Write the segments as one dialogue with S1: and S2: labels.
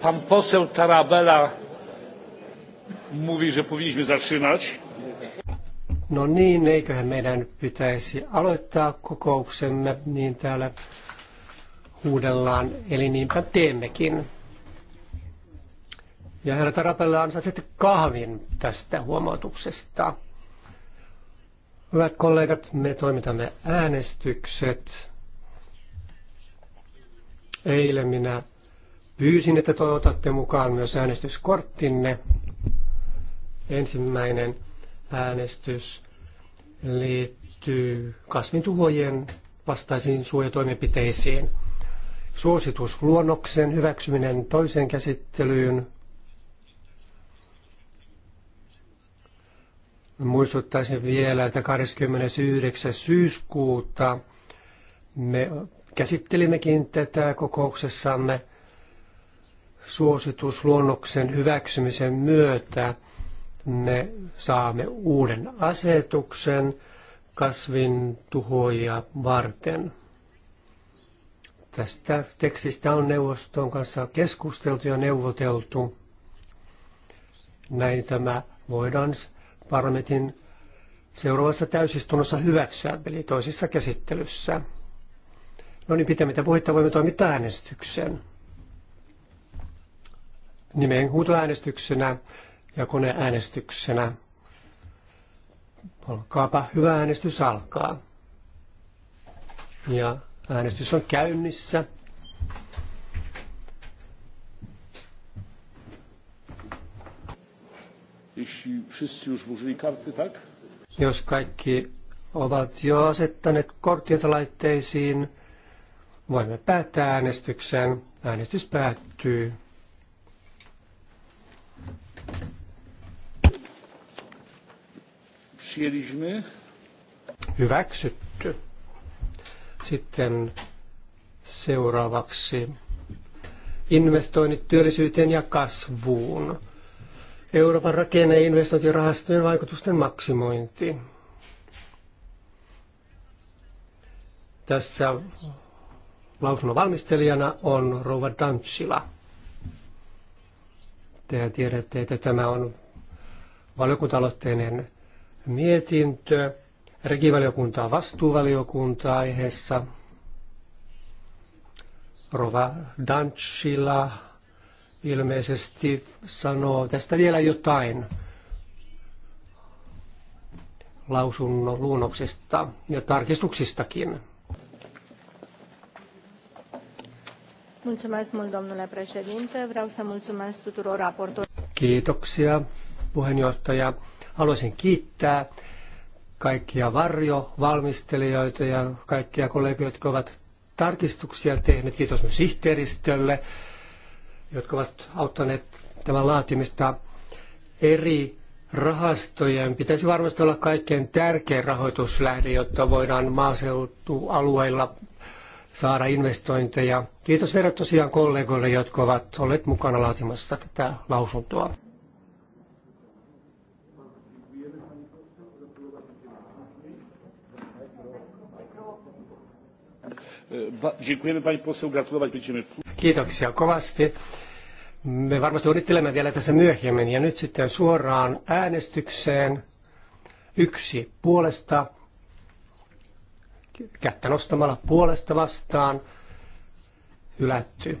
S1: Pan poseł Tarabella mówi, że powinniśmy zaczynać.
S2: No niin, eiköhän meidän pitäisi aloittaa kokouksemme, niin täällä huudellaan, eli niinpä teemmekin. Ja herra Tarapella ansaitsette kahvin tästä huomautuksesta. Hyvät kollegat, me toimitamme äänestykset Eilen minä pyysin, että toivotatte mukaan myös äänestyskorttinne. Ensimmäinen äänestys liittyy kasvintuhojen vastaisiin suojatoimenpiteisiin. luonnoksen hyväksyminen toiseen käsittelyyn. Muistuttaisin vielä, että 29. syyskuuta me käsittelimmekin tätä kokouksessamme suositusluonnoksen hyväksymisen myötä me saamme uuden asetuksen kasvin tuhoja varten. Tästä tekstistä on neuvoston kanssa keskusteltu ja neuvoteltu. Näin tämä voidaan parlamentin seuraavassa täysistunnossa hyväksyä, eli toisessa käsittelyssä. No niin, pitämättä puhetta voimme toimittaa äänestyksen. Nimeen äänestyksenä ja äänestyksenä. Olkaapa hyvä äänestys alkaa. Ja äänestys on käynnissä. Jos kaikki ovat jo asettaneet korttinsa laitteisiin, Voimme päättää äänestyksen. Äänestys päättyy. Hyväksytty. Sitten seuraavaksi investoinnit työllisyyteen ja kasvuun. Euroopan rakenne- ja investointirahastojen vaikutusten maksimointi. Tässä Lausunnon valmistelijana on Rouva Dantsila. Te tiedätte, että tämä on valiokuntaloitteinen mietintö. Regivaliokunta on vastuuvaliokunta aiheessa. Rova Dantsila ilmeisesti sanoo tästä vielä jotain lausunnon luonnoksesta ja tarkistuksistakin.
S3: Mulțumesc mult, domnule președinte. Vreau să mulțumesc tuturor raportorilor.
S2: Kiitoksia, puheenjohtaja. Haluaisin kiittää kaikkia varjovalmistelijoita ja kaikkia kollegoita, jotka ovat tarkistuksia tehneet. Kiitos myös sihteeristölle, jotka ovat auttaneet tämän laatimista. Eri rahastojen pitäisi varmasti olla kaikkein tärkein rahoituslähde, jotta voidaan maaseutualueilla saada investointeja. Kiitos vielä tosiaan kollegoille, jotka ovat olleet mukana laatimassa tätä lausuntoa. Kiitoksia kovasti. Me varmasti onnittelemme vielä tässä myöhemmin ja nyt sitten suoraan äänestykseen. Yksi puolesta kättä nostamalla puolesta vastaan hylätty.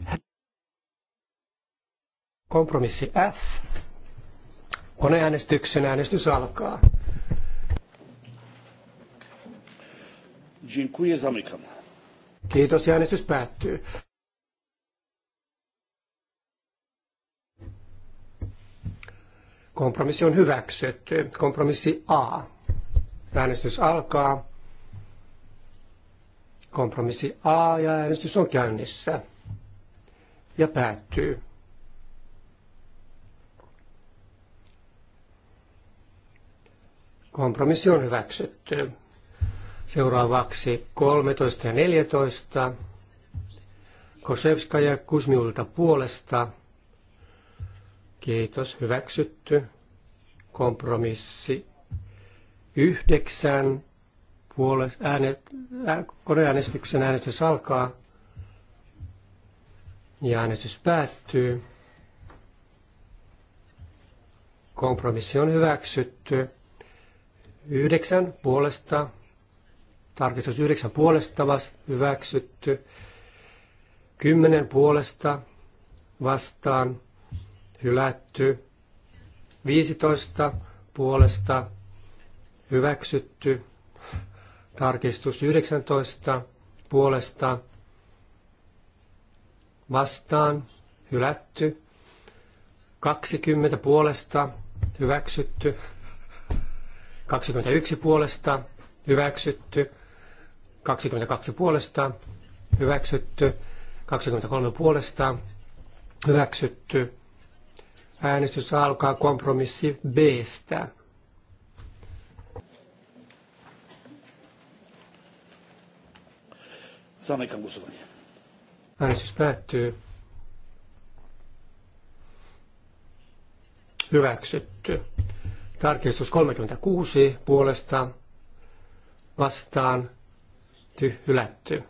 S2: Kompromissi F. Koneäänestyksen äänestys alkaa. Kiitos ja äänestys päättyy. Kompromissi on hyväksytty. Kompromissi A. Äänestys alkaa. Kompromissi A ja äänestys on käynnissä ja päättyy. Kompromissi on hyväksytty. Seuraavaksi 13 ja 14. Kosevska ja Kusmiulta puolesta. Kiitos, hyväksytty. Kompromissi 9 Puolet, äänet, ää, koneäänestyksen äänestys alkaa ja äänestys päättyy. Kompromissi on hyväksytty. Yhdeksän puolesta, tarkistus yhdeksän puolesta vasta, hyväksytty. Kymmenen puolesta vastaan hylätty. 15 puolesta hyväksytty. Tarkistus 19 puolesta vastaan hylätty. 20 puolesta hyväksytty. 21 puolesta hyväksytty. 22 puolesta hyväksytty. 23 puolesta hyväksytty. Äänestys alkaa kompromissi Bstä.
S1: Zamykam głosowanie.
S2: Äänestys päättyy. Hyväksytty. Tarkistus 36 puolesta vastaan hylätty.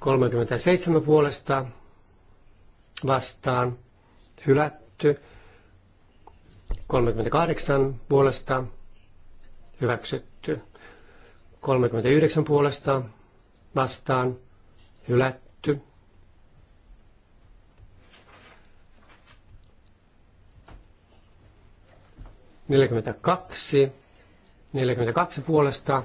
S2: 37 puolesta vastaan hylätty. 38 puolesta hyväksytty. 39 puolesta vastaan hylätty. neljäkymmentä kaksi puolesta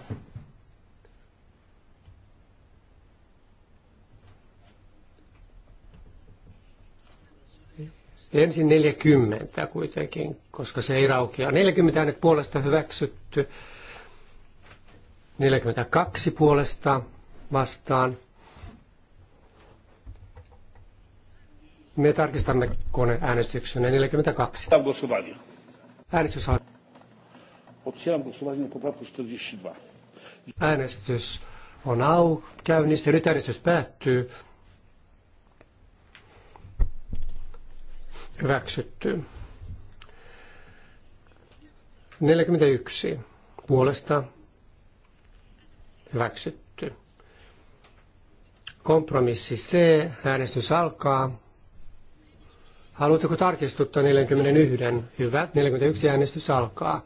S2: ensin 40 kuitenkin, koska se ei raukea. 40 puolesta hyväksytty, 42 puolesta vastaan. Me tarkistamme koneäänestyksen. 42. Äänestys on. Äänestys on au, käynnissä. Nyt äänestys päättyy. Hyväksytty. 41. Puolesta hyväksytty. Kompromissi C, äänestys alkaa. Haluatteko tarkistuttaa 41? Hyvä, 41 äänestys alkaa.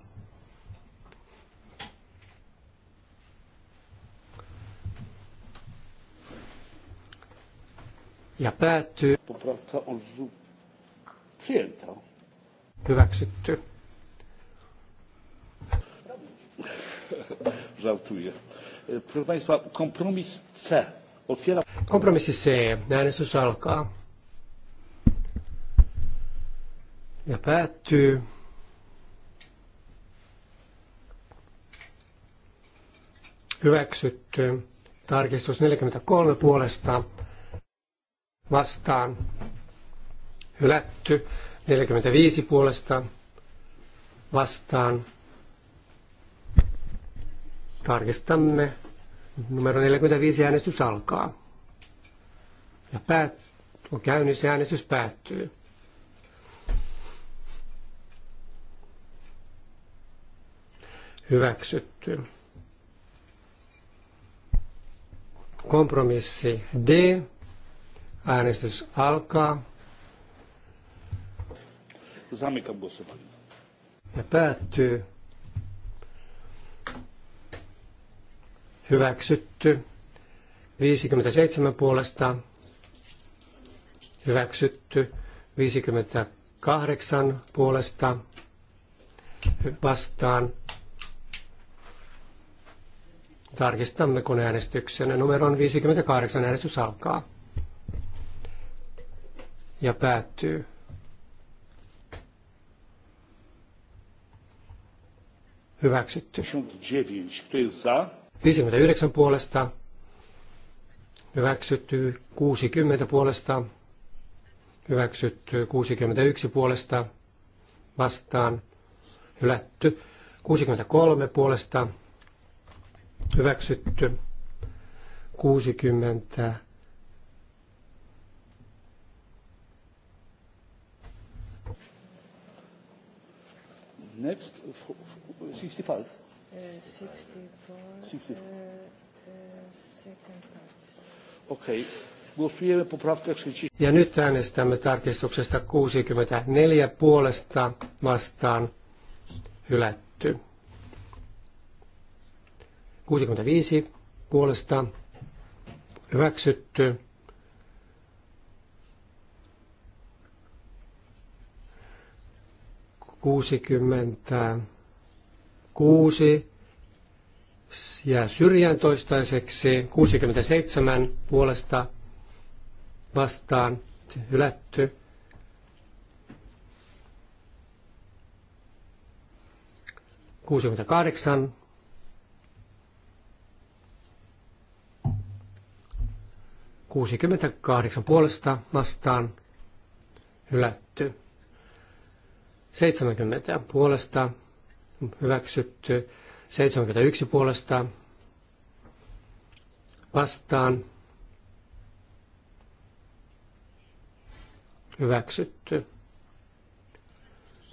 S2: Ja päättyy. Hyväksytty.
S1: Żartuję. E, proszę Państwa, kompromis C.
S2: Otwiera... Kompromissi C. Äänestys alkaa. Ja päättyy. Hyväksytty. Tarkistus 43 puolesta vastaan. Hylätty. 45 puolesta vastaan. Tarkistamme Numero 45 äänestys alkaa. Ja päät, on käynnissä äänestys päättyy. Hyväksytty. Kompromissi D. Äänestys alkaa. Ja päättyy. hyväksytty. 57 puolesta hyväksytty. 58 puolesta vastaan. Tarkistamme koneäänestyksen. on 58 äänestys alkaa ja päättyy. Hyväksytty.
S1: 59. Kto jest za?
S2: 59 puolesta hyväksytty 60 puolesta, hyväksytty 61 puolesta vastaan, hylätty 63 puolesta, hyväksytty 60
S1: Next, 65. Okei. Głosujemy poprawkę 30.
S2: Ja nyt äänestämme tarkistuksesta 64 puolesta vastaan hylätty. 65 puolesta hyväksytty. Kuusikymmentä 6 ja syrjään toistaiseksi, 67 puolesta vastaan hylätty. Kuusikymmentäkahdeksan. Kuusikymmentäkahdeksan puolesta vastaan hylätty. Seitsemänkymmentä puolesta hyväksytty 71 puolesta vastaan hyväksytty.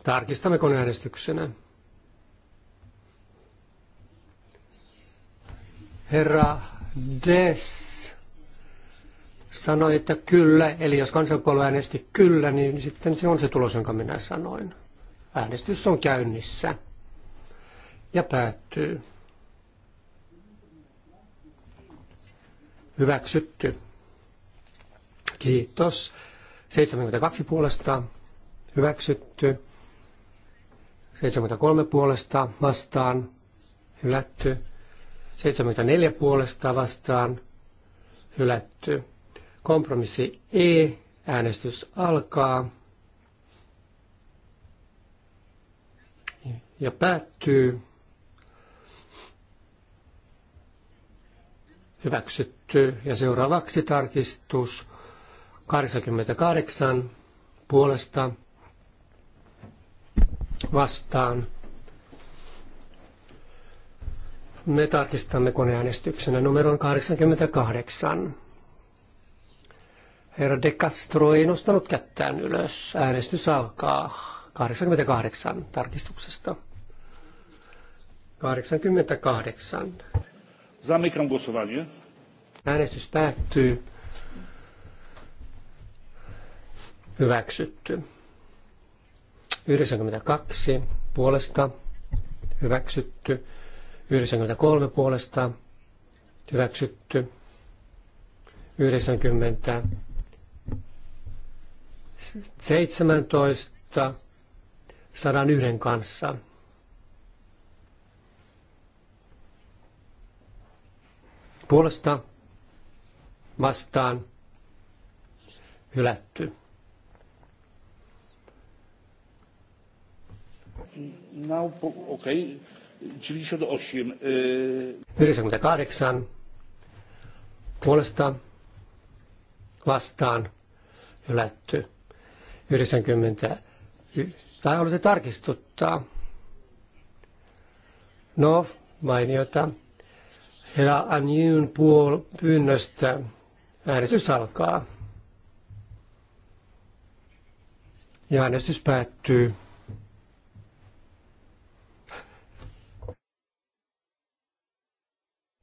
S2: Tarkistamme koneäänestyksenä. Herra Des sanoi, että kyllä, eli jos kansanpuolue äänesti kyllä, niin sitten se on se tulos, jonka minä sanoin. Äänestys on käynnissä ja päättyy. Hyväksytty. Kiitos. 72 puolesta hyväksytty. 73 puolesta vastaan hylätty. 74 puolesta vastaan hylätty. Kompromissi E. Äänestys alkaa. ja päättyy. hyväksytty. Ja seuraavaksi tarkistus 88 puolesta vastaan. Me tarkistamme koneäänestyksenä numeron 88. Herra De Castro ei nostanut kättään ylös. Äänestys alkaa 88 tarkistuksesta. 88.
S1: Zamykam głosowanie.
S2: Äänestys päättyy. Hyväksytty. 92 puolesta. Hyväksytty. 93 puolesta. Hyväksytty. 90 17 101 kanssa puolesta vastaan hylätty.
S1: Now, okay. 98.
S2: 98 puolesta vastaan hylätty. 90. Tai haluatte tarkistuttaa? No, mainiota. Herra Anjun puol- pyynnöstä äänestys alkaa. Ja äänestys päättyy.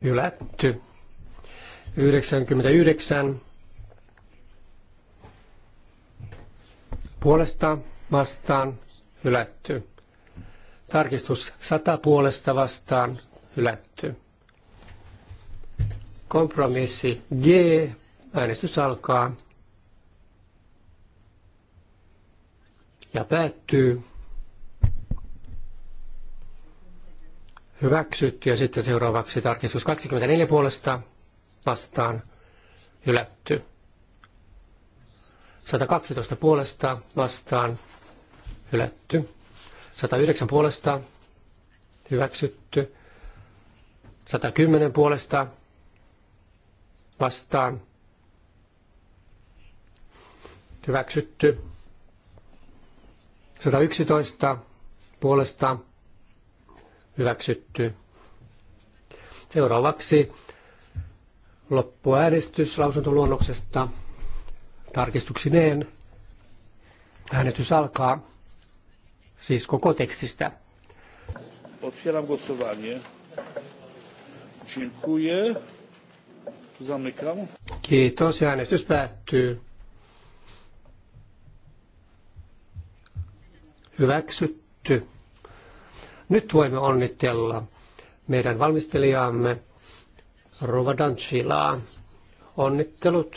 S2: Ylätty. 99 puolesta vastaan ylätty Tarkistus 100 puolesta vastaan ylätty Kompromissi G. Äänestys alkaa. Ja päättyy. Hyväksytty. Ja sitten seuraavaksi tarkistus 24 puolesta vastaan hylätty. 112 puolesta vastaan hylätty. 109 puolesta hyväksytty. 110 puolesta vastaan hyväksytty. 111 puolesta hyväksytty. Seuraavaksi loppuäänestys lausuntoluonnoksesta tarkistuksineen. Äänestys alkaa siis koko tekstistä.
S1: Otwieram głosowanie. Dziękuję. Zamykam.
S2: Kiitos äänestys päättyy. Hyväksytty. Nyt voimme onnitella meidän valmistelijaamme Rova Danchilaa. Onnittelut.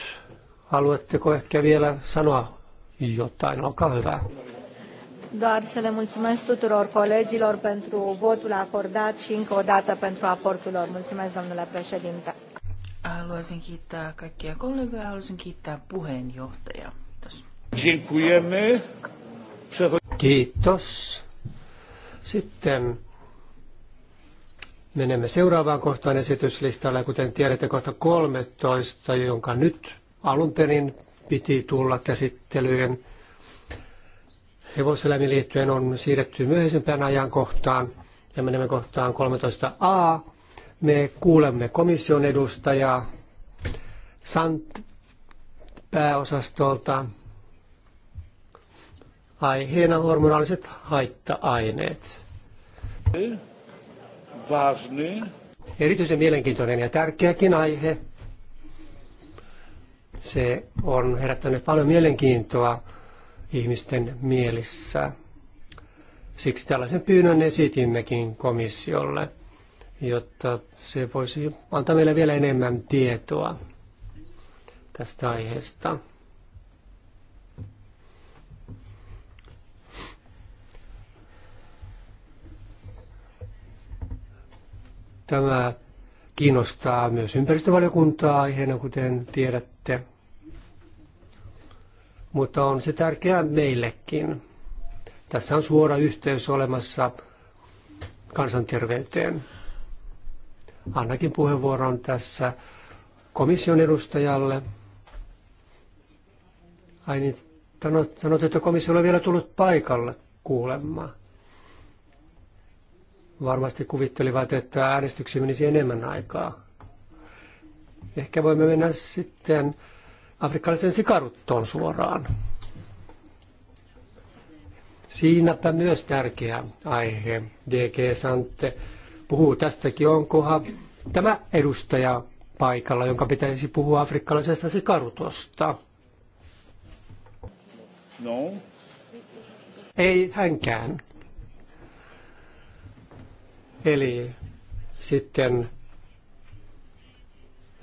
S2: Haluatteko ehkä vielä sanoa jotain? Olkaa hyvä.
S4: Doar să le mulțumesc tuturor colegilor pentru votul acordat și încă o dată pentru aportul lor. Mulțumesc, domnule președinte. Haluaisin kiittää kaikkia kollegoja, haluaisin kiittää puheenjohtajaa. Kiitos.
S2: Kiitos. Sitten menemme seuraavaan kohtaan esityslistalle. kuten tiedätte, kohta 13, jonka nyt alun perin piti tulla käsittelyyn. Hevoseläimiin liittyen on siirretty myöhäisempään ajankohtaan ja menemme kohtaan 13a me kuulemme komission edustajaa Sant pääosastolta aiheena hormonaaliset haitta-aineet. Erityisen mielenkiintoinen ja tärkeäkin aihe. Se on herättänyt paljon mielenkiintoa ihmisten mielissä. Siksi tällaisen pyynnön esitimmekin komissiolle jotta se voisi antaa meille vielä enemmän tietoa tästä aiheesta. Tämä kiinnostaa myös ympäristövaliokuntaa aiheena, kuten tiedätte. Mutta on se tärkeää meillekin. Tässä on suora yhteys olemassa kansanterveyteen. Annakin puheenvuoron tässä komission edustajalle. Ai niin, sanot, sanot että komissio on vielä tullut paikalle kuulemaan. Varmasti kuvittelivat, että äänestyksiin menisi enemmän aikaa. Ehkä voimme mennä sitten afrikkalaisen sikaruttoon suoraan. Siinäpä myös tärkeä aihe. DG Sante puhuu tästäkin, onkohan tämä edustaja paikalla, jonka pitäisi puhua afrikkalaisesta sikarutosta. No. Ei hänkään. Eli sitten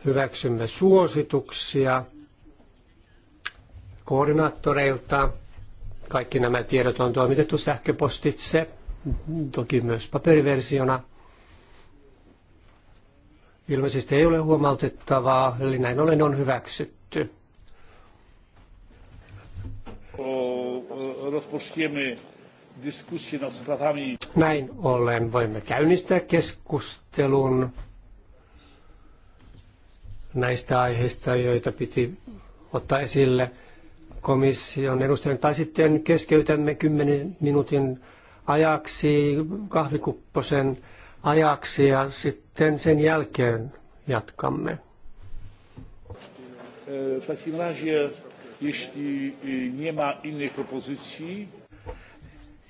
S2: hyväksymme suosituksia koordinaattoreilta. Kaikki nämä tiedot on toimitettu sähköpostitse, toki myös paperiversiona. Ilmeisesti ei ole huomautettavaa, eli näin ollen on hyväksytty. Näin ollen voimme käynnistää keskustelun näistä aiheista, joita piti ottaa esille komission edustajan. Tai sitten keskeytämme 10 minuutin ajaksi kahvikupposen ajaksi ja sitten sen jälkeen jatkamme.
S1: E, e,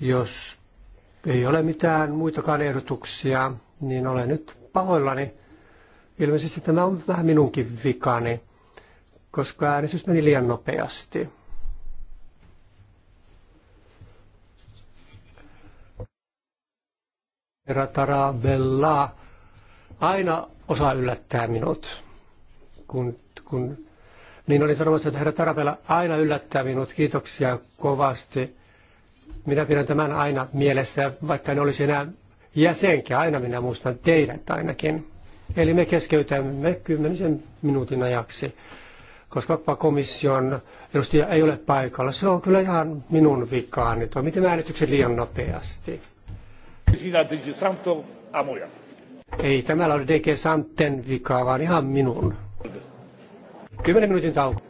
S2: Jos ei ole mitään muitakaan ehdotuksia, niin olen nyt pahoillani. Ilmeisesti tämä on vähän minunkin vikani, koska äänestys meni liian nopeasti. Herra Tarabella aina osaa yllättää minut. Kun, kun, niin olin sanomassa, että herra Tarabella aina yllättää minut. Kiitoksia kovasti. Minä pidän tämän aina mielessä, vaikka en olisi enää jäsenkin. Aina minä muistan teidät ainakin. Eli me keskeytämme kymmenisen minuutin ajaksi, koska komission edustaja ei ole paikalla. Se on kyllä ihan minun vikaani. Tuo, miten äänestykset liian nopeasti?
S1: Siinä DG Santo Amoja.
S2: Ei tämä ole DG Santen vika, vaan ihan minun. Kymmenen minuutin tauko.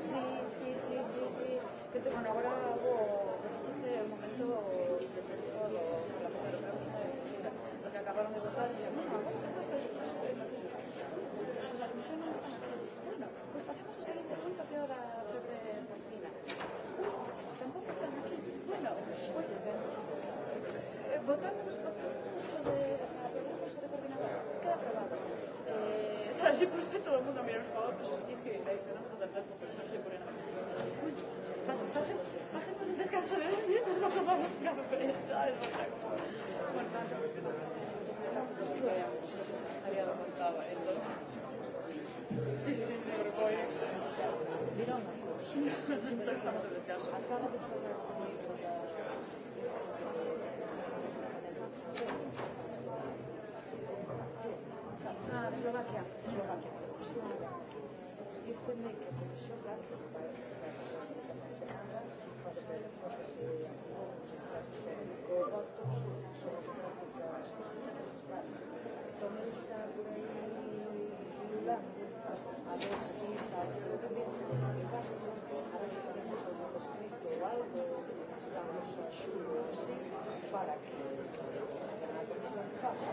S3: Sí, sí, sí, sí, sí. Que te, bueno, ahora hubo, este momento Así por eso todo el mundo mira los favoritos. Y es que ahí tenemos a tantas personas que ponen. Hacemos un descanso de dos minutos, no tomamos café, ¿sabes? Bueno, tanto que se nos había contado. Sí, sí, seguro que voy. Mira una cosa. Entonces estamos en descanso. Acaba de hablar conmigo. Slovakia. Slovakia. Slovakia. If we make it in Slovakia, a ver si está a ver si podemos algún escrito o algo estamos ayudo así para que la comisión faça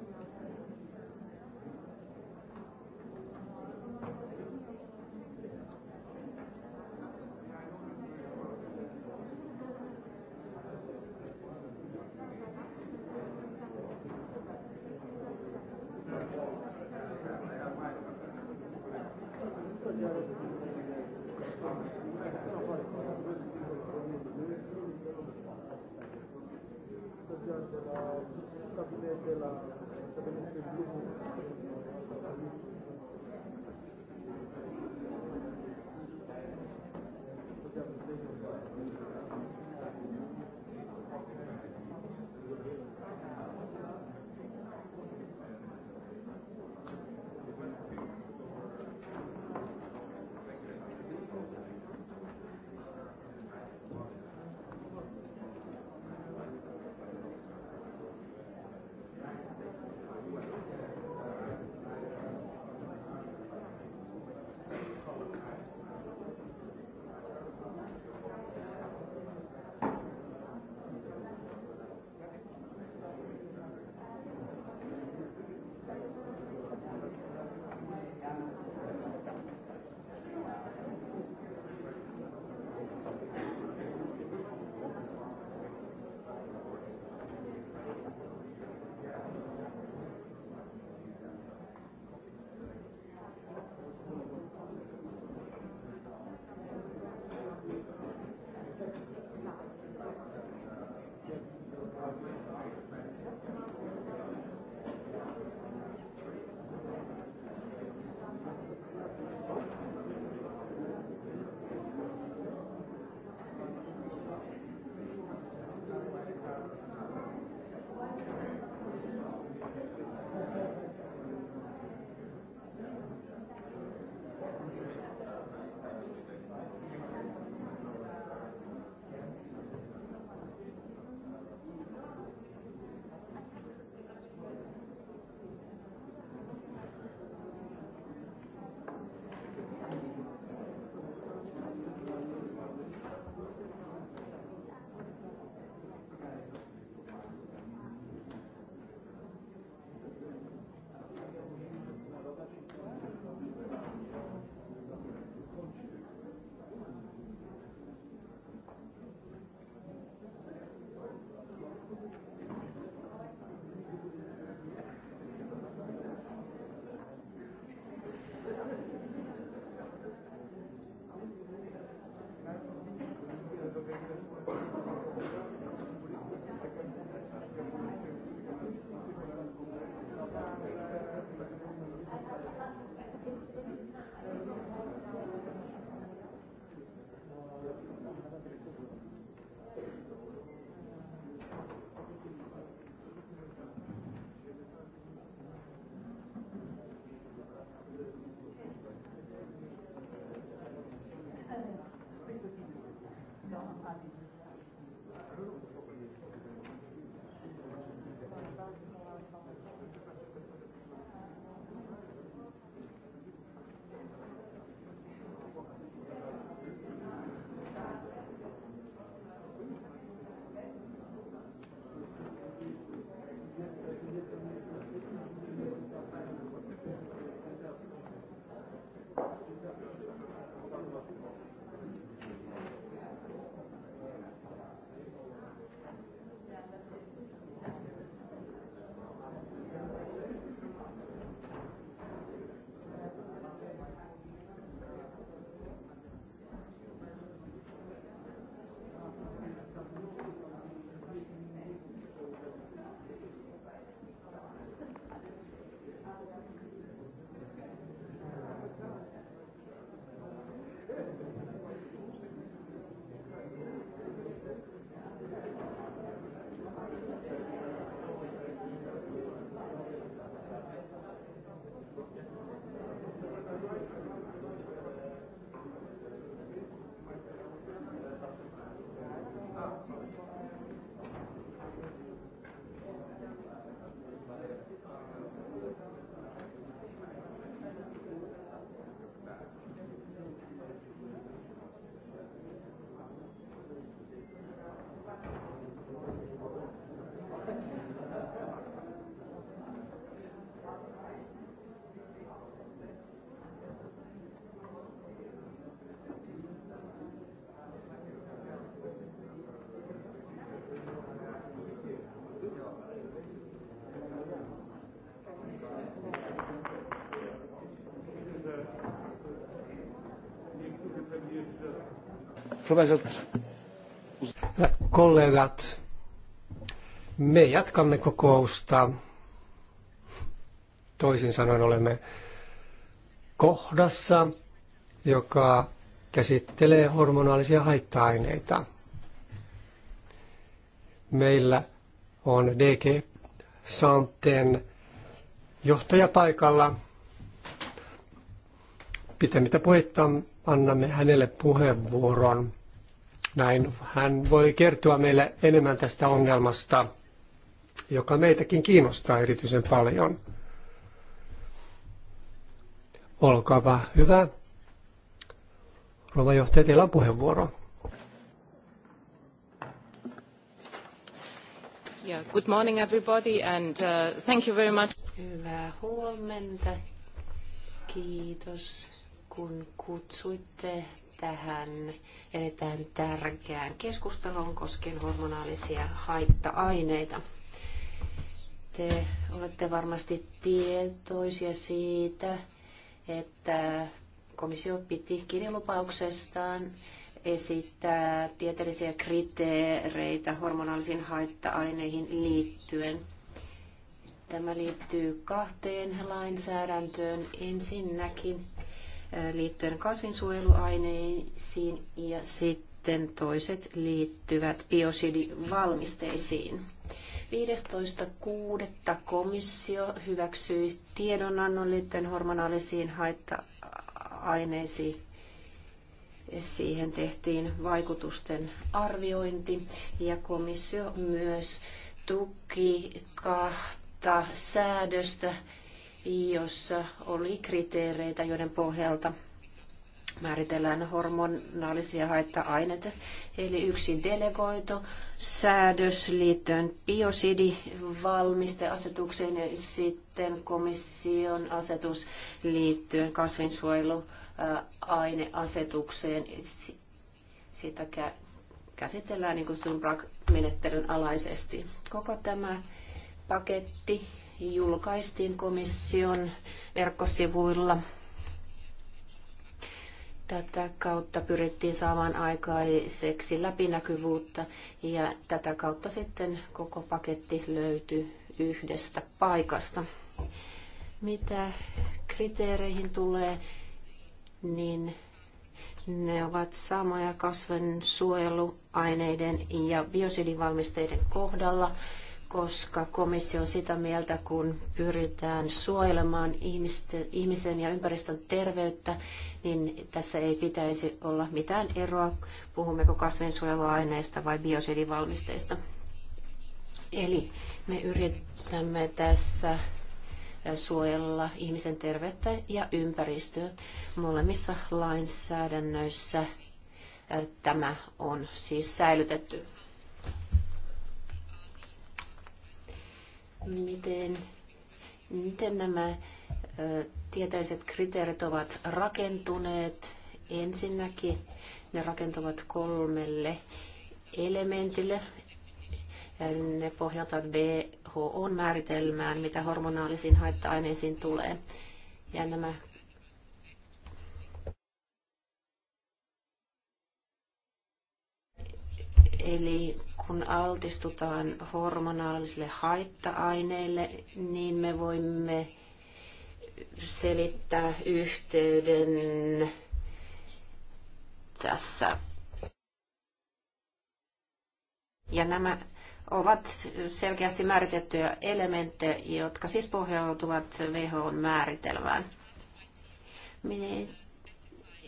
S2: Hyvät kollegat, me jatkamme kokousta. Toisin sanoen olemme kohdassa, joka käsittelee hormonaalisia haitta-aineita. Meillä on DG Santen johtaja paikalla. Pitemmittä puhetta annamme hänelle puheenvuoron. Näin hän voi kertoa meille enemmän tästä ongelmasta, joka meitäkin kiinnostaa erityisen paljon. Olkaapa hyvä. Rouva johtaja, teillä on puheenvuoro.
S5: Yeah, good morning everybody and uh, thank you very much. Hyvää huomenta. Kiitos kun kutsuitte tähän erittäin tärkeään keskusteluun koskien hormonaalisia haitta-aineita. Te olette varmasti tietoisia siitä, että komissio piti kirjalupauksestaan esittää tieteellisiä kriteereitä hormonaalisiin haitta-aineihin liittyen. Tämä liittyy kahteen lainsäädäntöön. Ensinnäkin liittyen kasvinsuojeluaineisiin ja sitten toiset liittyvät biosidivalmisteisiin. 15.6. komissio hyväksyi tiedonannon liittyen hormonaalisiin haitta-aineisiin. Siihen tehtiin vaikutusten arviointi ja komissio myös tuki kahta säädöstä, jossa oli kriteereitä, joiden pohjalta määritellään hormonaalisia haitta-aineita. Eli yksi delegoitu säädös liittyen biosidivalmisteasetukseen ja sitten komission asetus liittyen kasvinsuojeluaineasetukseen. Sitä käsitellään niin kuin menettelyn alaisesti. Koko tämä paketti julkaistiin komission verkkosivuilla. Tätä kautta pyrittiin saamaan aikaiseksi läpinäkyvyyttä ja tätä kautta sitten koko paketti löytyi yhdestä paikasta. Mitä kriteereihin tulee, niin ne ovat samoja kasvinsuojeluaineiden suojeluaineiden ja biosidivalmisteiden kohdalla koska komissio on sitä mieltä, kun pyritään suojelemaan ihmisten, ihmisen ja ympäristön terveyttä, niin tässä ei pitäisi olla mitään eroa, puhummeko kasvinsuojeluaineista vai biosidivalmisteista. Eli me yritämme tässä suojella ihmisen terveyttä ja ympäristöä. Molemmissa lainsäädännöissä tämä on siis säilytetty. miten, miten nämä tietäiset kriteerit ovat rakentuneet. Ensinnäkin ne rakentuvat kolmelle elementille. Ne pohjataan BHO-määritelmään, mitä hormonaalisiin haitta-aineisiin tulee. Ja nämä Eli kun altistutaan hormonaalisille haitta-aineille, niin me voimme selittää yhteyden tässä. Ja nämä ovat selkeästi määritettyjä elementtejä, jotka siis pohjautuvat who määritelmään.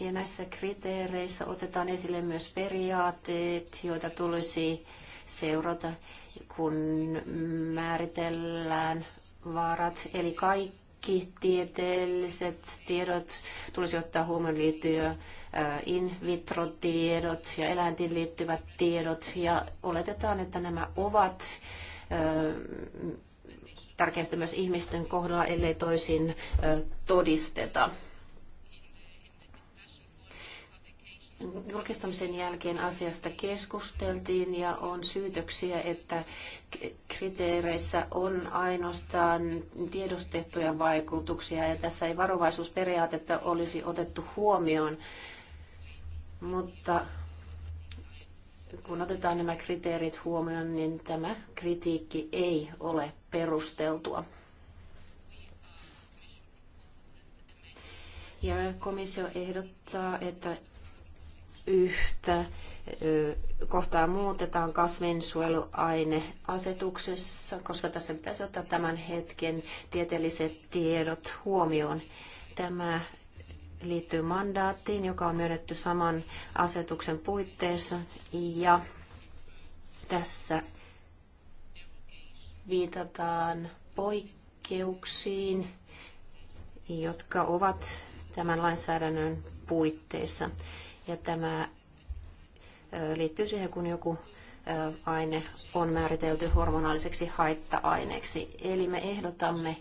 S5: Ja näissä kriteereissä otetaan esille myös periaatteet, joita tulisi seurata, kun määritellään vaarat. Eli kaikki tieteelliset tiedot tulisi ottaa huomioon liittyen äh, in vitro-tiedot ja eläintiin liittyvät tiedot. Ja oletetaan, että nämä ovat äh, tärkeästi myös ihmisten kohdalla, ellei toisin äh, todisteta. julkistamisen jälkeen asiasta keskusteltiin ja on syytöksiä, että kriteereissä on ainoastaan tiedostettuja vaikutuksia ja tässä ei varovaisuusperiaatetta olisi otettu huomioon. Mutta kun otetaan nämä kriteerit huomioon, niin tämä kritiikki ei ole perusteltua. Ja komissio ehdottaa, että yhtä kohtaa muutetaan kasvinsuojeluaineasetuksessa, koska tässä pitäisi ottaa tämän hetken tieteelliset tiedot huomioon. Tämä liittyy mandaattiin, joka on myönnetty saman asetuksen puitteissa ja tässä viitataan poikkeuksiin, jotka ovat tämän lainsäädännön puitteissa. Ja tämä liittyy siihen, kun joku aine on määritelty hormonaaliseksi haitta-aineeksi. Eli me ehdotamme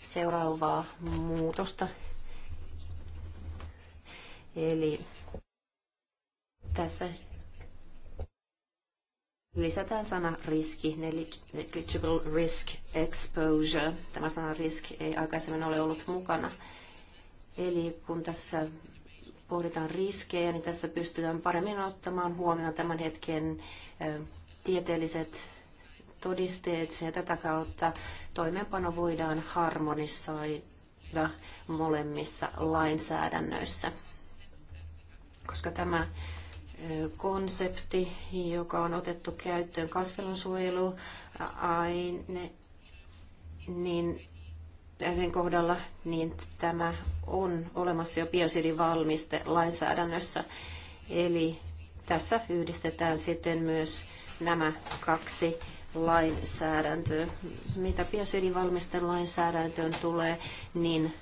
S5: seuraavaa muutosta. Eli tässä lisätään sana riski, negligible risk exposure. Tämä sana risk ei aikaisemmin ole ollut mukana. Eli kun tässä pohditaan riskejä, niin tässä pystytään paremmin ottamaan huomioon tämän hetken tieteelliset todisteet ja tätä kautta toimeenpano voidaan harmonisoida molemmissa lainsäädännöissä. Koska tämä konsepti, joka on otettu käyttöön kasvilonsuojeluaine, niin sen kohdalla, niin tämä on olemassa jo biosidivalmiste lainsäädännössä. Eli tässä yhdistetään sitten myös nämä kaksi lainsäädäntöä. Mitä biosidivalmisten lainsäädäntöön tulee, niin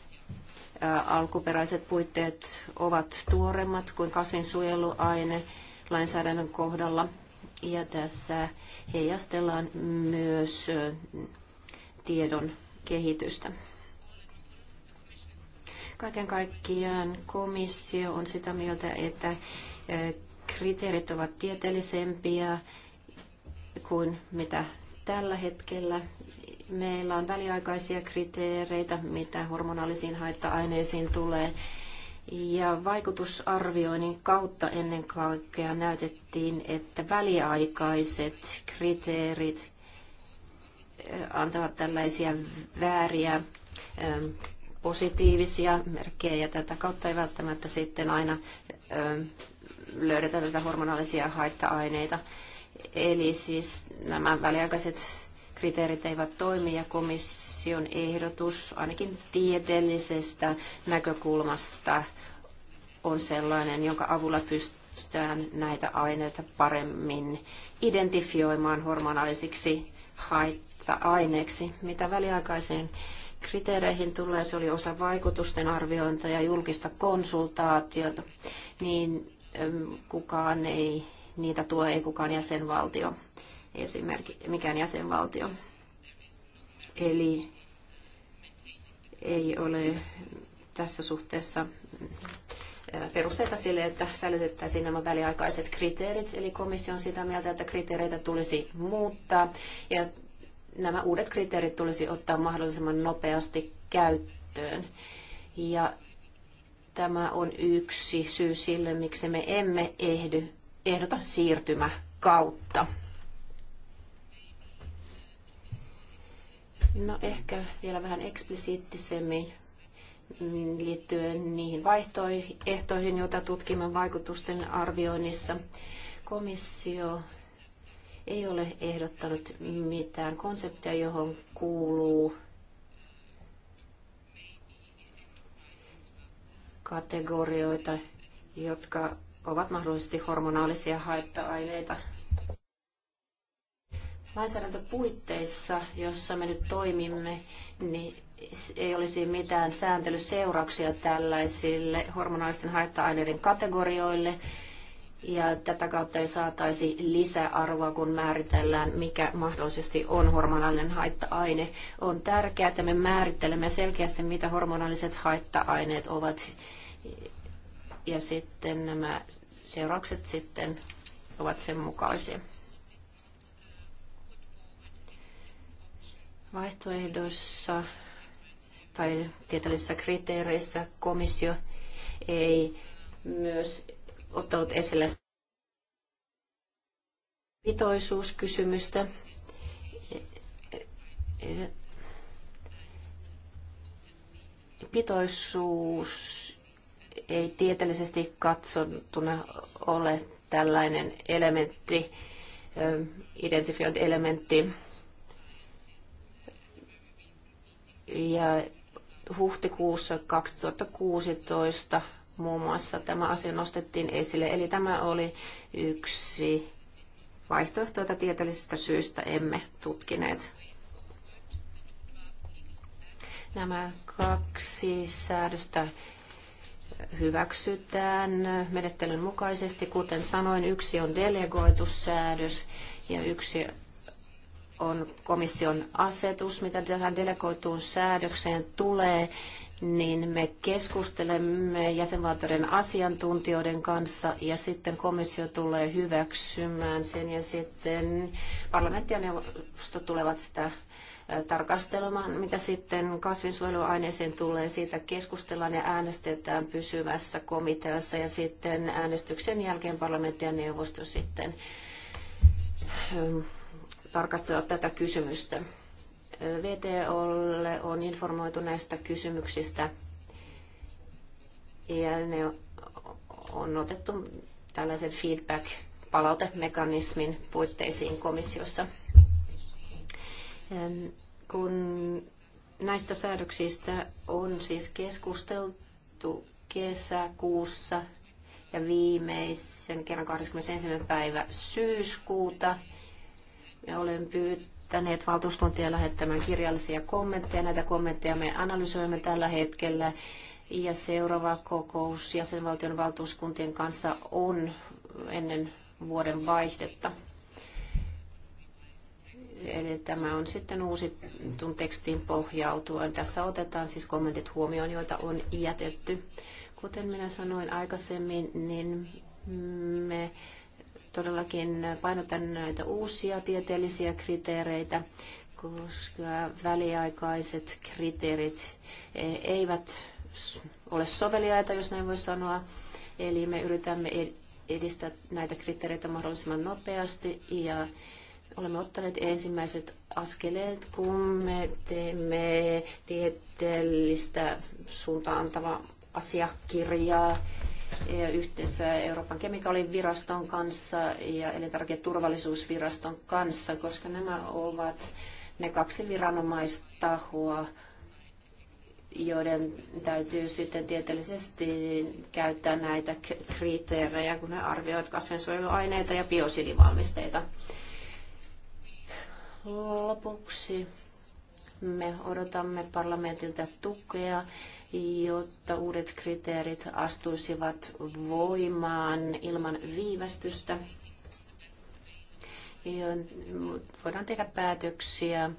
S5: alkuperäiset puitteet ovat tuoremmat kuin kasvinsuojeluaine lainsäädännön kohdalla. Ja tässä heijastellaan myös tiedon kehitystä. Kaiken kaikkiaan komissio on sitä mieltä, että e, kriteerit ovat tieteellisempiä kuin mitä tällä hetkellä. Meillä on väliaikaisia kriteereitä, mitä hormonaalisiin haitta-aineisiin tulee. Ja vaikutusarvioinnin kautta ennen kaikkea näytettiin, että väliaikaiset kriteerit antavat tällaisia vääriä ähm, positiivisia merkkejä ja tätä kautta ei välttämättä sitten aina ähm, löydetä tätä hormonaalisia haitta-aineita. Eli siis nämä väliaikaiset kriteerit eivät toimi ja komission ehdotus ainakin tieteellisestä näkökulmasta on sellainen, jonka avulla pystytään näitä aineita paremmin identifioimaan hormonaalisiksi haitta aineeksi. Mitä väliaikaisiin kriteereihin tulee, se oli osa vaikutusten arviointia ja julkista konsultaatiota, niin ähm, kukaan ei niitä tuo, ei kukaan jäsenvaltio, esimerkiksi mikään jäsenvaltio. Eli ei ole tässä suhteessa äh, perusteita sille, että säilytettäisiin nämä väliaikaiset kriteerit. Eli komissio on sitä mieltä, että kriteereitä tulisi muuttaa ja nämä uudet kriteerit tulisi ottaa mahdollisimman nopeasti käyttöön. Ja tämä on yksi syy sille, miksi me emme ehdy, ehdota kautta. No ehkä vielä vähän eksplisiittisemmin liittyen niihin vaihtoehtoihin, joita tutkimme vaikutusten arvioinnissa. Komissio ei ole ehdottanut mitään konseptia, johon kuuluu kategorioita, jotka ovat mahdollisesti hormonaalisia haitta-aineita. Lainsäädäntöpuitteissa, jossa me nyt toimimme, niin ei olisi mitään sääntelyseurauksia tällaisille hormonaalisten haitta-aineiden kategorioille, ja tätä kautta ei saataisi lisäarvoa, kun määritellään, mikä mahdollisesti on hormonallinen haitta-aine. On tärkeää, että me määrittelemme selkeästi, mitä hormonaaliset haitta-aineet ovat. Ja sitten nämä seuraukset sitten ovat sen mukaisia. Vaihtoehdoissa tai tieteellisissä kriteereissä komissio ei myös ottanut esille pitoisuuskysymystä. Pitoisuus ei tieteellisesti katsottuna ole tällainen elementti, identifiointielementti. Ja huhtikuussa 2016 muun muassa tämä asia nostettiin esille. Eli tämä oli yksi vaihtoehto, jota tieteellisistä syistä emme tutkineet. Nämä kaksi säädöstä hyväksytään menettelyn mukaisesti. Kuten sanoin, yksi on delegoitu säädös ja yksi on komission asetus, mitä tähän delegoituun säädökseen tulee, niin me keskustelemme jäsenvaltioiden asiantuntijoiden kanssa ja sitten komissio tulee hyväksymään sen ja sitten parlamentti ja neuvosto tulevat sitä tarkastelemaan, mitä sitten kasvinsuojeluaineeseen tulee. Siitä keskustellaan ja äänestetään pysyvässä komiteassa ja sitten äänestyksen jälkeen parlamentti ja neuvosto sitten tarkastella tätä kysymystä. VTOlle on informoitu näistä kysymyksistä ja ne on otettu tällaisen feedback-palautemekanismin puitteisiin komissiossa. Kun näistä säädöksistä on siis keskusteltu kesäkuussa ja viimeisen kerran 21. päivä syyskuuta. Me olen pyytänyt lähettäneet valtuuskuntien lähettämään kirjallisia kommentteja. Näitä kommentteja me analysoimme tällä hetkellä. Ja seuraava kokous jäsenvaltion valtuuskuntien kanssa on ennen vuoden vaihdetta. Eli tämä on sitten uusi tekstiin pohjautuen. Tässä otetaan siis kommentit huomioon, joita on jätetty. Kuten minä sanoin aikaisemmin, niin me todellakin painotan näitä uusia tieteellisiä kriteereitä, koska väliaikaiset kriteerit eh, eivät ole soveliaita, jos näin voi sanoa. Eli me yritämme edistää näitä kriteereitä mahdollisimman nopeasti ja olemme ottaneet ensimmäiset askeleet, kun me teemme tieteellistä suuntaan antavaa asiakirjaa yhteensä Euroopan kemikaaliviraston kanssa ja elintarviketurvallisuusviraston kanssa, koska nämä ovat ne kaksi viranomaistahoa, joiden täytyy sitten tieteellisesti käyttää näitä kriteerejä, kun ne arvioivat kasvinsuojeluaineita ja biosidivalmisteita. Lopuksi me odotamme parlamentilta tukea jotta uudet kriteerit astuisivat voimaan ilman viivästystä. Voidaan tehdä päätöksiä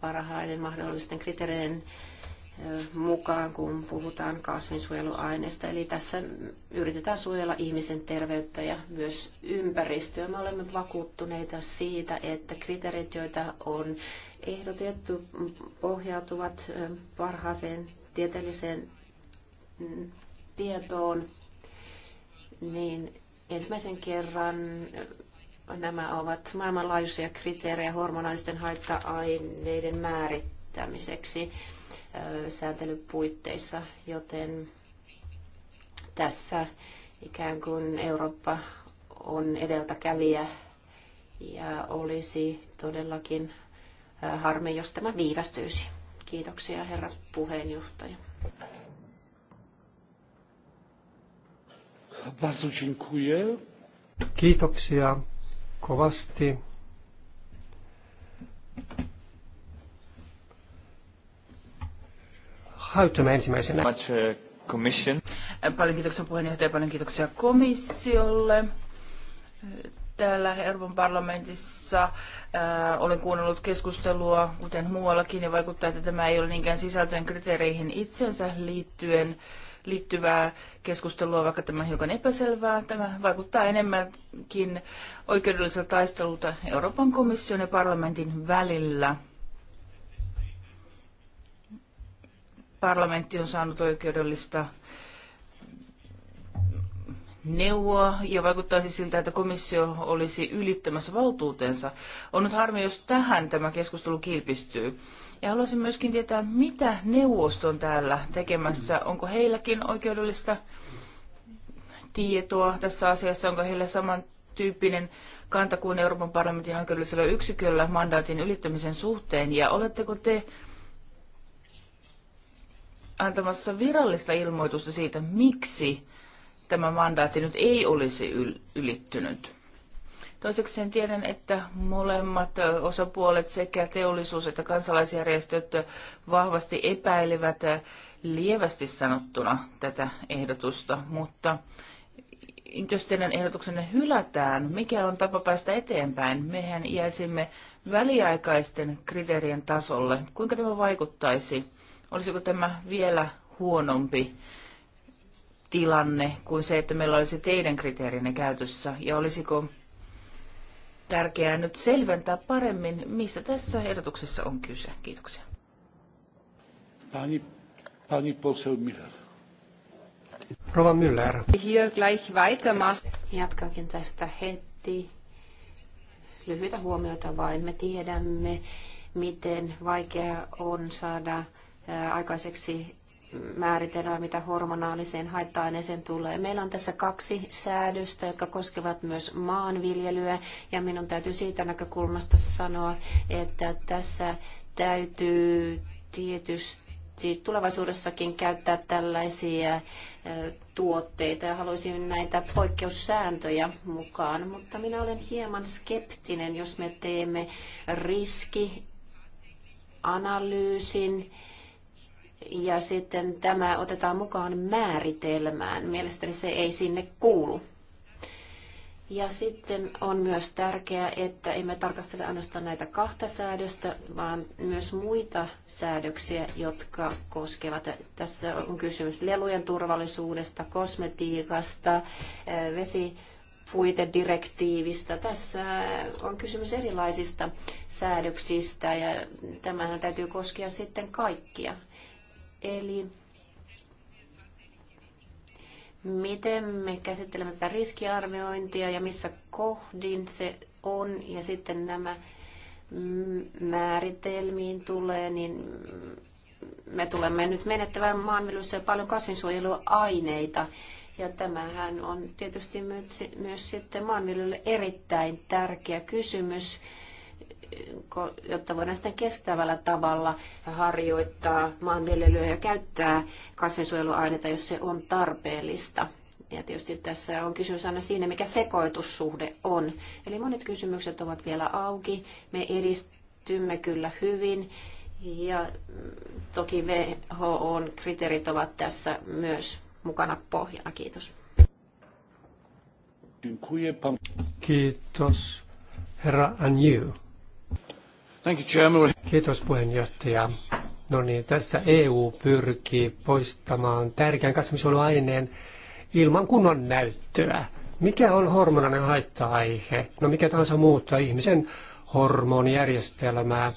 S5: parhaiden mahdollisten kriteereiden mukaan, kun puhutaan kasvinsuojeluaineista. Eli tässä yritetään suojella ihmisen terveyttä ja myös ympäristöä. Me olemme vakuuttuneita siitä, että kriteerit, joita on ehdotettu, pohjautuvat parhaaseen tieteelliseen mm, tietoon. Niin ensimmäisen kerran nämä ovat maailmanlaajuisia kriteerejä hormonaalisten haitta-aineiden määrittämiseksi sääntelypuitteissa, joten tässä ikään kuin Eurooppa on edeltäkävijä ja olisi todellakin harmi, jos tämä viivästyisi. Kiitoksia herra puheenjohtaja.
S2: Bardzo
S1: dziękuję.
S2: Kiitoksia kovasti. Häyttämä ensimmäisenä. Uh, commission. Äh, paljon kiitoksia
S4: puheenjohtaja, paljon kiitoksia komissiolle. Täällä Euroopan parlamentissa äh, olen kuunnellut keskustelua, kuten muuallakin, ja vaikuttaa, että tämä ei ole niinkään sisältöjen kriteereihin itsensä liittyen liittyvää keskustelua, vaikka tämä on hiukan epäselvää. Tämä vaikuttaa enemmänkin oikeudelliselta taistelulta Euroopan komission ja parlamentin välillä. parlamentti on saanut oikeudellista neuvoa ja vaikuttaisi siis siltä, että komissio olisi ylittämässä valtuutensa. On nyt harmi, jos tähän tämä keskustelu kilpistyy. Ja haluaisin myöskin tietää, mitä neuvosto on täällä tekemässä. Onko heilläkin oikeudellista tietoa tässä asiassa? Onko heillä samantyyppinen kanta kuin Euroopan parlamentin oikeudellisella yksiköllä mandaatin ylittämisen suhteen? Ja oletteko te antamassa virallista ilmoitusta siitä, miksi tämä mandaatti nyt ei olisi ylittynyt. Toiseksi sen tiedän, että molemmat osapuolet sekä teollisuus että kansalaisjärjestöt vahvasti epäilivät lievästi sanottuna tätä ehdotusta, mutta jos teidän ehdotuksenne hylätään, mikä on tapa päästä eteenpäin? Mehän jäisimme väliaikaisten kriteerien tasolle. Kuinka tämä vaikuttaisi Olisiko tämä vielä huonompi tilanne kuin se, että meillä olisi teidän kriteerinne käytössä? Ja olisiko tärkeää nyt selventää paremmin, mistä tässä ehdotuksessa on kyse? Kiitoksia.
S1: Pani, pani Posel Miller. Rova Müller.
S5: Hier gleich weitermachen. Jatkakin tästä heti. Lyhyitä huomioita vain. Me tiedämme, miten vaikea on saada aikaiseksi määritellään, mitä hormonaaliseen haitta-aineeseen tulee. Meillä on tässä kaksi säädöstä, jotka koskevat myös maanviljelyä, ja minun täytyy siitä näkökulmasta sanoa, että tässä täytyy tietysti tulevaisuudessakin käyttää tällaisia tuotteita ja haluaisin näitä poikkeussääntöjä mukaan, mutta minä olen hieman skeptinen, jos me teemme riskianalyysin ja sitten tämä otetaan mukaan määritelmään. Mielestäni se ei sinne kuulu. Ja sitten on myös tärkeää, että emme tarkastele ainoastaan näitä kahta säädöstä, vaan myös muita säädöksiä, jotka koskevat. Tässä on kysymys lelujen turvallisuudesta, kosmetiikasta, eh, direktiivistä. Tässä on kysymys erilaisista säädöksistä ja tämähän täytyy koskea sitten kaikkia. Eli miten me käsittelemme tätä riskiarviointia ja missä kohdin se on ja sitten nämä määritelmiin tulee, niin me tulemme nyt menettämään maanviljelyssä paljon kasvinsuojeluaineita. Ja tämähän on tietysti myös sitten maanviljelylle erittäin tärkeä kysymys jotta voidaan sitä kestävällä tavalla harjoittaa maanviljelyä ja käyttää kasvinsuojeluaineita, jos se on tarpeellista. Ja tietysti tässä on kysymys aina siinä, mikä sekoitussuhde on. Eli monet kysymykset ovat vielä auki. Me edistymme kyllä hyvin. Ja mm, toki WHOn kriteerit ovat tässä myös mukana pohjana. Kiitos.
S2: Kiitos, herra Anjou. Thank you, Kiitos puheenjohtaja. No niin, tässä EU pyrkii poistamaan tärkeän kasvinsuojeluaineen ilman kunnon näyttöä. Mikä on hormonainen haitta-aihe? No mikä tahansa muuttaa ihmisen hormonijärjestelmää.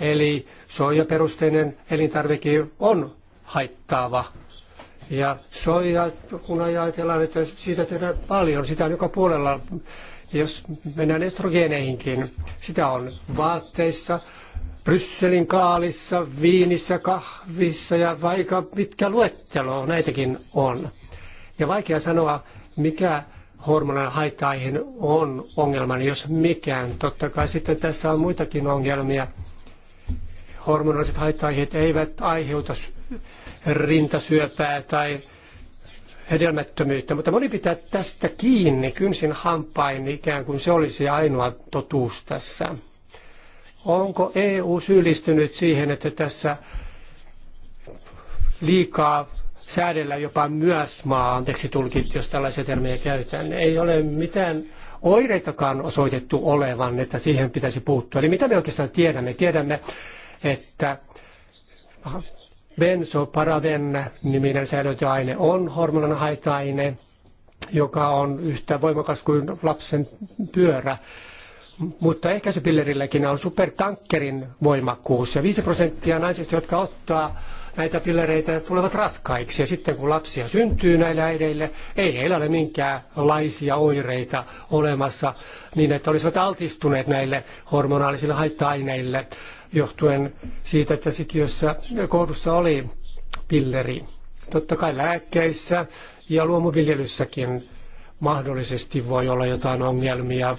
S2: Eli soijaperusteinen elintarvike on haittaava. Ja soija, kun ajatellaan, että siitä tehdään paljon, sitä on joka puolella jos mennään estrogeeneihinkin, sitä on vaatteissa, Brysselin kaalissa, viinissä, kahvissa ja vaikka mitkä luettelo näitäkin on. Ja vaikea sanoa, mikä hormonan haittaihin on ongelman, niin jos mikään. Totta kai sitten tässä on muitakin ongelmia. Hormonalliset haitta eivät aiheuta rintasyöpää tai hedelmättömyyttä, mutta moni pitää tästä kiinni kynsin hampain ikään kuin se olisi ainoa totuus tässä. Onko EU syyllistynyt siihen, että tässä liikaa säädellä jopa myös maa, anteeksi tulkit, jos tällaisia termejä käytän, ei ole mitään oireitakaan osoitettu olevan, että siihen pitäisi puuttua. Eli mitä me oikeastaan tiedämme? Tiedämme, että Bensoparaven niminen säilytyaine on hormonan haitta-aine, joka on yhtä voimakas kuin lapsen pyörä. Mutta ehkäisypillerilläkin on supertankkerin voimakkuus ja 5 prosenttia naisista, jotka ottaa näitä pillereitä, tulevat raskaiksi. Ja sitten kun lapsia syntyy näille äideille, ei heillä ole minkäänlaisia oireita olemassa niin, että olisivat altistuneet näille hormonaalisille haitta-aineille johtuen siitä, että sikiössä kohdussa oli pilleri. Totta kai lääkkeissä ja luomuviljelyssäkin mahdollisesti voi olla jotain ongelmia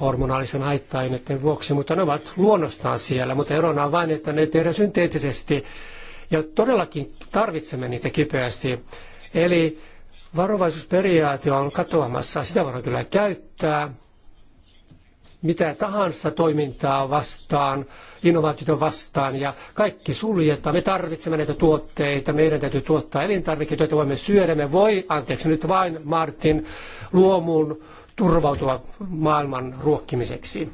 S2: hormonaalisen haitta-aineiden vuoksi, mutta ne ovat luonnostaan siellä, mutta erona on vain, että ne tehdään synteettisesti ja todellakin tarvitsemme niitä kipeästi. Eli varovaisuusperiaate on katoamassa, sitä voidaan kyllä käyttää mitä tahansa toimintaa vastaan – innovaatiota vastaan ja kaikki suljetaan. Me tarvitsemme näitä tuotteita, meidän täytyy tuottaa elintarvikkeita, joita voimme syödä. Me voi, anteeksi nyt vain Martin, luomuun turvautua maailman ruokkimiseksi.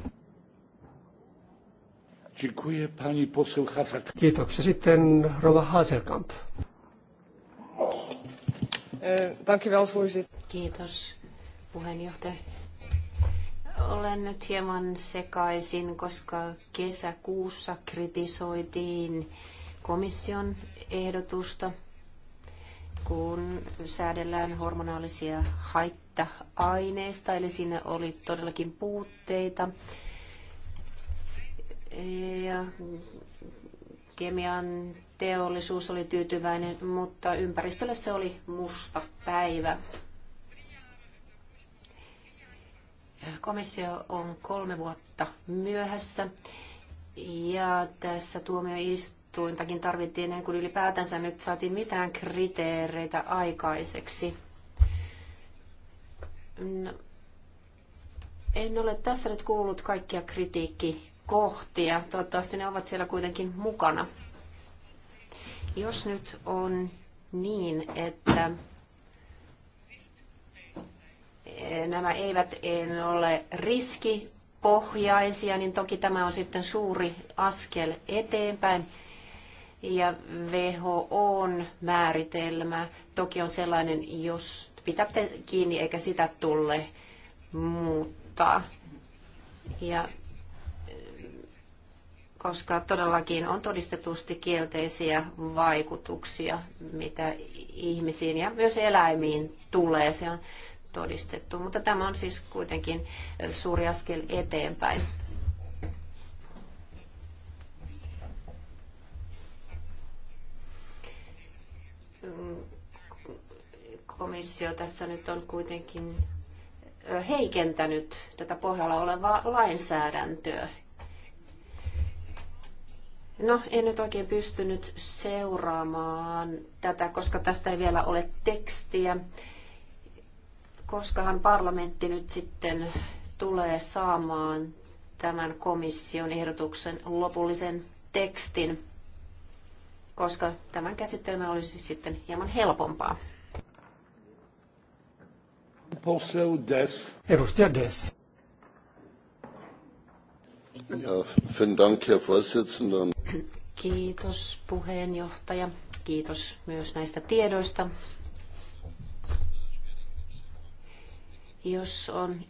S2: Kiitoksia. Sitten Rova Haselkamp.
S5: Kiitos puheenjohtaja olen nyt hieman sekaisin, koska kesäkuussa kritisoitiin komission ehdotusta, kun säädellään hormonaalisia haitta-aineista, eli siinä oli todellakin puutteita. Ja kemian teollisuus oli tyytyväinen, mutta ympäristölle se oli musta päivä. Komissio on kolme vuotta myöhässä ja tässä tuomioistuintakin tarvittiin ennen kuin ylipäätänsä nyt saatiin mitään kriteereitä aikaiseksi. No, en ole tässä nyt kuullut kaikkia kritiikkikohtia. Toivottavasti ne ovat siellä kuitenkin mukana. Jos nyt on niin, että nämä eivät en ole riskipohjaisia, niin toki tämä on sitten suuri askel eteenpäin. Ja WHOn määritelmä toki on sellainen, jos pitätte kiinni eikä sitä tulle muuttaa. Ja koska todellakin on todistetusti kielteisiä vaikutuksia, mitä ihmisiin ja myös eläimiin tulee. Se on todistettu. Mutta tämä on siis kuitenkin suuri askel eteenpäin. Komissio tässä nyt on kuitenkin heikentänyt tätä pohjalla olevaa lainsäädäntöä. No, en nyt oikein pystynyt seuraamaan tätä, koska tästä ei vielä ole tekstiä koskahan parlamentti nyt sitten tulee saamaan tämän komission ehdotuksen lopullisen tekstin, koska tämän käsittelemä olisi sitten hieman helpompaa.
S1: Edustaja Des. Kiitos
S5: puheenjohtaja. Kiitos myös näistä tiedoista. Jos on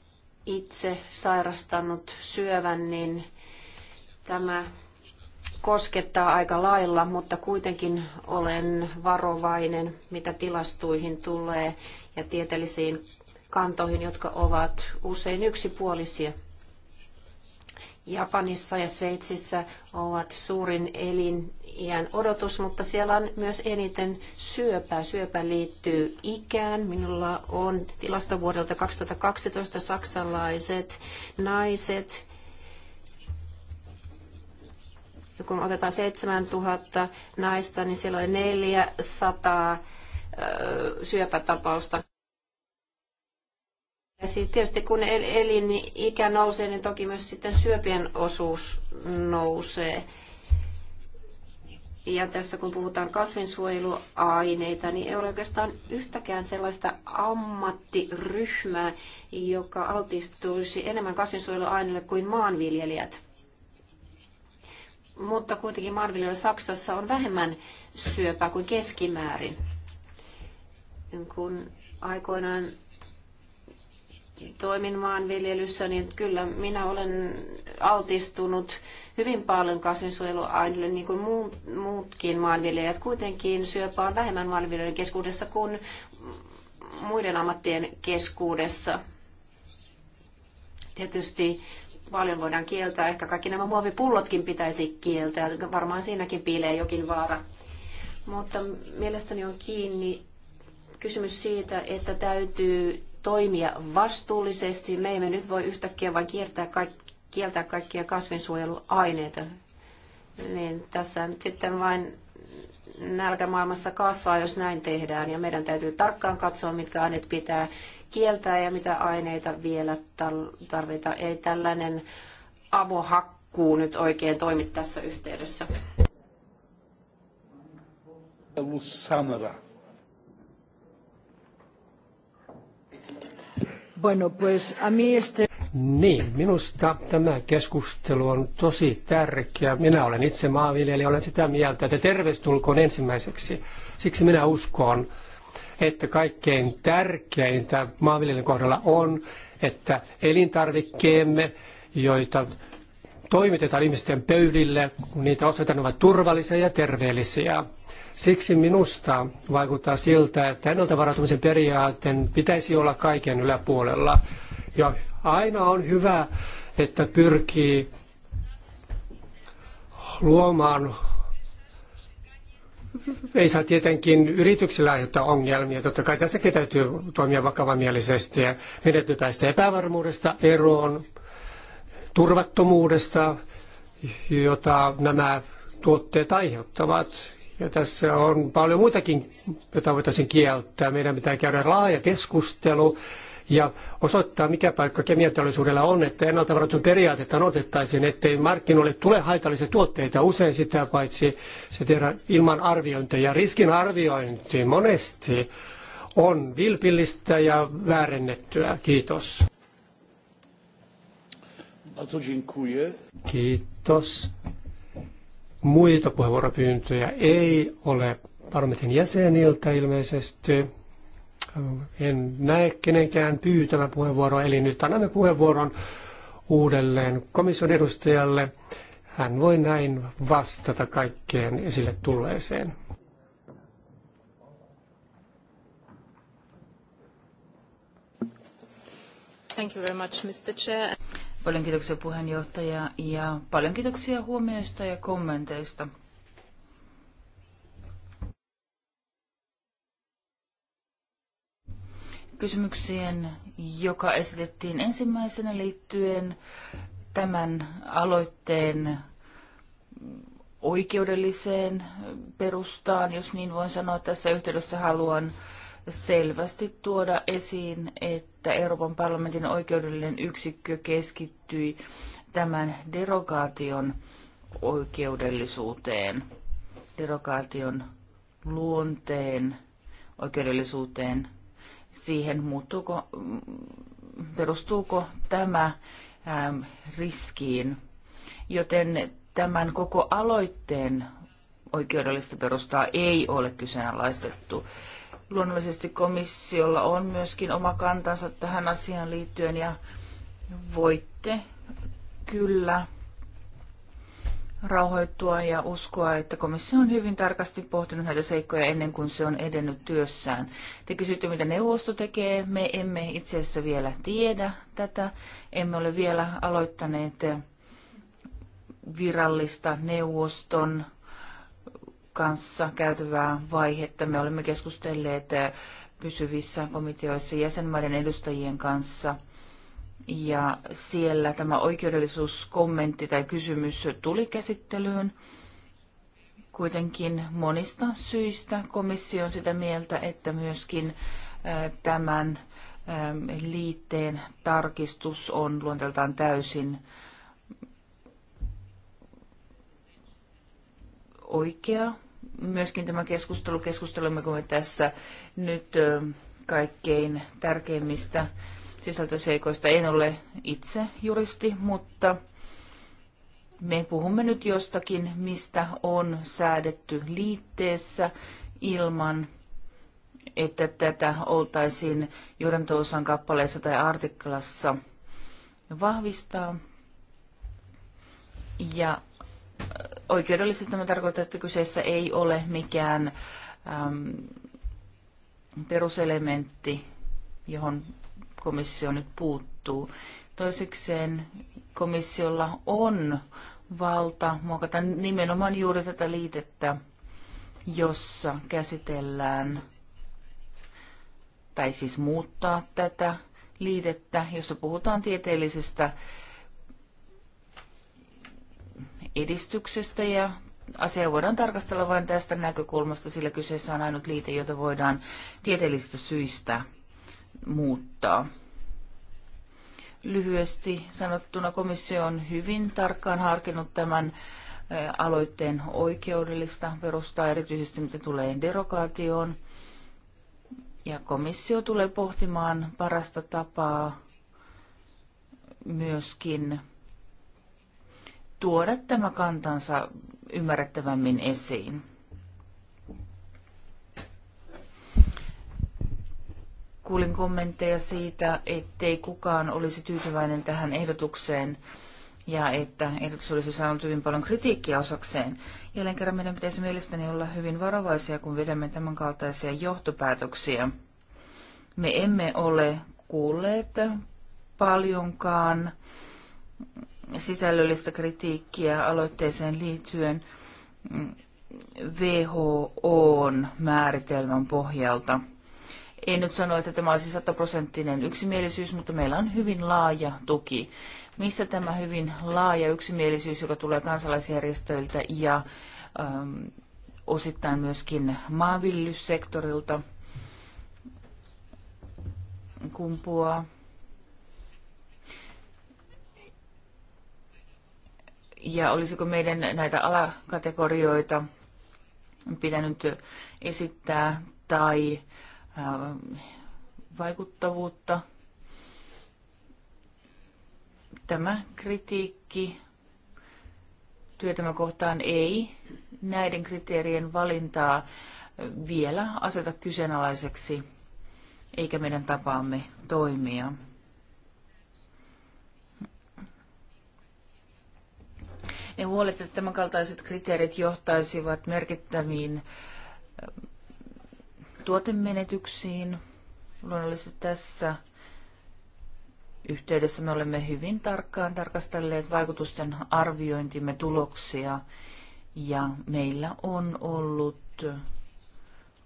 S5: itse sairastanut syövän, niin tämä koskettaa aika lailla, mutta kuitenkin olen varovainen, mitä tilastuihin tulee ja tieteellisiin kantoihin, jotka ovat usein yksipuolisia. Japanissa ja Sveitsissä ovat suurin eliniän odotus, mutta siellä on myös eniten syöpää. Syöpä liittyy ikään. Minulla on tilastovuodelta 2012 saksalaiset naiset, kun otetaan 7000 naista, niin siellä oli 400 syöpätapausta. Siis tietysti kun elinikä nousee, niin toki myös sitten syöpien osuus nousee. Ja tässä kun puhutaan kasvinsuojeluaineita, niin ei ole oikeastaan yhtäkään sellaista ammattiryhmää, joka altistuisi enemmän kasvinsuojeluaineille kuin maanviljelijät. Mutta kuitenkin maanviljelijöillä Saksassa on vähemmän syöpää kuin keskimäärin. Kun aikoinaan toimin maanviljelyssä, niin kyllä minä olen altistunut hyvin paljon kasvinsuojeluaineille, niin kuin muutkin maanviljelijät. Kuitenkin syöpää on vähemmän maanviljelijöiden keskuudessa kuin muiden ammattien keskuudessa. Tietysti paljon voidaan kieltää. Ehkä kaikki nämä muovipullotkin pitäisi kieltää. Varmaan siinäkin piilee jokin vaara. Mutta mielestäni on kiinni kysymys siitä, että täytyy toimia vastuullisesti. Me emme nyt voi yhtäkkiä vain kiertää kaik- kieltää kaikkia kasvinsuojeluaineita. Niin tässä nyt sitten vain nälkä maailmassa kasvaa, jos näin tehdään. Ja meidän täytyy tarkkaan katsoa, mitkä aineet pitää kieltää ja mitä aineita vielä tarvitaan. Ei tällainen avohakkuu nyt oikein toimi tässä yhteydessä.
S1: Sanara.
S2: Bueno, pues a mí este... Niin, minusta tämä keskustelu on tosi tärkeä. Minä olen itse maanviljelijä, olen sitä mieltä, että terveystulkoon ensimmäiseksi. Siksi minä uskon, että kaikkein tärkeintä maanviljelijän kohdalla on, että elintarvikkeemme, joita toimitetaan ihmisten pöydille, kun niitä ostetaan, ovat turvallisia ja terveellisiä. Siksi minusta vaikuttaa siltä, että ennalta varautumisen periaatteen pitäisi olla kaiken yläpuolella. Ja aina on hyvä, että pyrkii luomaan ei saa tietenkin yrityksillä aiheuttaa ongelmia. Totta kai tässäkin täytyy toimia vakavamielisesti ja menetytään sitä epävarmuudesta eroon, turvattomuudesta, jota nämä tuotteet aiheuttavat. Ja tässä on paljon muitakin, joita voitaisiin kieltää. Meidän pitää käydä laaja keskustelu ja osoittaa, mikä paikka kemianteollisuudella on, että ennaltavaroitun periaatetta noudatettaisiin, ettei markkinoille tule haitallisia tuotteita. Usein sitä paitsi se tehdään ilman ja Riskin arviointi monesti on vilpillistä ja väärennettyä. Kiitos. Kiitos. Muita puheenvuoropyyntöjä ei ole parlamentin jäseniltä ilmeisesti. En näe kenenkään pyytävän puheenvuoroa, eli nyt annamme puheenvuoron uudelleen komission edustajalle. Hän voi näin vastata kaikkeen esille tulleeseen.
S3: Thank you very much, Mr. Chair.
S4: Paljon kiitoksia puheenjohtaja ja paljon kiitoksia huomioista ja kommenteista. Kysymyksien, joka esitettiin ensimmäisenä liittyen tämän aloitteen oikeudelliseen perustaan, jos niin voin sanoa tässä yhteydessä haluan selvästi tuoda esiin, että että Euroopan parlamentin oikeudellinen yksikkö keskittyi tämän derogaation oikeudellisuuteen, derogaation luonteen oikeudellisuuteen, siihen muuttuuko, perustuuko tämä ähm, riskiin. Joten tämän koko aloitteen oikeudellista perustaa ei ole kyseenalaistettu. Luonnollisesti komissiolla on myöskin oma kantansa tähän asiaan liittyen ja voitte kyllä rauhoittua ja uskoa, että komissio on hyvin tarkasti pohtinut näitä seikkoja ennen kuin se on edennyt työssään. Te kysytte, mitä neuvosto tekee. Me emme itse asiassa vielä tiedä tätä. Emme ole vielä aloittaneet virallista neuvoston kanssa käytävää vaihetta. Me olemme keskustelleet pysyvissä komiteoissa jäsenmaiden edustajien kanssa. Ja siellä tämä oikeudellisuuskommentti tai kysymys tuli käsittelyyn. Kuitenkin monista syistä komissio on sitä mieltä, että myöskin tämän liitteen tarkistus on luonteeltaan täysin oikea myöskin tämä keskustelu, keskustelemmeko me tässä nyt kaikkein tärkeimmistä sisältöseikoista. En ole itse juristi, mutta me puhumme nyt jostakin, mistä on säädetty liitteessä ilman, että tätä oltaisiin johdantousan kappaleessa tai artiklassa vahvistaa. Ja oikeudellisesti tämä tarkoittaa, että kyseessä ei ole mikään äm, peruselementti, johon komissio nyt puuttuu. Toisekseen komissiolla on valta muokata nimenomaan juuri tätä liitettä, jossa käsitellään tai siis muuttaa tätä liitettä, jossa puhutaan tieteellisestä edistyksestä ja asiaa voidaan tarkastella vain tästä näkökulmasta, sillä kyseessä on ainut liite, jota voidaan tieteellisistä syistä muuttaa. Lyhyesti sanottuna komissio on hyvin tarkkaan harkinnut tämän eh, aloitteen oikeudellista perustaa, erityisesti mitä tulee derogaatioon. Ja komissio tulee pohtimaan parasta tapaa myöskin tuoda tämä kantansa ymmärrettävämmin esiin. Kuulin kommentteja siitä, ettei kukaan olisi tyytyväinen tähän ehdotukseen ja että ehdotus olisi saanut hyvin paljon kritiikkiä osakseen. Jälleen kerran meidän pitäisi mielestäni olla hyvin varovaisia, kun vedämme tämän kaltaisia johtopäätöksiä. Me emme ole kuulleet paljonkaan sisällöllistä kritiikkiä aloitteeseen liittyen mm, WHOn määritelmän pohjalta. En nyt sano, että tämä olisi sataprosenttinen yksimielisyys, mutta meillä on hyvin laaja tuki. Missä tämä hyvin laaja yksimielisyys, joka tulee kansalaisjärjestöiltä ja ähm, osittain myöskin maanviljelyssektorilta kumpuaa? ja olisiko meidän näitä alakategorioita pitänyt esittää tai äh, vaikuttavuutta. Tämä kritiikki kohtaan ei näiden kriteerien valintaa vielä aseta kyseenalaiseksi, eikä meidän tapaamme toimia. Ne huolet, että tämänkaltaiset kriteerit johtaisivat merkittäviin ähm, tuotemenetyksiin. Luonnollisesti tässä yhteydessä me olemme hyvin tarkkaan tarkastelleet vaikutusten arviointimme tuloksia ja meillä on ollut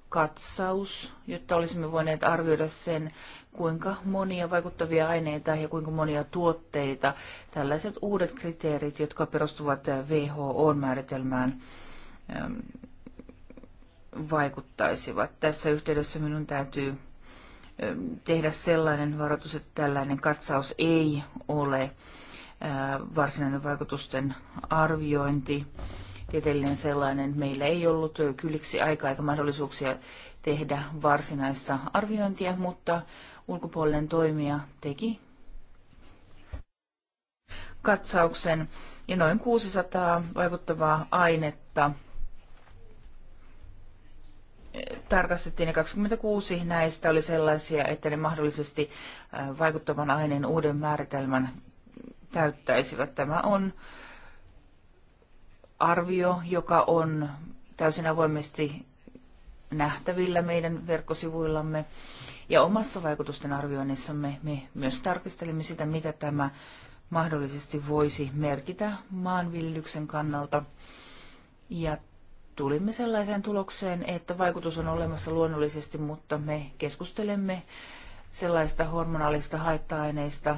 S4: katsaus, jotta olisimme voineet arvioida sen, kuinka monia vaikuttavia aineita ja kuinka monia tuotteita tällaiset uudet kriteerit, jotka perustuvat WHO-määritelmään, ähm, vaikuttaisivat. Tässä yhteydessä minun täytyy ähm, tehdä sellainen varoitus, että tällainen katsaus ei ole äh, varsinainen vaikutusten arviointi tieteellinen sellainen. Meillä ei ollut kylliksi aikaa eikä mahdollisuuksia tehdä varsinaista arviointia, mutta ulkopuolinen toimija teki katsauksen ja noin 600 vaikuttavaa ainetta tarkastettiin ja 26 näistä oli sellaisia, että ne mahdollisesti äh, vaikuttavan aineen uuden määritelmän täyttäisivät. Tämä on arvio, joka on täysin avoimesti nähtävillä meidän verkkosivuillamme. Ja omassa vaikutusten arvioinnissamme me myös tarkistelimme sitä, mitä tämä mahdollisesti voisi merkitä maanviljelyksen kannalta. Ja tulimme sellaiseen tulokseen, että vaikutus on olemassa luonnollisesti, mutta me keskustelemme sellaista hormonaalista haitta-aineista,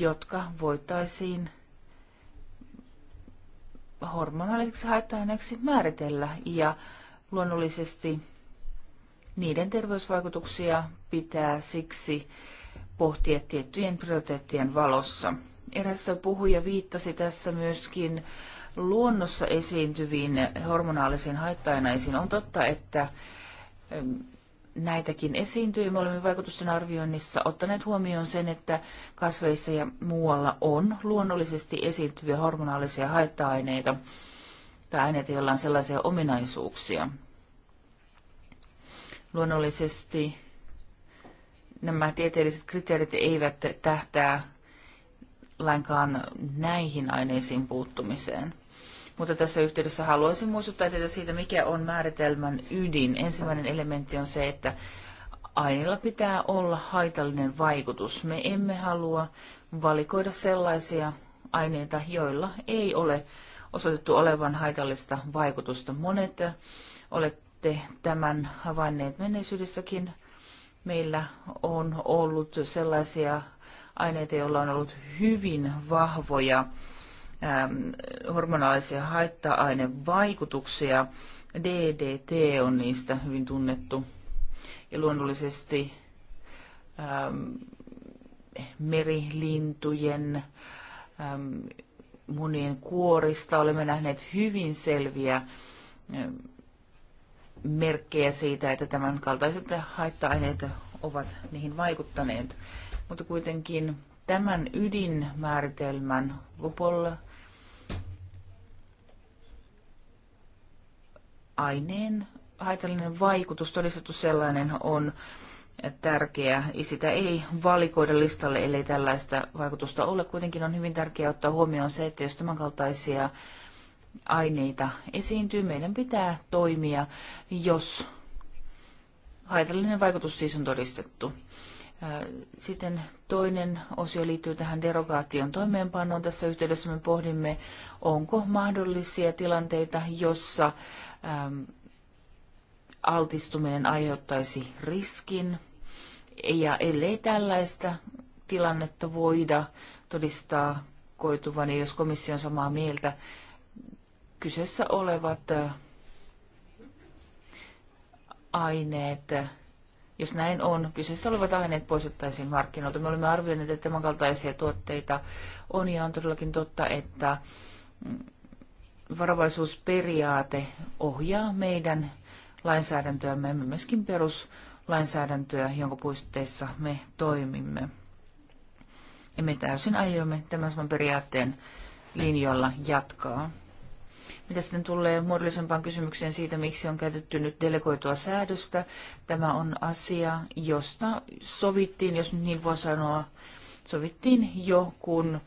S4: jotka voitaisiin hormonaliseksi haitta-aineeksi määritellä ja luonnollisesti niiden terveysvaikutuksia pitää siksi pohtia tiettyjen prioriteettien valossa. Eräs puhuja viittasi tässä myöskin luonnossa esiintyviin hormonaalisiin haitta-aineisiin. On totta, että näitäkin esiintyy. Me olemme vaikutusten arvioinnissa ottaneet huomioon sen, että kasveissa ja muualla on luonnollisesti esiintyviä hormonaalisia haitta-aineita tai aineita, joilla on sellaisia ominaisuuksia. Luonnollisesti nämä tieteelliset kriteerit eivät tähtää lainkaan näihin aineisiin puuttumiseen. Mutta tässä yhteydessä haluaisin muistuttaa teitä siitä, mikä on määritelmän ydin. Ensimmäinen elementti on se, että aineilla pitää olla haitallinen vaikutus. Me emme halua valikoida sellaisia aineita, joilla ei ole osoitettu olevan haitallista vaikutusta. Monet olette tämän havainneet menneisyydessäkin. Meillä on ollut sellaisia aineita, joilla on ollut hyvin vahvoja Ähm, hormonaalisia haitta-ainevaikutuksia. DDT on niistä hyvin tunnettu. Ja luonnollisesti äm, merilintujen äm, munien kuorista olemme nähneet hyvin selviä äm, merkkejä siitä, että tämän kaltaiset haitta-aineet ovat niihin vaikuttaneet. Mutta kuitenkin tämän ydinmääritelmän ulkopuolella aineen haitallinen vaikutus, todistettu sellainen, on tärkeä. Sitä ei valikoida listalle, ellei tällaista vaikutusta ole. Kuitenkin on hyvin tärkeää ottaa huomioon se, että jos tämänkaltaisia aineita esiintyy, meidän pitää toimia, jos haitallinen vaikutus siis on todistettu. Sitten toinen osio liittyy tähän derogaation toimeenpanoon. Tässä yhteydessä me pohdimme, onko mahdollisia tilanteita, jossa altistuminen aiheuttaisi riskin. Ja ellei tällaista tilannetta voida todistaa koituvan, ja jos komissio on samaa mieltä, kyseessä olevat aineet jos näin on, kyseessä olevat aineet poistettaisiin markkinoilta. Me olemme arvioineet, että tämän kaltaisia tuotteita on ja on todellakin totta, että mm, varovaisuusperiaate ohjaa meidän lainsäädäntöämme ja myöskin peruslainsäädäntöä, jonka puisteissa me toimimme. Ja me täysin aiomme tämän saman periaatteen linjoilla jatkaa. Mitä sitten tulee muodollisempaan kysymykseen siitä, miksi on käytetty nyt delegoitua säädöstä, tämä on asia, josta sovittiin, jos niin voi sanoa, sovittiin jo, kun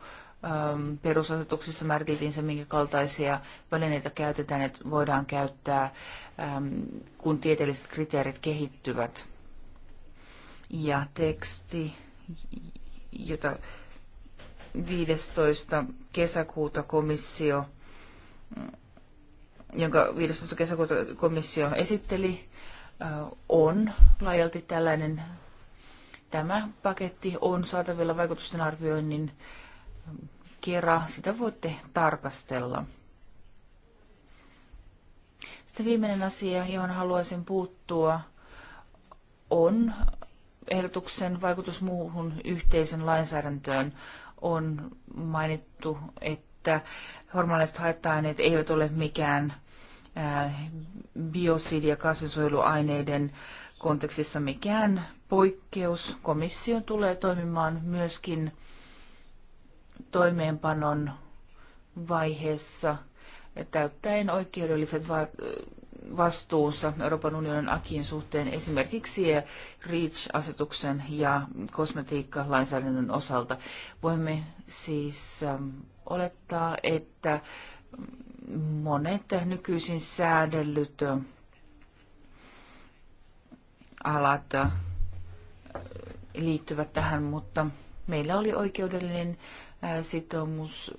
S4: ähm, perusasetuksissa määriteltiin se, minkä kaltaisia välineitä käytetään että voidaan käyttää, ähm, kun tieteelliset kriteerit kehittyvät. Ja teksti, jota 15. kesäkuuta komissio jonka 15. kesäkuuta komissio esitteli, on laajalti tällainen. Tämä paketti on saatavilla vaikutusten arvioinnin kera. Sitä voitte tarkastella. Sitten viimeinen asia, johon haluaisin puuttua, on ehdotuksen vaikutus muuhun yhteisön lainsäädäntöön. On mainittu, että että hormonalliset haitta-aineet eivät ole mikään äh, biosidi- ja kasvinsuojeluaineiden kontekstissa mikään poikkeus. Komissio tulee toimimaan myöskin toimeenpanon vaiheessa äh, täyttäen oikeudelliset va- äh, vastuunsa Euroopan unionin akiin suhteen esimerkiksi REACH-asetuksen ja kosmetiikkalainsäädännön osalta. Voimme siis ähm, olettaa, että monet nykyisin säädellyt alat liittyvät tähän, mutta meillä oli oikeudellinen sitoumus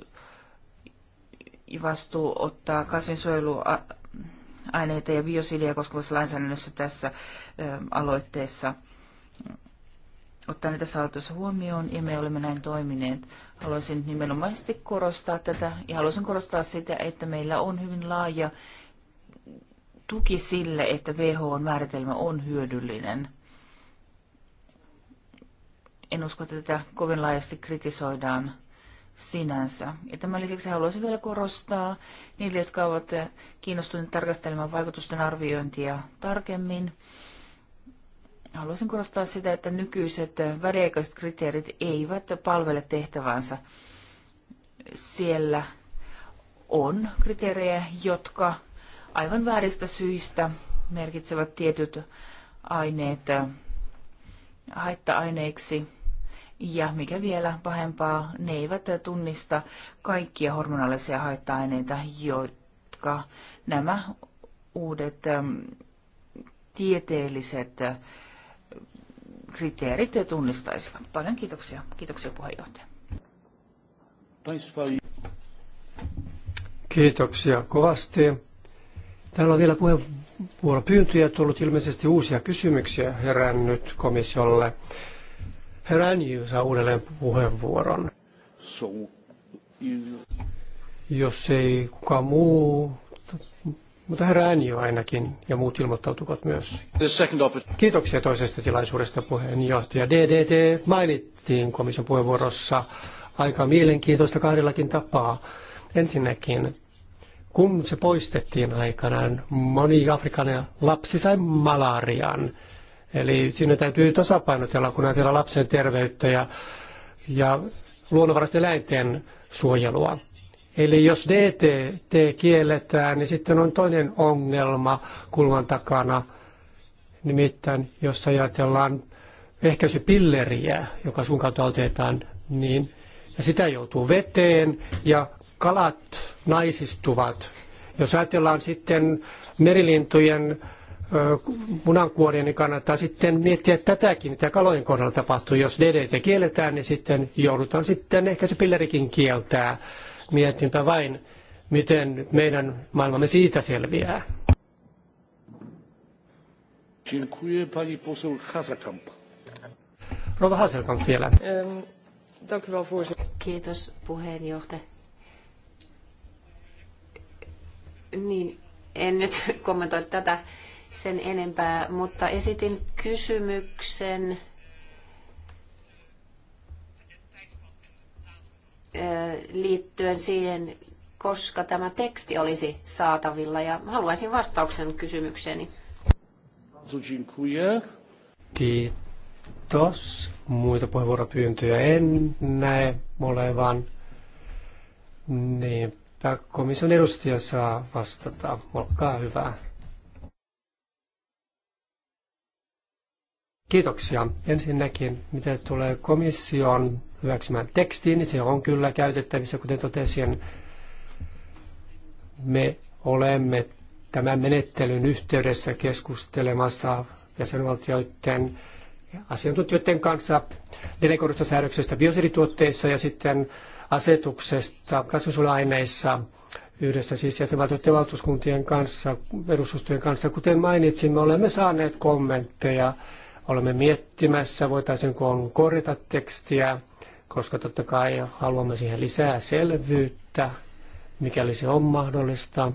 S4: vastuu ottaa kasvinsuojeluaineita ja biosidia koskevassa lainsäädännössä tässä aloitteessa ottaa näitä saatossa huomioon ja me olemme näin toimineet. Haluaisin nimenomaisesti korostaa tätä ja haluaisin korostaa sitä, että meillä on hyvin laaja tuki sille, että WHO-määritelmä on hyödyllinen. En usko, että tätä kovin laajasti kritisoidaan sinänsä. Ja tämän lisäksi haluaisin vielä korostaa niille, jotka ovat kiinnostuneet tarkastelemaan vaikutusten arviointia tarkemmin, Haluaisin korostaa sitä, että nykyiset väliaikaiset kriteerit eivät palvele tehtävänsä. Siellä on kriteerejä, jotka aivan vääristä syistä merkitsevät tietyt aineet haitta-aineiksi. Ja mikä vielä pahempaa, ne eivät tunnista kaikkia hormonaalisia haitta-aineita, jotka nämä uudet tieteelliset kriteerit
S2: tunnistaisivat.
S4: Paljon kiitoksia. Kiitoksia puheenjohtaja.
S2: Kiitoksia kovasti. Täällä on vielä puheenvuoropyyntöjä tullut ilmeisesti uusia kysymyksiä herännyt komissiolle. Herra saa uudelleen puheenvuoron. Jos ei kukaan muu mutta herra Anjo ainakin ja muut ilmoittautuvat myös. Kiitoksia toisesta tilaisuudesta puheenjohtaja. DDT mainittiin komission puheenvuorossa aika mielenkiintoista kahdellakin tapaa. Ensinnäkin, kun se poistettiin aikanaan, moni Afrikan lapsi sai malarian. Eli siinä täytyy tasapainotella, kun ajatellaan lapsen terveyttä ja, ja luonnonvaraisten eläinten suojelua. Eli jos DTT kielletään, niin sitten on toinen ongelma kulman takana. Nimittäin jos ajatellaan ehkäisypilleriä, joka sun kautta otetaan, niin ja sitä joutuu veteen ja kalat naisistuvat. Jos ajatellaan sitten merilintujen munankuoria, niin kannattaa sitten miettiä tätäkin, mitä kalojen kohdalla tapahtuu. Jos DDT kielletään, niin sitten joudutaan sitten ehkä se pillerikin kieltää. Mietinpä vain, miten meidän maailmamme siitä selviää.
S1: Dziękuję pani poseł Hasekamp.
S2: Rova Hasekamp vielä.
S5: Kiitos puheenjohtaja. Niin, en nyt kommentoi tätä sen enempää, mutta esitin kysymyksen liittyen siihen, koska tämä teksti olisi saatavilla ja haluaisin vastauksen kysymykseeni.
S2: Kiitos. Muita puheenvuoropyyntöjä en näe olevan. Niinpä komission edustaja saa vastata. Olkaa hyvä. Kiitoksia. Ensinnäkin, mitä tulee komission hyväksymään tekstiin, niin se on kyllä käytettävissä, kuten totesin. Me olemme tämän menettelyn yhteydessä keskustelemassa jäsenvaltioiden asiantuntijoiden kanssa delegoidusta säädöksestä biosidituotteissa ja sitten asetuksesta kasvinsuojeluaineissa yhdessä siis jäsenvaltioiden valtuuskuntien kanssa, edustustojen kanssa. Kuten mainitsin, me olemme saaneet kommentteja, olemme miettimässä, voitaisiinko on korjata tekstiä koska totta kai haluamme siihen lisää selvyyttä, mikäli se on mahdollista,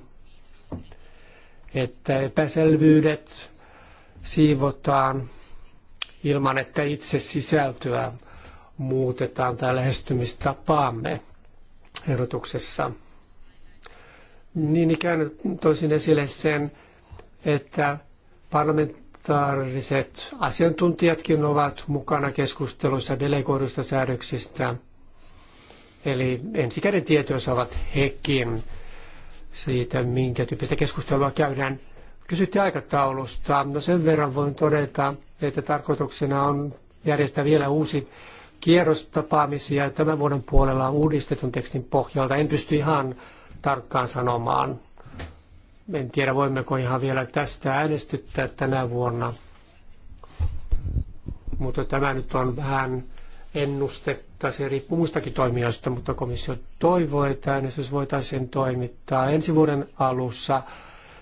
S2: että epäselvyydet siivotaan ilman, että itse sisältöä muutetaan tai lähestymistapaamme erotuksessa. Niin ikään toisin esille sen, että parlament, parlamentaariset asiantuntijatkin ovat mukana keskusteluissa delegoiduista säädöksistä. Eli ensikäden tietoja saavat hekin siitä, minkä tyyppistä keskustelua käydään. Kysyttiin aikataulusta. No sen verran voin todeta, että tarkoituksena on järjestää vielä uusi kierros tapaamisia tämän vuoden puolella uudistetun tekstin pohjalta. En pysty ihan tarkkaan sanomaan en tiedä, voimmeko ihan vielä tästä äänestyttää tänä vuonna, mutta tämä nyt on vähän ennustetta. Se riippuu muistakin toimijoista, mutta komissio toivoo, että äänestys voitaisiin toimittaa ensi vuoden alussa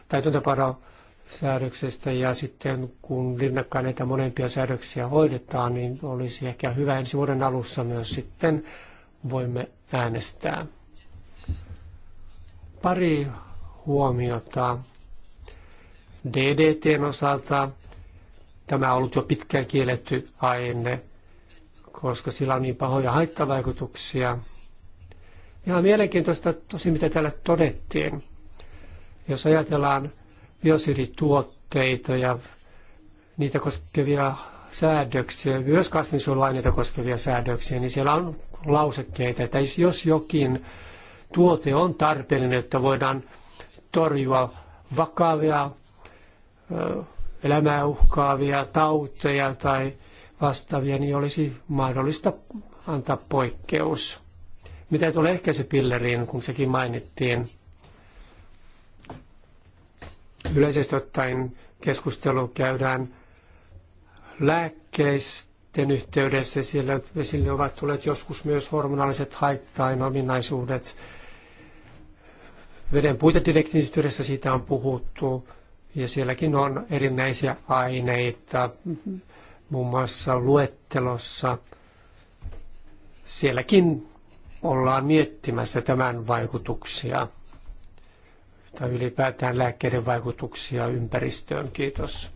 S2: täytäntöpano säädöksestä ja sitten kun rinnakkain näitä monempia säädöksiä hoidetaan, niin olisi ehkä hyvä ensi vuoden alussa myös sitten voimme äänestää. Pari huomiota DDTn osalta. Tämä on ollut jo pitkään kielletty aine, koska sillä on niin pahoja haittavaikutuksia. Ihan mielenkiintoista tosi, mitä täällä todettiin. Jos ajatellaan biosidituotteita ja niitä koskevia säädöksiä, myös kasvinsuojeluaineita koskevia säädöksiä, niin siellä on lausekkeita, että jos jokin tuote on tarpeellinen, että voidaan torjua vakavia elämää uhkaavia tauteja tai vastaavia, niin olisi mahdollista antaa poikkeus. Mitä tulee pilleriin, kun sekin mainittiin, yleisesti ottaen keskustelu käydään lääkkeisten yhteydessä. Siellä esille ovat tulleet joskus myös hormonaaliset haittain ominaisuudet, Veden puitedirektiivissä siitä on puhuttu ja sielläkin on erinäisiä aineita, muun muassa luettelossa. Sielläkin ollaan miettimässä tämän vaikutuksia tai ylipäätään lääkkeiden vaikutuksia ympäristöön. Kiitos.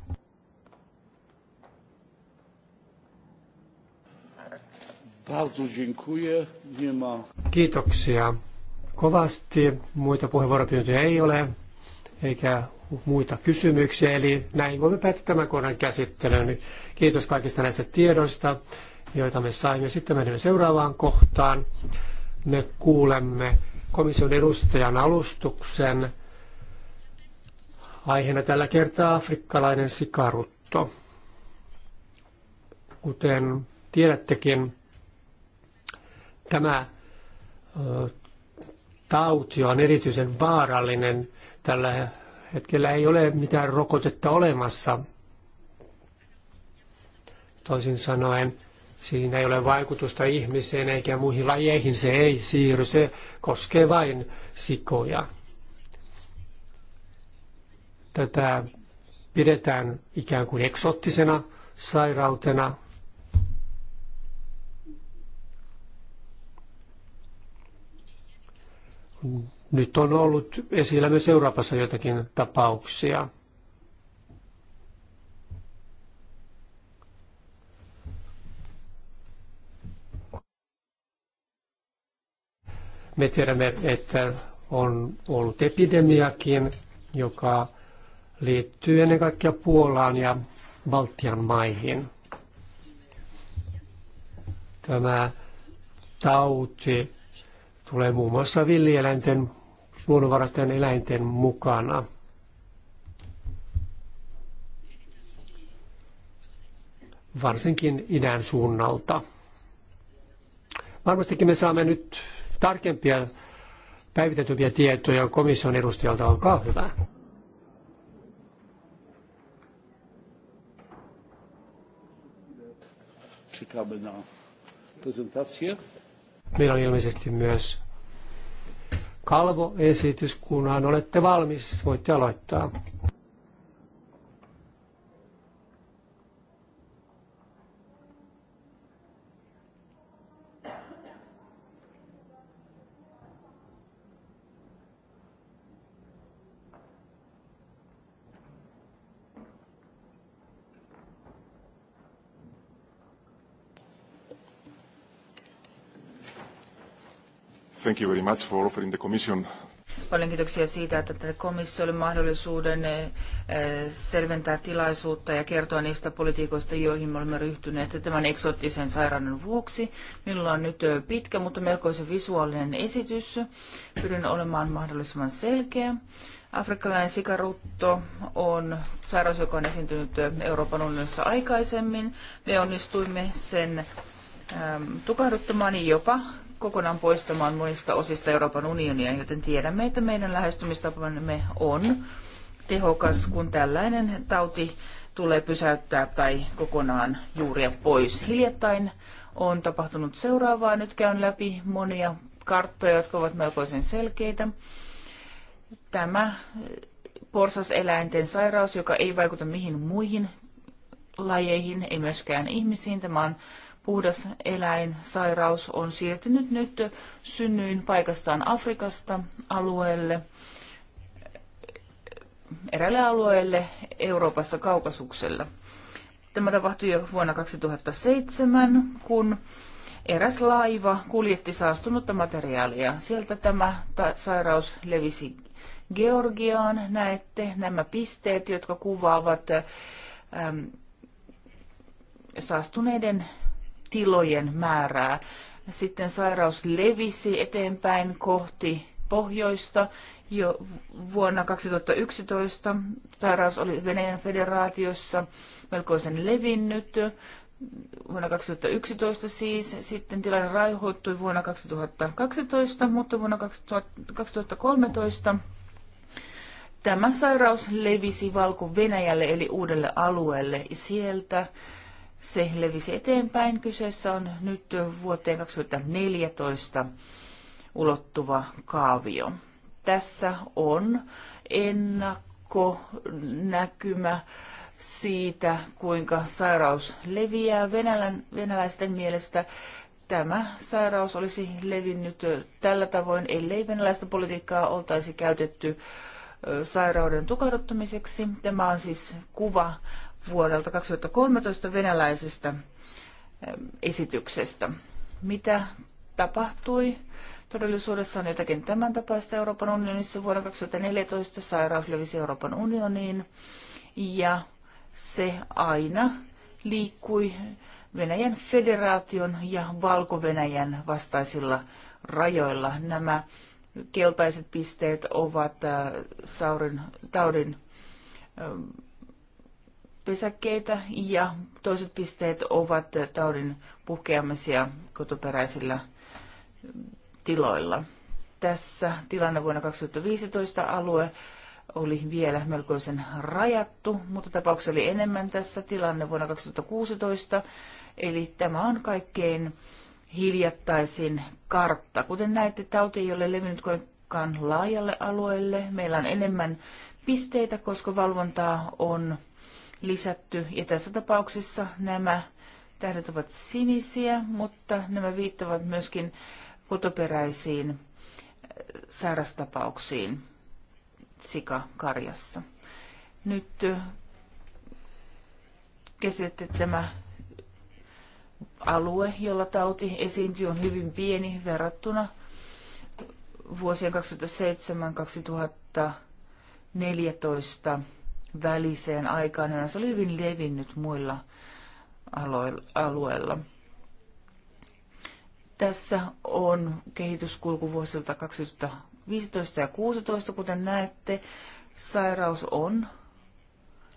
S2: Kiitoksia kovasti. Muita puheenvuoropyyntöjä ei ole, eikä muita kysymyksiä. Eli näin voimme päättää tämän kohdan käsittelyn. Kiitos kaikista näistä tiedoista, joita me saimme. Sitten menemme seuraavaan kohtaan. Me kuulemme komission edustajan alustuksen. Aiheena tällä kertaa afrikkalainen sikarutto. Kuten tiedättekin, tämä tauti on erityisen vaarallinen. Tällä hetkellä ei ole mitään rokotetta olemassa. Toisin sanoen, siinä ei ole vaikutusta ihmiseen eikä muihin lajeihin, se ei siirry, se koskee vain sikoja. Tätä pidetään ikään kuin eksottisena sairautena, Nyt on ollut esillä myös Euroopassa jotakin tapauksia. Me tiedämme, että on ollut epidemiakin, joka liittyy ennen kaikkea Puolaan ja Baltian maihin. Tämä tauti tulee muun muassa villieläinten, luonnonvaraisten eläinten mukana. Varsinkin idän suunnalta. Varmastikin me saamme nyt tarkempia päivitettyjä tietoja komission edustajalta. Olkaa hyvä.
S1: Czekamy na prezentację.
S2: Meillä on ilmeisesti myös kalvoesitys, kunhan olette valmis, voitte aloittaa.
S4: Thank you very much for offering the commission Paljon kiitoksia siitä, että tätä komissiolle mahdollisuuden eh, selventää tilaisuutta ja kertoa niistä politiikoista, joihin me olemme ryhtyneet tämän eksoottisen sairauden vuoksi. Minulla on nyt eh, pitkä, mutta melkoisen visuaalinen esitys. Pyrin olemaan mahdollisimman selkeä. Afrikkalainen sikarutto on sairaus, joka on esiintynyt eh, Euroopan unionissa aikaisemmin. Me onnistuimme sen ehm, tukahduttamaan jopa kokonaan poistamaan monista osista Euroopan unionia, joten tiedämme, että meidän lähestymistapamme on tehokas, kun tällainen tauti tulee pysäyttää tai kokonaan juuria pois. Hiljattain on tapahtunut seuraavaa. Nyt käyn läpi monia karttoja, jotka ovat melkoisen selkeitä. Tämä eh, porsaseläinten sairaus, joka ei vaikuta mihin muihin lajeihin, ei myöskään ihmisiin. Tämä on puhdas eläinsairaus on siirtynyt nyt synnyin paikastaan Afrikasta alueelle, erälle alueelle Euroopassa kaukasuksella. Tämä tapahtui jo vuonna 2007, kun eräs laiva kuljetti saastunutta materiaalia. Sieltä tämä sairaus levisi Georgiaan. Näette nämä pisteet, jotka kuvaavat ähm, saastuneiden tilojen määrää. Sitten sairaus levisi eteenpäin kohti pohjoista. Jo vuonna 2011 sairaus oli Venäjän federaatiossa melkoisen levinnyt. Vuonna 2011 siis, sitten tilanne raihoittui vuonna 2012, mutta vuonna 2013 tämä sairaus levisi Valko-Venäjälle eli uudelle alueelle. Sieltä se levisi eteenpäin. Kyseessä on nyt vuoteen 2014 ulottuva kaavio. Tässä on ennakkonäkymä siitä, kuinka sairaus leviää. Venälän, venäläisten mielestä tämä sairaus olisi levinnyt tällä tavoin, ellei venäläistä politiikkaa oltaisi käytetty sairauden tukahduttamiseksi. Tämä on siis kuva vuodelta 2013 venäläisestä eh, esityksestä. Mitä tapahtui? Todellisuudessa on jotakin tämän tapaista Euroopan unionissa. Vuonna 2014 sairaus levisi Euroopan unioniin ja se aina liikkui Venäjän federaation ja Valko-Venäjän vastaisilla rajoilla. Nämä keltaiset pisteet ovat eh, Saurin, taudin eh, pesäkkeitä ja toiset pisteet ovat taudin puhkeamisia kotoperäisillä tiloilla. Tässä tilanne vuonna 2015 alue oli vielä melkoisen rajattu, mutta tapauksia oli enemmän tässä tilanne vuonna 2016. Eli tämä on kaikkein hiljattaisin kartta. Kuten näette, tauti ei ole levinnyt koinkaan laajalle alueelle. Meillä on enemmän pisteitä, koska valvontaa on lisätty. Ja tässä tapauksessa nämä tähdet ovat sinisiä, mutta nämä viittavat myöskin kotoperäisiin äh, sairastapauksiin sikakarjassa. Nyt äh, käsitte tämä alue, jolla tauti esiintyy, on hyvin pieni verrattuna vuosien 2007-2014 väliseen aikaan, ja se oli hyvin levinnyt muilla alueilla. Tässä on kehityskulku vuosilta 2015 ja 2016, kuten näette. Sairaus on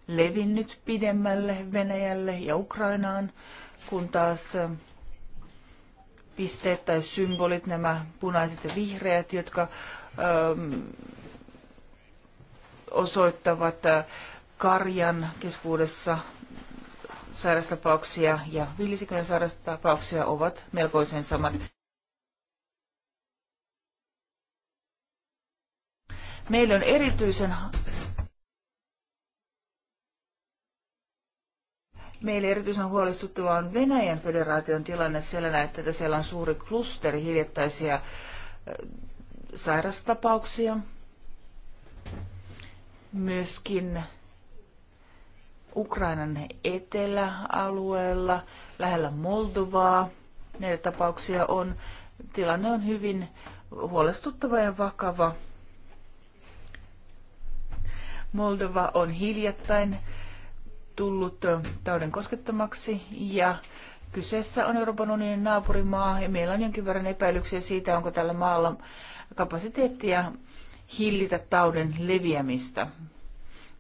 S4: levinnyt pidemmälle Venäjälle ja Ukrainaan, kun taas pisteet tai symbolit, nämä punaiset ja vihreät, jotka ähm, osoittavat äh, karjan keskuudessa sairastapauksia ja villisikojen sairastapauksia ovat melkoisen samat. Meillä on erityisen Meille erityisen huolestuttava on Venäjän federaation tilanne sellainen, että siellä on suuri klusteri hiljattaisia äh, sairastapauksia, myöskin Ukrainan eteläalueella, lähellä Moldovaa. Näitä tapauksia on. Tilanne on hyvin huolestuttava ja vakava. Moldova on hiljattain tullut tauden koskettomaksi ja kyseessä on Euroopan unionin naapurimaa ja meillä on jonkin verran epäilyksiä siitä, onko tällä maalla kapasiteettia hillitä tauden leviämistä.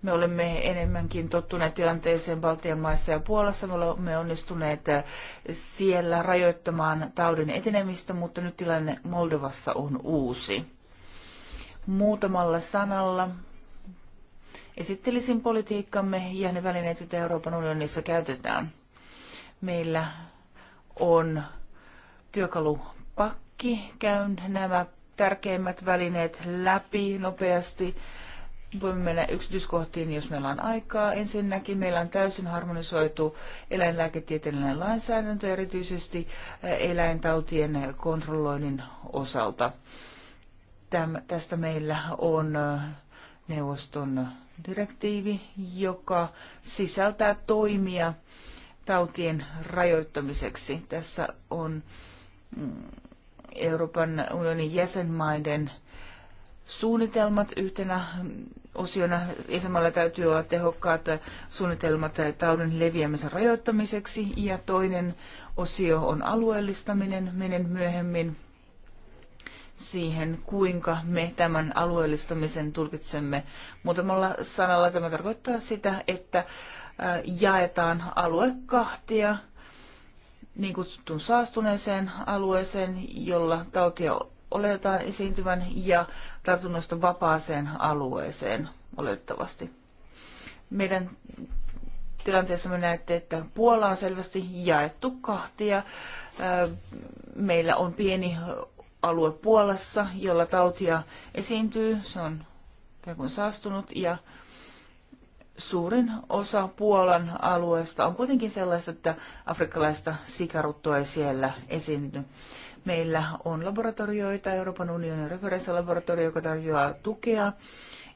S4: Me olemme enemmänkin tottuneet tilanteeseen Baltian maissa ja Puolassa. Me olemme onnistuneet äh, siellä rajoittamaan taudin etenemistä, mutta nyt tilanne Moldovassa on uusi. Muutamalla sanalla esittelisin politiikkamme ja ne välineet, joita Euroopan unionissa käytetään. Meillä on työkalupakki. Käyn nämä tärkeimmät välineet läpi nopeasti. Voimme mennä yksityiskohtiin, jos meillä on aikaa. Ensinnäkin meillä on täysin harmonisoitu eläinlääketieteellinen lainsäädäntö, erityisesti äh, eläintautien kontrolloinnin osalta. Täm, tästä meillä on äh, neuvoston direktiivi, joka sisältää toimia tautien rajoittamiseksi. Tässä on mm, Euroopan unionin jäsenmaiden suunnitelmat yhtenä osiona. Jäsenmailla täytyy olla tehokkaat suunnitelmat taudin leviämisen rajoittamiseksi ja toinen osio on alueellistaminen. Menen myöhemmin siihen, kuinka me tämän alueellistamisen tulkitsemme. Muutamalla sanalla tämä tarkoittaa sitä, että jaetaan alue kahtia – niin kutsuttuun saastuneeseen alueeseen, jolla tautia oletetaan esiintyvän, ja tartunnoista vapaaseen alueeseen oletettavasti. Meidän tilanteessa me näette, että Puola on selvästi jaettu kahtia. Meillä on pieni alue Puolassa, jolla tautia esiintyy. Se on ikään kuin saastunut ja suurin osa Puolan alueesta on kuitenkin sellaista, että afrikkalaista sikaruttoa ei siellä esiinny. Meillä on laboratorioita, Euroopan unionin referenssilaboratorio, joka tarjoaa tukea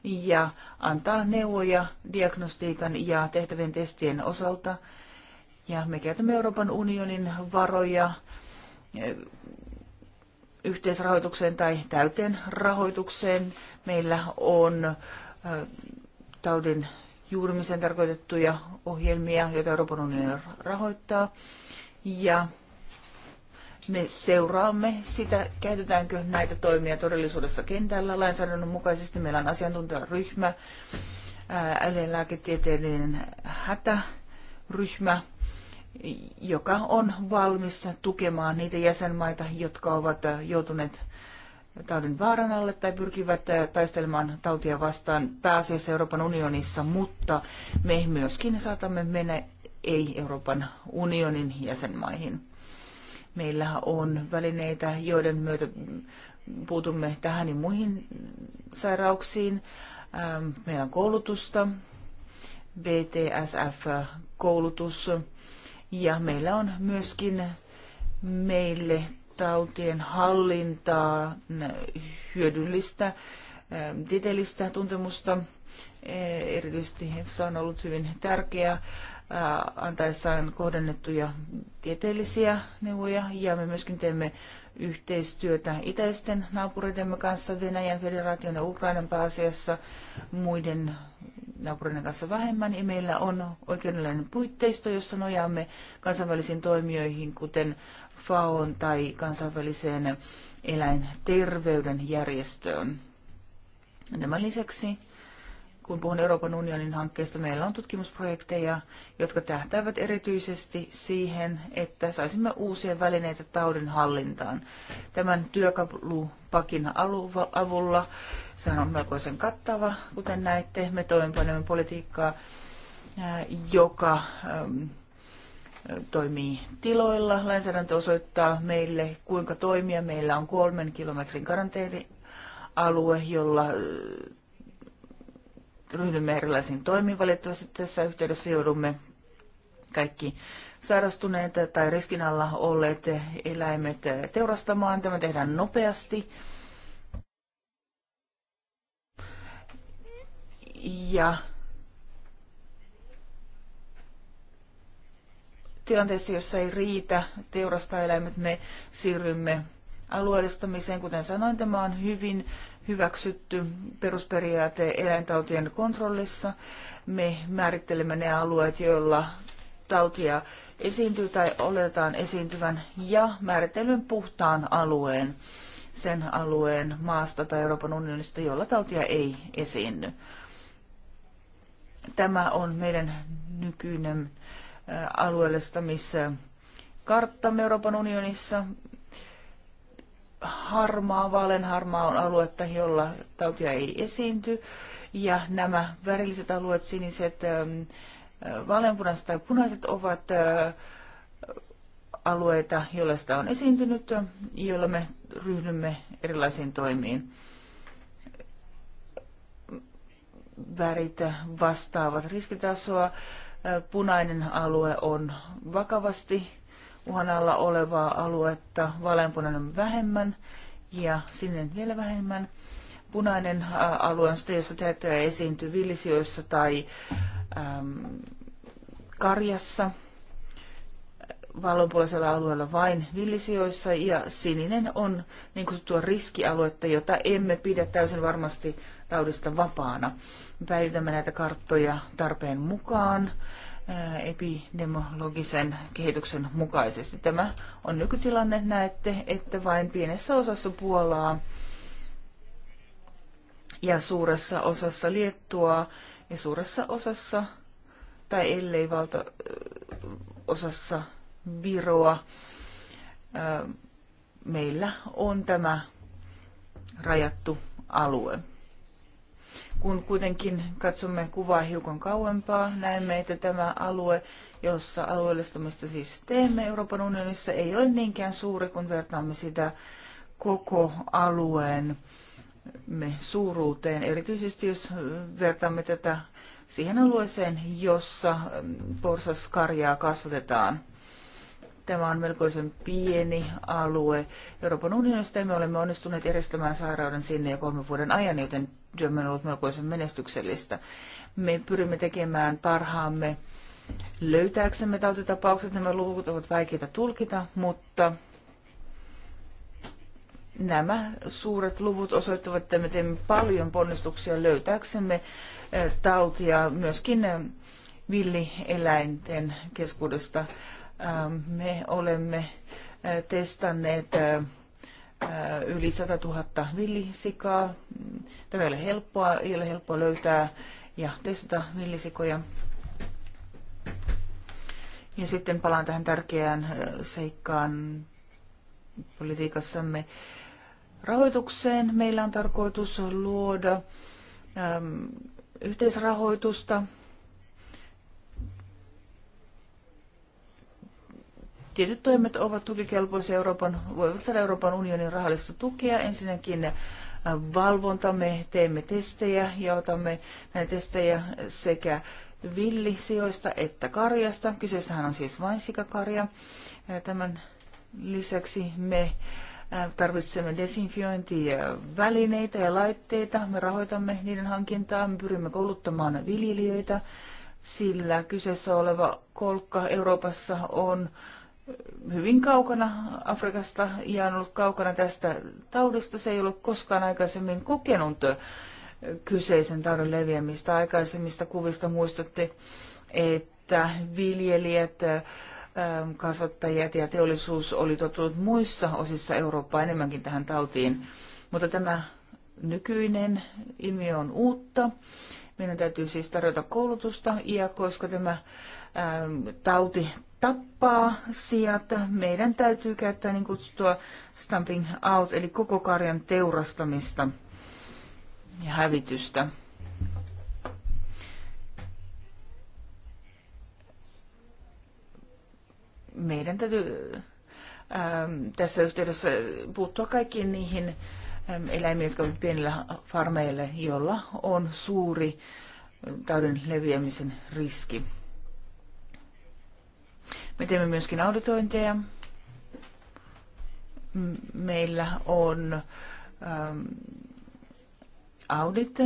S4: ja antaa neuvoja diagnostiikan ja tehtävien testien osalta. Ja me käytämme Euroopan unionin varoja eh, yhteisrahoitukseen tai täyteen rahoitukseen. Meillä on eh, taudin juurimiseen tarkoitettuja ohjelmia, joita Euroopan unioni rahoittaa. Ja me seuraamme sitä, käytetäänkö näitä toimia todellisuudessa kentällä lainsäädännön mukaisesti. Meillä on asiantuntijaryhmä, eläinlääketieteellinen hätäryhmä, joka on valmis tukemaan niitä jäsenmaita, jotka ovat joutuneet taudin vaaran alle tai pyrkivät eh, taistelemaan tautia vastaan pääasiassa Euroopan unionissa, mutta me myöskin saatamme mennä ei-Euroopan unionin jäsenmaihin. Meillä on välineitä, joiden myötä puutumme tähän ja muihin sairauksiin. Ähm, meillä on koulutusta, BTSF-koulutus ja meillä on myöskin meille tautien hallintaa, hyödyllistä tieteellistä tuntemusta. Erityisesti se on ollut hyvin tärkeä antaessaan kohdennettuja tieteellisiä neuvoja ja me myöskin teemme yhteistyötä itäisten naapureidemme kanssa, Venäjän federaation ja Ukrainan pääasiassa, muiden naapureiden kanssa vähemmän, ja meillä on oikeudellinen puitteisto, jossa nojaamme kansainvälisiin toimijoihin, kuten FAOn tai kansainväliseen eläinterveyden järjestöön. Tämän lisäksi, kun puhun Euroopan unionin hankkeista, meillä on tutkimusprojekteja, jotka tähtäävät erityisesti siihen, että saisimme uusia välineitä taudin hallintaan. Tämän työkalupakin avulla, sehän on melkoisen kattava, kuten näette, me toimenpanemme politiikkaa, joka toimii tiloilla. Lainsäädäntö osoittaa meille, kuinka toimia. Meillä on kolmen kilometrin karanteenialue, jolla äh, ryhdymme erilaisiin toimiin. Valitettavasti tässä yhteydessä joudumme kaikki sairastuneet tai riskin alla olleet eläimet teurastamaan. Tämä tehdään nopeasti. Ja tilanteessa, jossa ei riitä teurastaa eläimet, me siirrymme alueellistamiseen. Kuten sanoin, tämä on hyvin hyväksytty perusperiaate eläintautien kontrollissa. Me määrittelemme ne alueet, joilla tautia esiintyy tai oletetaan esiintyvän ja määrittelyn puhtaan alueen sen alueen maasta tai Euroopan unionista, jolla tautia ei esiinny. Tämä on meidän nykyinen alueellistamissa Euroopan unionissa. Harmaa, harmaa on aluetta, jolla tautia ei esiinty. Ja nämä värilliset alueet, siniset, ähm, äh, vaaleanpunaiset tai punaiset ovat äh, alueita, joilla sitä on esiintynyt, äh, joilla me ryhdymme erilaisiin toimiin. Värit vastaavat riskitasoa punainen alue on vakavasti uhan alla olevaa aluetta, vaaleanpunainen vähemmän ja sininen vielä vähemmän. Punainen alue on sitä, jossa täytyy esiintyy villisioissa tai äm, karjassa. Valonpuolisella alueella vain villisioissa ja sininen on niin kutsuttua riskialuetta, jota emme pidä täysin varmasti taudista vapaana. Päivitämme näitä karttoja tarpeen mukaan eh, epidemiologisen kehityksen mukaisesti. Tämä on nykytilanne. Näette, että vain pienessä osassa Puolaa ja suuressa osassa Liettua ja suuressa osassa tai ellei valta eh, osassa Viroa eh, meillä on tämä rajattu alue. Kun kuitenkin katsomme kuvaa hiukan kauempaa, näemme, että tämä alue, jossa alueellistamista siis teemme Euroopan unionissa, ei ole niinkään suuri, kun vertaamme sitä koko alueen suuruuteen, erityisesti jos vertaamme tätä siihen alueeseen, jossa mm, porsaskarjaa kasvatetaan. Tämä on melkoisen pieni alue. Euroopan unionista me olemme onnistuneet järjestämään sairauden sinne jo kolmen vuoden ajan, joten työmme on ollut melkoisen menestyksellistä. Me pyrimme tekemään parhaamme löytääksemme tautitapaukset. Nämä luvut ovat vaikeita tulkita, mutta nämä suuret luvut osoittavat, että me teemme paljon ponnistuksia löytääksemme eh, tautia myöskin eh, villieläinten keskuudesta. Me olemme eh, testanneet yli 100 000 villisikaa. Tämä ei ole helppoa, ei ole helppoa löytää ja testata villisikoja. Ja sitten palaan tähän tärkeään seikkaan politiikassamme rahoitukseen. Meillä on tarkoitus luoda yhteisrahoitusta tietyt toimet ovat tukikelpoisia Euroopan, voivat saada Euroopan unionin rahallista tukea. Ensinnäkin äh, valvonta, me teemme testejä ja otamme näitä testejä sekä villisijoista että karjasta. Kyseessähän on siis vain sikakarja. Äh, tämän lisäksi me äh, tarvitsemme desinfiointivälineitä ja laitteita. Me rahoitamme niiden hankintaa, me pyrimme kouluttamaan viljelijöitä, sillä kyseessä oleva kolkka Euroopassa on hyvin kaukana Afrikasta ihan on ollut kaukana tästä taudista. Se ei ollut koskaan aikaisemmin kokenut kyseisen taudin leviämistä. Aikaisemmista kuvista muistutti, että viljelijät, ähm, kasvattajat ja teollisuus oli tottunut muissa osissa Eurooppaa enemmänkin tähän tautiin. Mutta tämä nykyinen ilmiö on uutta. Meidän täytyy siis tarjota koulutusta ja koska tämä ähm, tauti tappaa sieltä Meidän täytyy käyttää niin kutsuttua stamping out, eli koko karjan teurastamista ja hävitystä. Meidän täytyy ähm, tässä yhteydessä puuttua kaikkiin niihin ähm, eläimiin, jotka ovat pienillä farmeilla, joilla on suuri äh, taudin leviämisen riski. Me teemme myöskin auditointeja. Meillä on ähm, audit,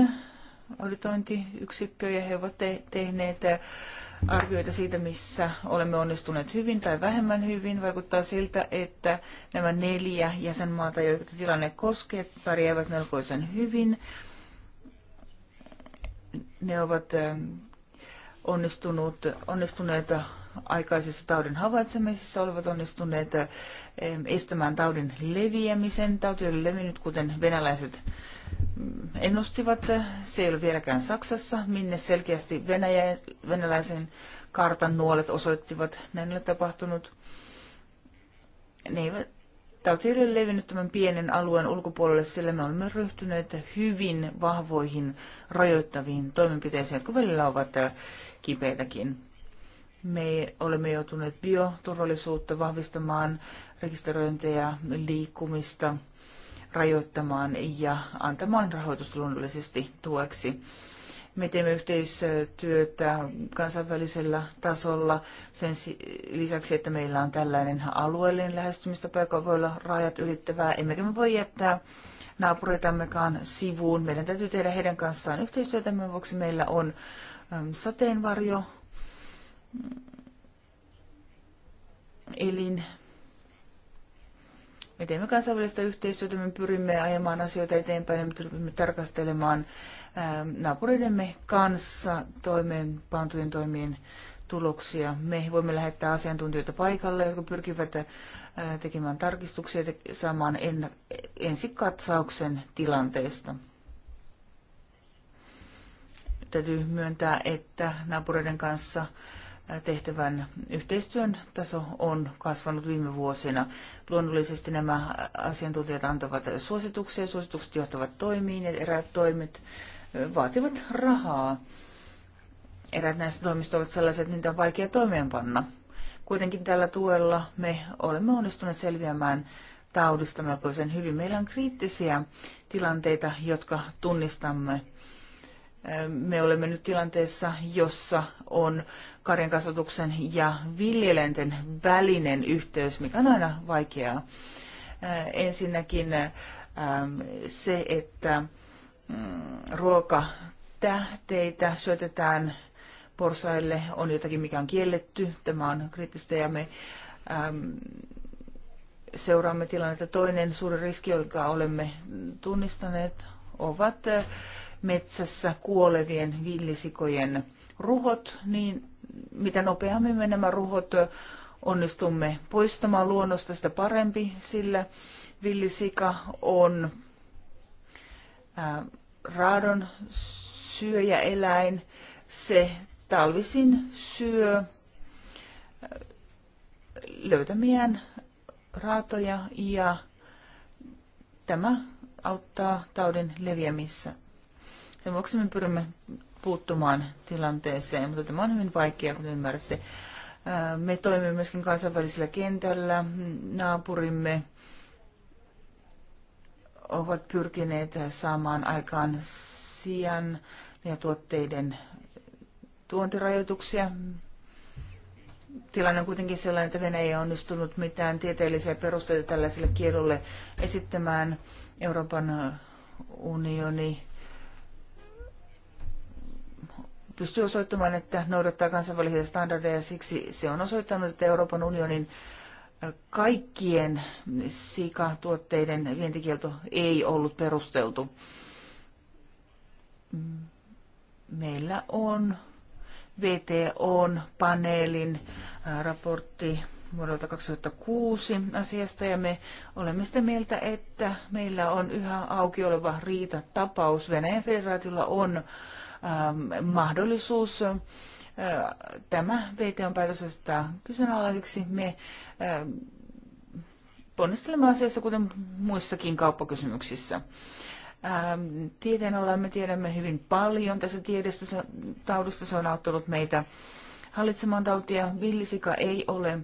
S4: auditointiyksikkö ja he ovat te- tehneet äh, arvioita siitä, missä olemme onnistuneet hyvin tai vähemmän hyvin. Vaikuttaa siltä, että nämä neljä jäsenmaata, joita tilanne koskee, pärjäävät melkoisen hyvin. Ne ovat äh, onnistuneet, onnistuneita aikaisessa taudin havaitsemisessa olivat onnistuneet eh, estämään taudin leviämisen. Tauti oli levinnyt, kuten venäläiset mm, ennustivat. Se ei ole vieläkään Saksassa, minne selkeästi Venäjä, venäläisen kartan nuolet osoittivat. Näin oli tapahtunut. Ne eivät Tauti ei ole levinnyt tämän pienen alueen ulkopuolelle, sillä me olemme ryhtyneet hyvin vahvoihin rajoittaviin toimenpiteisiin, jotka välillä ovat eh, kipeitäkin. Me olemme joutuneet bioturvallisuutta vahvistamaan, rekisteröintejä, liikkumista rajoittamaan ja antamaan rahoitusta luonnollisesti tueksi. Me teemme yhteistyötä kansainvälisellä tasolla sen lisäksi, että meillä on tällainen alueellinen lähestymistapa, joka voi olla rajat ylittävää. Emmekä me voi jättää naapureitammekaan sivuun. Meidän täytyy tehdä heidän kanssaan yhteistyötä. Tämän vuoksi meillä on sateenvarjo elin. Me teemme kansainvälistä yhteistyötä, me pyrimme ajamaan asioita eteenpäin, me pyrimme tarkastelemaan ähm, naapureidemme kanssa toimeenpantujen toimien tuloksia. Me voimme lähettää asiantuntijoita paikalle, jotka pyrkivät äh, tekemään tarkistuksia ja saamaan ensikatsauksen tilanteesta. Täytyy myöntää, että naapureiden kanssa tehtävän yhteistyön taso on kasvanut viime vuosina. Luonnollisesti nämä asiantuntijat antavat suosituksia, suositukset johtavat toimiin ja eräät toimet vaativat rahaa. Eräät näistä toimista ovat sellaiset, että niitä on vaikea toimeenpanna. Kuitenkin tällä tuella me olemme onnistuneet selviämään taudista melkoisen hyvin. Meillä on kriittisiä tilanteita, jotka tunnistamme. Me olemme nyt tilanteessa, jossa on karjankasvatuksen ja viljelenten välinen yhteys, mikä on aina vaikeaa. Äh, ensinnäkin ähm, se, että mm, ruokatähteitä syötetään porsaille, on jotakin, mikä on kielletty. Tämä on kriittistä ja me ähm, seuraamme tilannetta. Toinen suuri riski, jonka olemme tunnistaneet, ovat äh, metsässä kuolevien villisikojen ruhot niin, mitä nopeammin me nämä ruhot onnistumme poistamaan luonnosta, sitä parempi, sillä villisika on raadon syöjäeläin. Se talvisin syö löytämiään raatoja ja tämä auttaa taudin leviämissä. Sen vuoksi me pyrimme puuttumaan tilanteeseen, mutta tämä on hyvin vaikeaa, kun ymmärrätte. Me toimimme myöskin kansainvälisellä kentällä. Naapurimme ovat pyrkineet saamaan aikaan sian ja tuotteiden tuontirajoituksia. Tilanne on kuitenkin sellainen, että Venäjä ei onnistunut mitään tieteellisiä perusteita tällaiselle kielolle esittämään. Euroopan unioni pystyy osoittamaan, että noudattaa kansainvälisiä standardeja ja siksi se on osoittanut, että Euroopan unionin kaikkien sikatuotteiden vientikielto ei ollut perusteltu. Mm, meillä on VTOn paneelin raportti vuodelta 2006 asiasta ja me olemme sitä mieltä, että meillä on yhä auki oleva riita tapaus. Venäjän federaatiolla on Ähm, mahdollisuus. Äh, tämä VTOn päätös asettaa kyseenalaiseksi. Me ähm, ponnistelemme asiassa kuten muissakin kauppakysymyksissä. Ähm, tieteen ollaan me tiedämme hyvin paljon tässä tiedestä taudusta Se on auttanut meitä hallitsemaan tautia. Villisika ei ole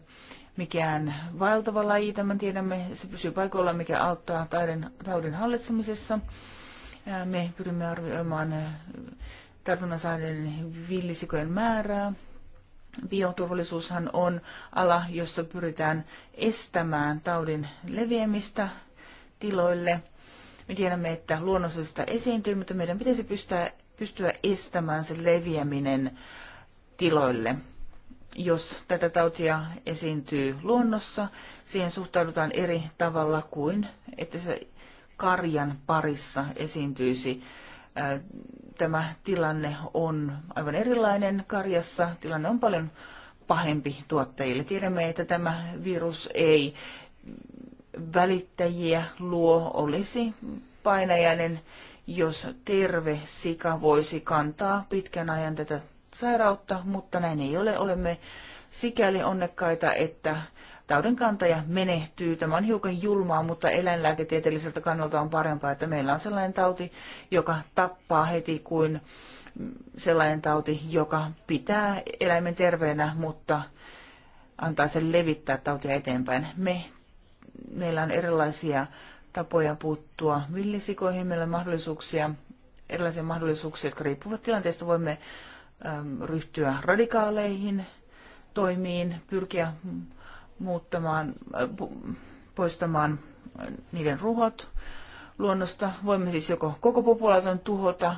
S4: mikään valtava laji, tämän tiedämme. Se pysyy paikoillaan, mikä auttaa taiden, taudin hallitsemisessa. Äh, me pyrimme arvioimaan äh, tartunnan saaneiden villisikojen määrää. Bioturvallisuushan on ala, jossa pyritään estämään taudin leviämistä tiloille. Me tiedämme, että luonnossa sitä esiintyy, mutta meidän pitäisi pystyä, pystyä estämään sen leviäminen tiloille. Jos tätä tautia esiintyy luonnossa, siihen suhtaudutaan eri tavalla kuin että se karjan parissa esiintyisi tämä tilanne on aivan erilainen karjassa. Tilanne on paljon pahempi tuottajille. Tiedämme, että tämä virus ei välittäjiä luo, olisi painajainen, jos terve sika voisi kantaa pitkän ajan tätä sairautta, mutta näin ei ole. Olemme sikäli onnekkaita, että taudin kantaja menehtyy. Tämä on hiukan julmaa, mutta eläinlääketieteelliseltä kannalta on parempaa, että meillä on sellainen tauti, joka tappaa heti kuin sellainen tauti, joka pitää eläimen terveenä, mutta antaa sen levittää tautia eteenpäin. Me, meillä on erilaisia tapoja puuttua villisikoihin, meillä on mahdollisuuksia, erilaisia mahdollisuuksia, jotka riippuvat tilanteesta. Voimme ryhtyä radikaaleihin toimiin, pyrkiä muuttamaan, äh, poistamaan äh, niiden ruhot luonnosta. Voimme siis joko koko populaation tuhota,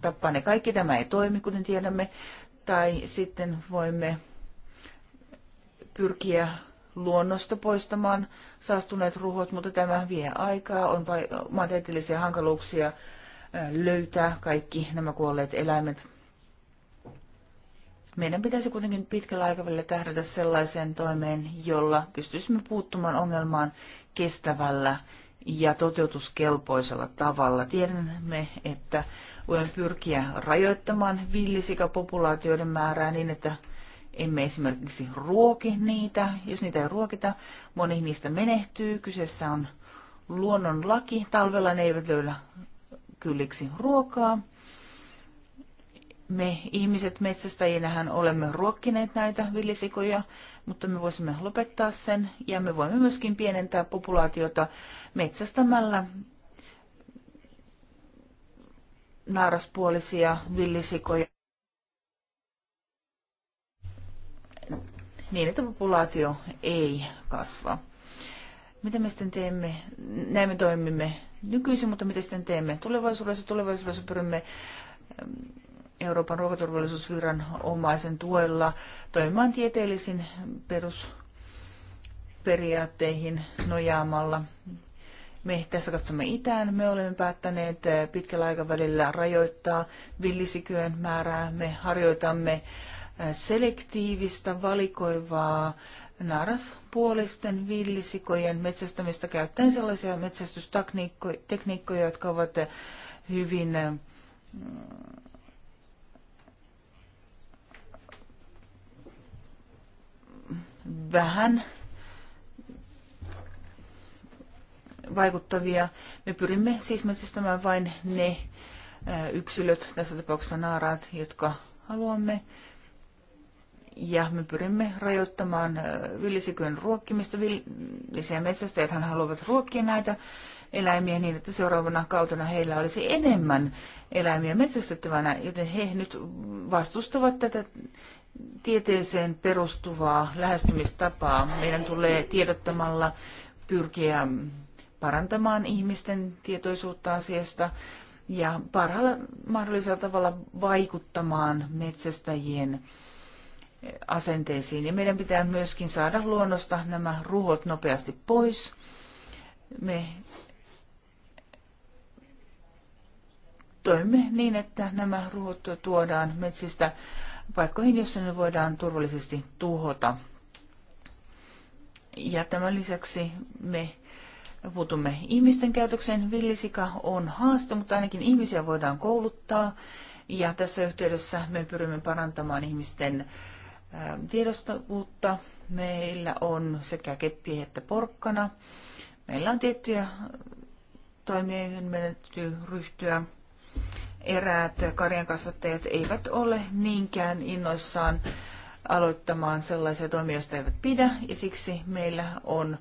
S4: tappaa ne kaikki, tämä ei toimi, kuten tiedämme, tai sitten voimme pyrkiä luonnosta poistamaan saastuneet ruhot, mutta tämä vie aikaa, on maantieteellisiä hankaluuksia äh, löytää kaikki nämä kuolleet eläimet. Meidän pitäisi kuitenkin pitkällä aikavälillä tähdätä sellaiseen toimeen, jolla pystyisimme puuttumaan ongelmaan kestävällä ja toteutuskelpoisella tavalla. Tiedämme, että voimme pyrkiä rajoittamaan villisikapopulaatioiden määrää niin, että emme esimerkiksi ruoki niitä. Jos niitä ei ruokita, moni niistä menehtyy. Kyseessä on luonnonlaki. Talvella ne eivät löydä kylliksi ruokaa. Me ihmiset metsästäjinähän olemme ruokkineet näitä villisikoja, mutta me voisimme lopettaa sen ja me voimme myöskin pienentää populaatiota metsästämällä naaraspuolisia villisikoja niin, että populaatio ei kasva. Mitä me sitten teemme? Näin me toimimme nykyisin, mutta mitä sitten teemme tulevaisuudessa? Tulevaisuudessa pyrimme Euroopan ruokaturvallisuusviranomaisen tuella toimimaan tieteellisin perusperiaatteihin nojaamalla. Me tässä katsomme itään. Me olemme päättäneet eh, pitkällä aikavälillä rajoittaa villisikyön määrää. Me harjoitamme eh, selektiivistä, valikoivaa naaraspuolisten villisikojen metsästämistä käyttäen sellaisia metsästystekniikkoja, jotka ovat eh, hyvin vähän vaikuttavia. Me pyrimme siis metsästämään vain ne yksilöt, tässä tapauksessa naaraat, jotka haluamme ja me pyrimme rajoittamaan villisikojen ruokkimista. Villisiä metsästäjäthän haluavat ruokkia näitä eläimiä niin, että seuraavana kautena heillä olisi enemmän eläimiä metsästettävänä, joten he nyt vastustavat tätä tieteeseen perustuvaa lähestymistapaa. Meidän tulee tiedottamalla pyrkiä parantamaan ihmisten tietoisuutta asiasta ja parhaalla mahdollisella tavalla vaikuttamaan metsästäjien asenteisiin. Ja meidän pitää myöskin saada luonnosta nämä ruhot nopeasti pois. Me toimme niin, että nämä ruhot tuodaan metsistä paikkoihin, jossa ne voidaan turvallisesti tuhota. Ja tämän lisäksi me puutumme ihmisten käytökseen. Villisika on haaste, mutta ainakin ihmisiä voidaan kouluttaa. Ja tässä yhteydessä me pyrimme parantamaan ihmisten äh, Ähm, tiedostavuutta. Meillä on sekä keppi että porkkana. Meillä on tiettyjä äh, toimia, joihin meidän ryhtyä. Eräät kasvattajat eivät ole niinkään innoissaan aloittamaan sellaisia toimia, joista eivät pidä, ja siksi meillä on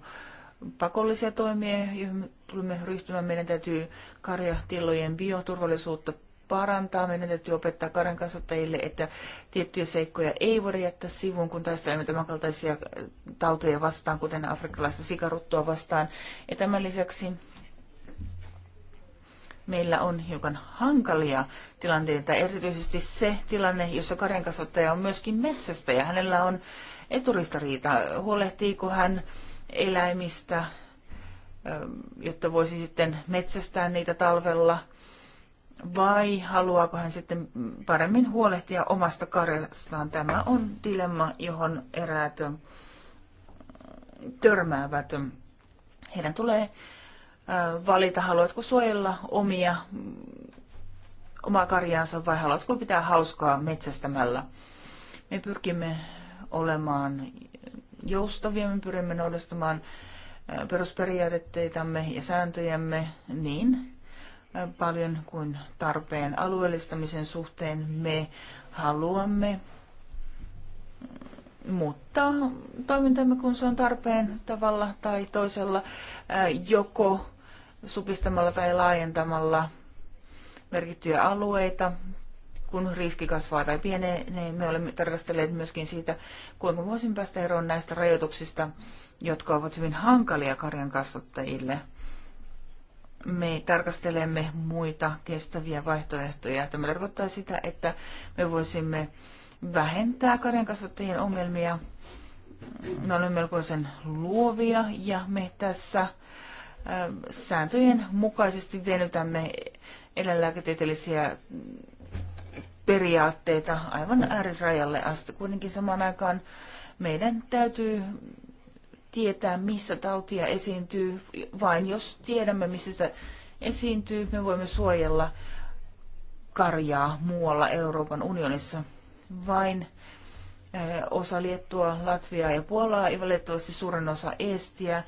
S4: pakollisia toimia, joihin tulemme ryhtymään. Meidän täytyy karjatilojen bioturvallisuutta parantaa. Meidän täytyy opettaa karjan kasvattajille, että tiettyjä seikkoja ei voida jättää sivuun, kun taistelemme tämänkaltaisia äh, tauteja vastaan, kuten afrikkalaista sikaruttua vastaan. Ja tämän lisäksi meillä on hiukan hankalia tilanteita, erityisesti se tilanne, jossa karjankasvattaja on myöskin metsästäjä. Hänellä on eturistariita. Huolehtiiko hän eläimistä, ähm, jotta voisi sitten metsästää niitä talvella? vai haluaako hän sitten paremmin huolehtia omasta karjastaan. Tämä on dilemma, johon eräät törmäävät. Heidän tulee valita, haluatko suojella omia, omaa karjaansa vai haluatko pitää hauskaa metsästämällä. Me pyrkimme olemaan joustavia, me pyrimme noudattamaan perusperiaatteitamme ja sääntöjämme niin, paljon kuin tarpeen alueellistamisen suhteen me haluamme mutta toimintamme, kun se on tarpeen tavalla tai toisella, äh, joko supistamalla tai laajentamalla merkittyjä alueita, kun riski kasvaa tai pienee, niin me olemme tarkastelleet myöskin siitä, kuinka voisin päästä eroon näistä rajoituksista, jotka ovat hyvin hankalia karjan kasvattajille – me tarkastelemme muita kestäviä vaihtoehtoja. Tämä tarkoittaa sitä, että me voisimme vähentää karjankasvattajien ongelmia. Me olemme melkoisen luovia ja me tässä ähm, sääntöjen mukaisesti venytämme eläinlääketieteellisiä periaatteita aivan äärirajalle asti. Kuitenkin samaan aikaan meidän täytyy tietää, missä tautia esiintyy. Vain jos tiedämme, missä se esiintyy, me voimme suojella karjaa muualla Euroopan unionissa. Vain eh, osa Liettua, Latviaa ja Puolaa ja valitettavasti suurin osa Estiä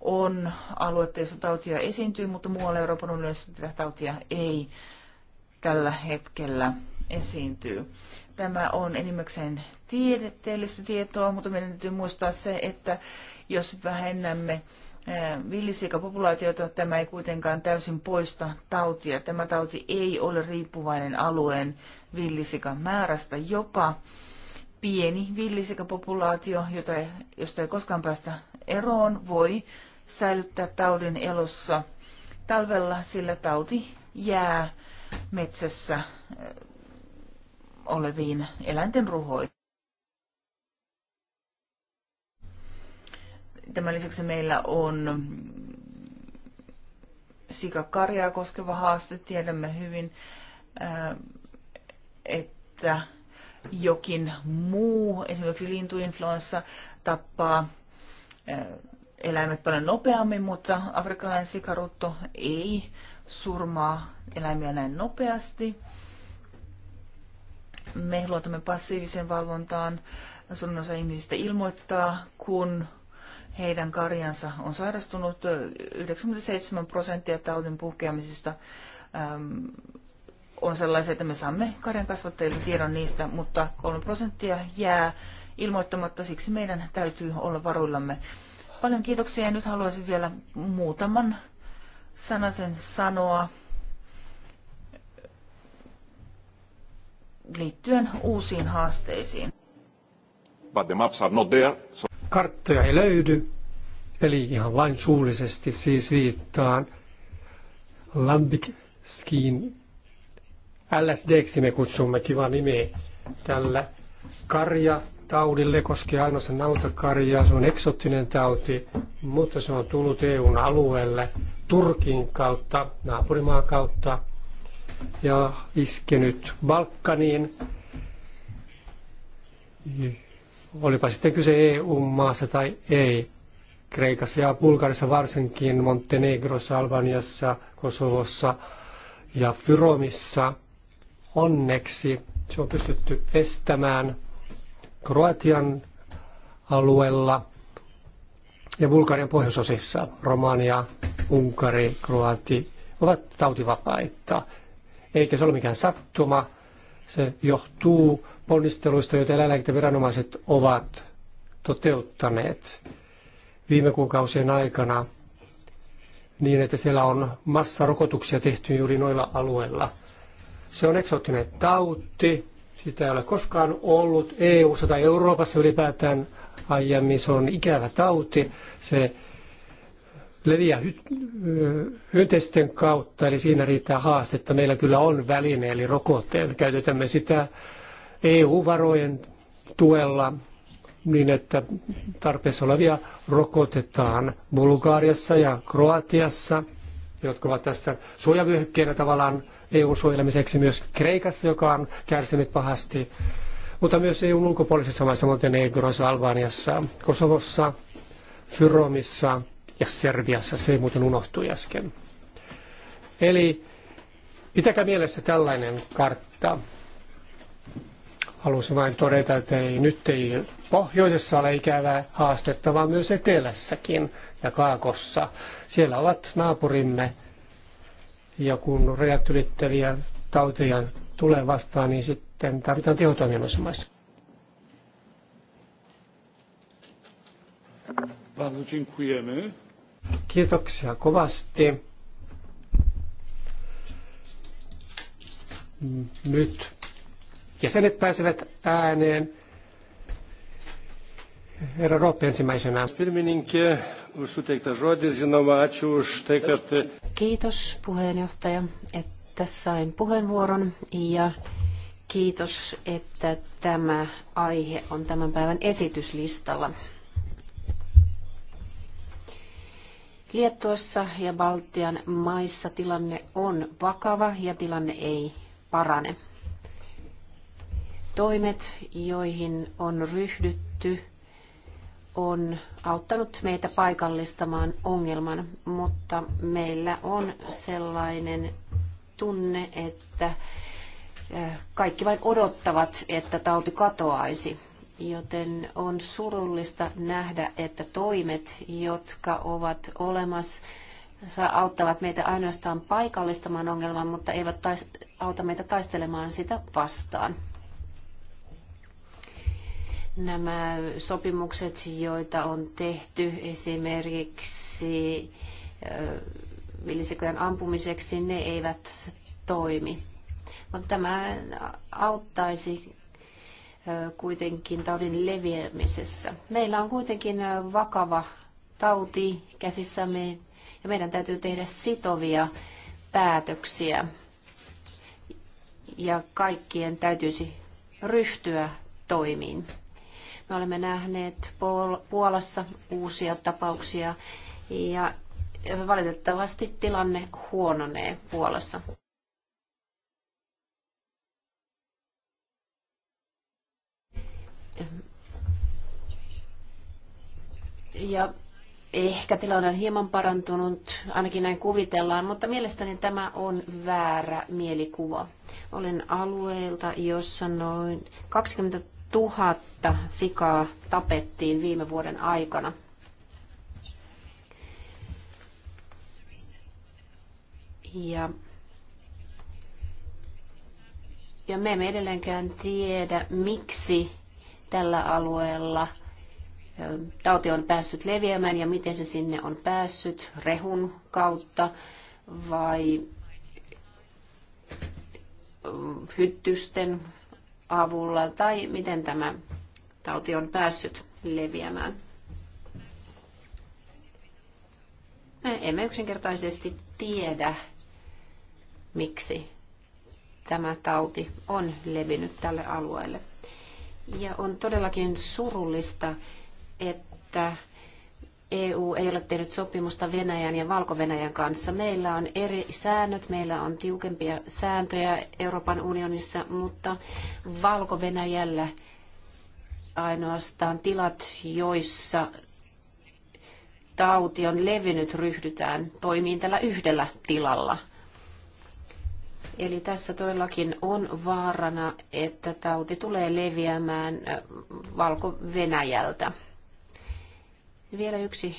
S4: on aluetta, jossa tautia esiintyy, mutta muualla Euroopan unionissa tätä tautia ei tällä hetkellä esiintyy. Tämä on enimmäkseen tiedetteellistä tietoa, mutta meidän täytyy muistaa se, että jos vähennämme villisika tämä ei kuitenkaan täysin poista tautia. Tämä tauti ei ole riippuvainen alueen villisika-määrästä. Jopa pieni villisika-populaatio, jota ei, josta ei koskaan päästä eroon, voi säilyttää taudin elossa talvella, sillä tauti jää metsässä oleviin eläinten ruhoihin. Tämän lisäksi meillä on sikakarjaa koskeva haaste. Tiedämme hyvin, äh, että jokin muu, esimerkiksi lintuinfluenssa, tappaa äh, eläimet paljon nopeammin, mutta afrikkalainen sikarutto ei surmaa eläimiä näin nopeasti. Me luotamme passiiviseen valvontaan. Suurin osa ihmisistä ilmoittaa, kun heidän karjansa on sairastunut. 97 prosenttia taudin puhkeamisista on sellaisia, että me saamme karjan kasvattajilta tiedon niistä, mutta 3 prosenttia jää ilmoittamatta, siksi meidän täytyy olla varuillamme. Paljon kiitoksia ja nyt haluaisin vielä muutaman sanasen sanoa liittyen uusiin haasteisiin.
S2: But the maps are not there, so karttoja ei löydy, eli ihan vain suullisesti siis viittaan Lambikskiin LSD, me kutsumme, kiva nimi tällä. Karja taudille koskee ainoastaan nautakarjaa, se on eksottinen tauti, mutta se on tullut EUn alueelle Turkin kautta, naapurimaan kautta ja iskenyt Balkaniin olipa sitten kyse EU-maassa tai ei. Kreikassa ja Bulgarissa varsinkin, Montenegrossa, Albaniassa, Kosovossa ja Fyromissa. Onneksi se on pystytty estämään Kroatian alueella ja Bulgarian pohjoisosissa. Romania, Unkari, Kroati ovat tautivapaita. Eikä se ole mikään sattuma. Se johtuu ponnisteluista, joita eläinlääkintäviranomaiset ovat toteuttaneet viime kuukausien aikana niin, että siellä on massarokotuksia tehty juuri noilla alueilla. Se on eksoottinen tauti, sitä ei ole koskaan ollut eu tai Euroopassa ylipäätään aiemmin. Se on ikävä tauti, se leviää hy- hyönteisten kautta, eli siinä riittää haastetta. Meillä kyllä on väline, eli rokote. Käytetään me sitä EU-varojen tuella niin, että tarpeessa olevia rokotetaan Bulgaariassa ja Kroatiassa, jotka ovat tässä suojavyöhykkeenä tavallaan eu suojelemiseksi myös Kreikassa, joka on kärsinyt pahasti, mutta myös EUn ulkopuolisissa maissa, Montenegrossa, Albaniassa, Kosovossa, Fyromissa ja Serbiassa. Se ei muuten unohtui äsken. Eli pitäkää mielessä tällainen kartta. Halusin vain todeta, että ei, nyt ei pohjoisessa ole ikävää haastetta, vaan myös etelässäkin ja kaakossa. Siellä ovat naapurimme ja kun rajat ylittäviä tauteja tulee vastaan, niin sitten tarvitaan tehotoimia noissa maissa. Kiitoksia kovasti. Nyt jäsenet pääsevät ääneen. Herra Roppe ensimmäisenä.
S5: Kiitos puheenjohtaja, että sain puheenvuoron ja kiitos, että tämä aihe on tämän päivän esityslistalla. Liettuassa ja Baltian maissa tilanne on vakava ja tilanne ei parane toimet, joihin on ryhdytty, on auttanut meitä paikallistamaan ongelman, mutta meillä on sellainen tunne, että kaikki vain odottavat, että tauti katoaisi. Joten on surullista nähdä, että toimet, jotka ovat olemassa, auttavat meitä ainoastaan paikallistamaan ongelman, mutta eivät auta meitä taistelemaan sitä vastaan nämä sopimukset, joita on tehty esimerkiksi villisikojen ampumiseksi, ne eivät toimi. Mutta tämä auttaisi kuitenkin taudin leviämisessä. Meillä on kuitenkin vakava tauti käsissämme ja meidän täytyy tehdä sitovia päätöksiä. Ja kaikkien täytyisi ryhtyä toimiin. Me olemme nähneet Puolassa uusia tapauksia ja valitettavasti tilanne huononee Puolassa. Ja ehkä tilanne on hieman parantunut, ainakin näin kuvitellaan, mutta mielestäni tämä on väärä mielikuva. Olen alueelta, jossa noin 20 tuhatta sikaa tapettiin viime vuoden aikana. Ja, ja me emme edelleenkään tiedä, miksi tällä alueella tauti on päässyt leviämään ja miten se sinne on päässyt rehun kautta vai hyttysten avulla tai miten tämä tauti on päässyt leviämään. Me emme yksinkertaisesti tiedä, miksi tämä tauti on levinnyt tälle alueelle. Ja on todellakin surullista, että EU ei ole tehnyt sopimusta Venäjän ja Valko-Venäjän kanssa. Meillä on eri säännöt, meillä on tiukempia sääntöjä Euroopan unionissa, mutta Valko-Venäjällä ainoastaan tilat, joissa tauti on levinnyt, ryhdytään toimiin tällä yhdellä tilalla. Eli tässä todellakin on vaarana, että tauti tulee leviämään Valko-Venäjältä. Ja vielä yksi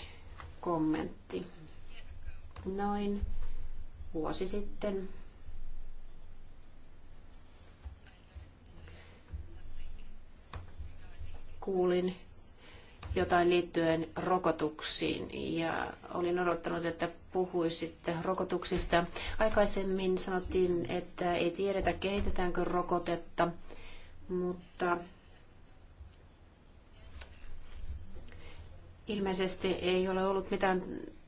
S5: kommentti. Noin vuosi sitten kuulin jotain liittyen rokotuksiin ja olin odottanut, että puhuisitte rokotuksista. Aikaisemmin sanottiin, että ei tiedetä kehitetäänkö rokotetta, mutta Ilmeisesti ei ole ollut mitään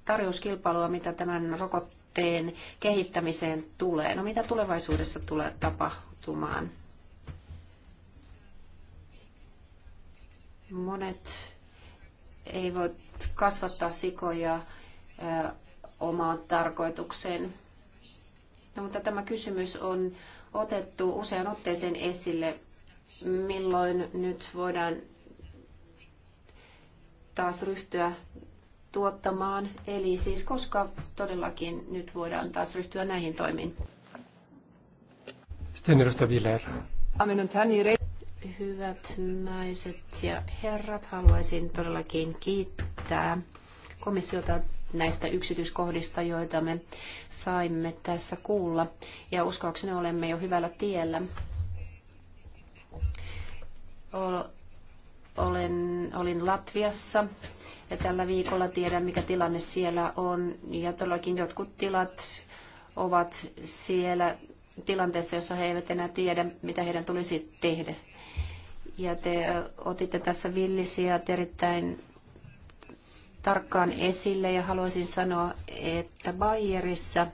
S5: tarjouskilpailua, mitä tämän rokotteen kehittämiseen tulee. No mitä tulevaisuudessa tulee tapahtumaan? Monet ei voi kasvattaa sikoja omaan tarkoitukseen. No, mutta tämä kysymys on otettu usean otteeseen esille. Milloin nyt voidaan taas ryhtyä tuottamaan. Eli siis koska todellakin nyt voidaan taas ryhtyä näihin toimiin.
S2: Sitten edustaja Viler.
S5: Hyvät naiset ja herrat, haluaisin todellakin kiittää komissiota näistä yksityiskohdista, joita me saimme tässä kuulla. Ja uskoakseni olemme jo hyvällä tiellä. Olen, olin Latviassa ja tällä viikolla tiedän, mikä tilanne siellä on. Ja todellakin jotkut tilat ovat siellä tilanteessa, jossa he eivät enää tiedä, mitä heidän tulisi tehdä. Ja te otitte tässä villisiä erittäin tarkkaan esille ja haluaisin sanoa, että Bayerissa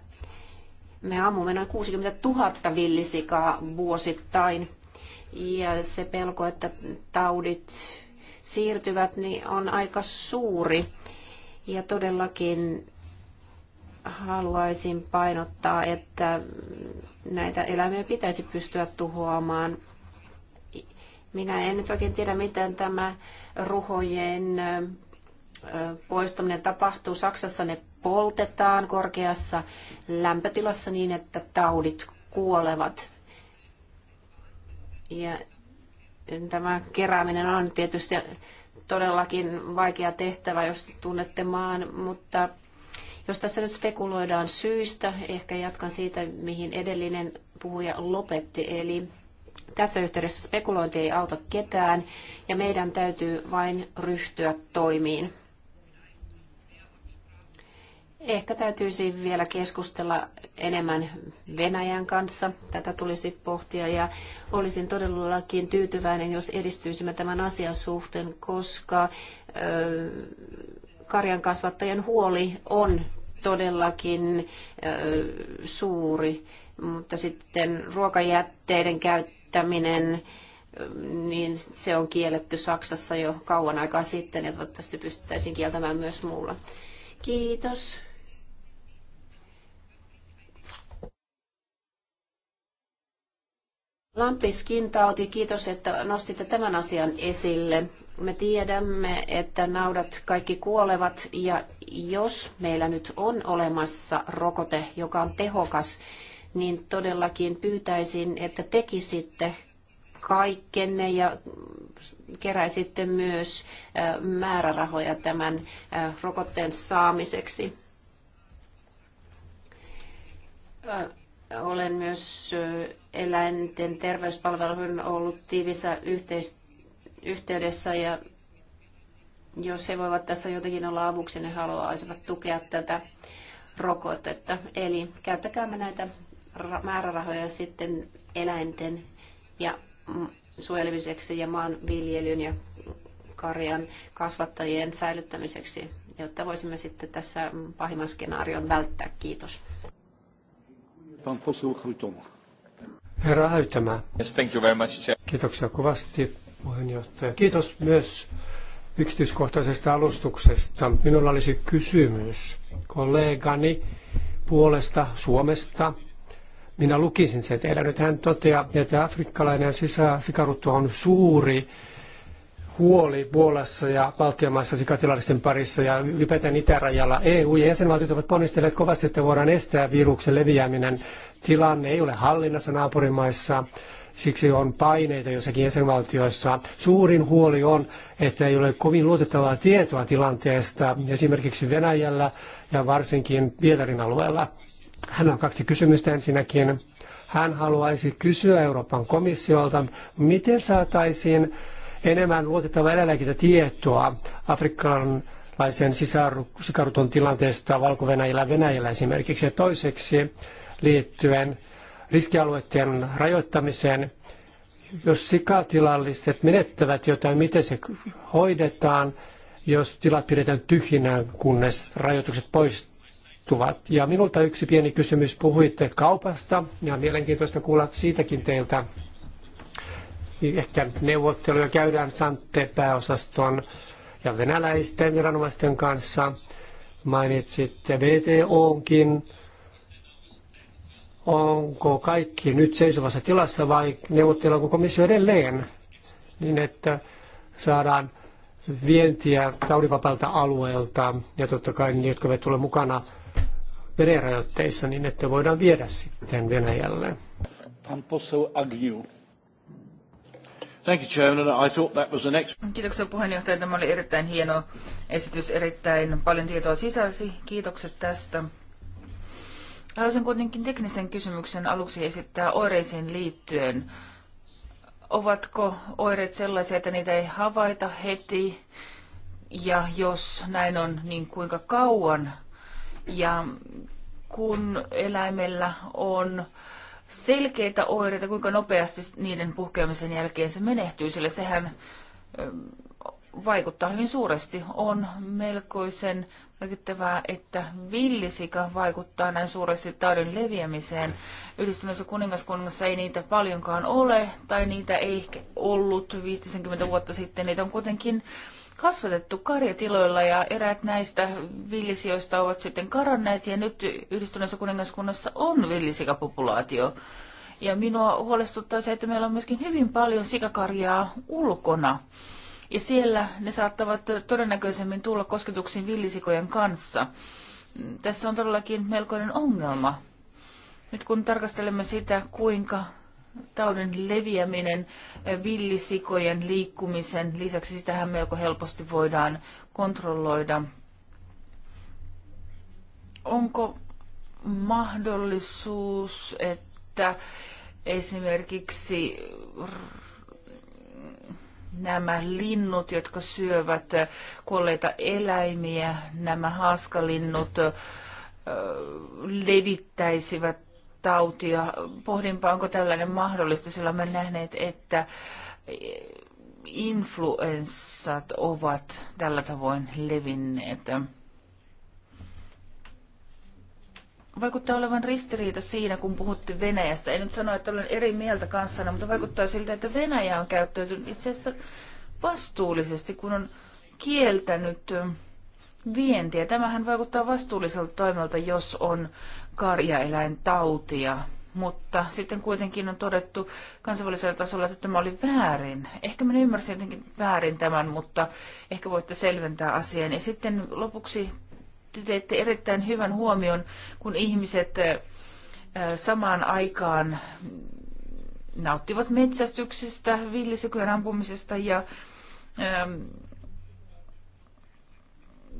S5: me ammumme noin 60 000 villisikaa vuosittain ja se pelko, että taudit siirtyvät, niin on aika suuri. Ja todellakin haluaisin painottaa, että näitä eläimiä pitäisi pystyä tuhoamaan. Minä en nyt oikein tiedä, miten tämä ruhojen poistaminen tapahtuu. Saksassa ne poltetaan korkeassa lämpötilassa niin, että taudit kuolevat. Ja tämä kerääminen on tietysti todellakin vaikea tehtävä, jos tunnette maan, mutta jos tässä nyt spekuloidaan syystä, ehkä jatkan siitä, mihin edellinen puhuja lopetti, eli tässä yhteydessä spekulointi ei auta ketään ja meidän täytyy vain ryhtyä toimiin. Ehkä täytyisi vielä keskustella enemmän Venäjän kanssa. Tätä tulisi pohtia ja olisin todellakin tyytyväinen, jos edistyisimme tämän asian suhteen, koska ö, karjan kasvattajien huoli on todellakin ö, suuri, mutta sitten ruokajätteiden käyttäminen niin se on kielletty Saksassa jo kauan aikaa sitten ja toivottavasti pystyttäisiin kieltämään myös muulla. Kiitos. Lampis Kintauti, kiitos, että nostitte tämän asian esille. Me tiedämme, että naudat kaikki kuolevat ja jos meillä nyt on olemassa rokote, joka on tehokas, niin todellakin pyytäisin, että tekisitte kaikkenne ja keräisitte myös määrärahoja tämän rokotteen saamiseksi olen myös eläinten terveyspalveluihin ollut tiivissä yhteydessä ja jos he voivat tässä jotenkin olla avuksi, ne haluaisivat tukea tätä rokotetta. Eli käyttäkäämme näitä määrärahoja sitten eläinten ja suojelemiseksi ja maanviljelyn ja karjan kasvattajien säilyttämiseksi, jotta voisimme sitten tässä pahimman skenaarion välttää. Kiitos.
S2: Herra Häytämä. Yes, thank you very much. Kiitoksia kovasti puheenjohtaja. Kiitos myös yksityiskohtaisesta alustuksesta. Minulla olisi kysymys kollegani puolesta Suomesta. Minä lukisin sen teidän. Nyt hän toteaa, että afrikkalainen sisäfikarutto on suuri kuoli Puolassa ja Baltian maissa sikatilallisten parissa ja ylipäätään itärajalla. EU ja jäsenvaltiot ovat ponnistelleet kovasti, että voidaan estää viruksen leviäminen. Tilanne ei ole hallinnassa naapurimaissa, siksi on paineita jossakin jäsenvaltioissa. Suurin huoli on, että ei ole kovin luotettavaa tietoa tilanteesta esimerkiksi Venäjällä ja varsinkin Pietarin alueella. Hän on kaksi kysymystä ensinnäkin. Hän haluaisi kysyä Euroopan komissiolta, miten saataisiin enemmän luotettava eläinlääkintä tietoa afrikkalaisen sikaruton tilanteesta valko ja Venäjällä esimerkiksi. Ja toiseksi liittyen riskialueiden rajoittamiseen, jos sikatilalliset menettävät jotain, miten se hoidetaan, jos tilat pidetään tyhjinä, kunnes rajoitukset poistuvat. Ja minulta yksi pieni kysymys. Puhuitte kaupasta ja mielenkiintoista kuulla siitäkin teiltä niin ehkä neuvotteluja käydään Santte-pääosaston ja venäläisten viranomaisten kanssa. Mainitsitte VTOnkin. Onko kaikki nyt seisovassa tilassa vai neuvottellaanko komissio edelleen niin, että saadaan vientiä taudivapaalta alueelta ja totta kai ne, jotka eivät ole mukana Venäjän rajoitteissa, niin että voidaan viedä sitten Venäjälle.
S1: Pan poseł Agniu. Thank you, Chairman. I thought that was an ex-
S4: Kiitoksia puheenjohtaja. Tämä oli erittäin hieno esitys, erittäin paljon tietoa sisälsi. Kiitokset tästä. Haluaisin kuitenkin teknisen kysymyksen aluksi esittää oireisiin liittyen. Ovatko oireet sellaisia, että niitä ei havaita heti? Ja jos näin on, niin kuinka kauan? Ja kun eläimellä on selkeitä oireita, kuinka nopeasti niiden puhkeamisen jälkeen se menehtyy, sillä sehän vaikuttaa hyvin suuresti. On melkoisen merkittävää, että villisika vaikuttaa näin suuresti taudin leviämiseen. Yhdistyneessä kuningaskunnassa ei niitä paljonkaan ole, tai niitä ei ehkä ollut 50 vuotta sitten. Niitä on kuitenkin kasvatettu karjatiloilla ja eräät näistä villisijoista ovat sitten karanneet ja nyt yhdistyneessä kuningaskunnassa on villisikapopulaatio. Ja minua huolestuttaa se, että meillä on myöskin hyvin paljon sikakarjaa ulkona. Ja siellä ne saattavat todennäköisemmin tulla kosketuksiin villisikojen kanssa. Tässä on todellakin melkoinen ongelma. Nyt kun tarkastelemme sitä, kuinka taudin leviäminen eh, villisikojen liikkumisen lisäksi, sitähän melko helposti voidaan kontrolloida. Onko mahdollisuus, että esimerkiksi nämä linnut, jotka syövät eh, kuolleita eläimiä, nämä haaskalinnut eh, levittäisivät tautia. Pohdinpa, onko tällainen mahdollista, sillä me nähneet, että influenssat ovat tällä tavoin levinneet. Vaikuttaa olevan ristiriita siinä, kun puhutte Venäjästä. En nyt sano, että olen eri mieltä kanssana, mutta vaikuttaa siltä, että Venäjä on käyttäytynyt itse asiassa vastuullisesti, kun on kieltänyt vientiä. Tämähän vaikuttaa vastuulliselta toimelta, jos on karjaeläintautia, mutta sitten kuitenkin on todettu kansainvälisellä tasolla, että tämä oli väärin. Ehkä minä ymmärsin jotenkin väärin tämän, mutta ehkä voitte selventää asian. Ja sitten lopuksi te teette erittäin hyvän huomion, kun ihmiset samaan aikaan nauttivat metsästyksestä, villisikojen ampumisesta ja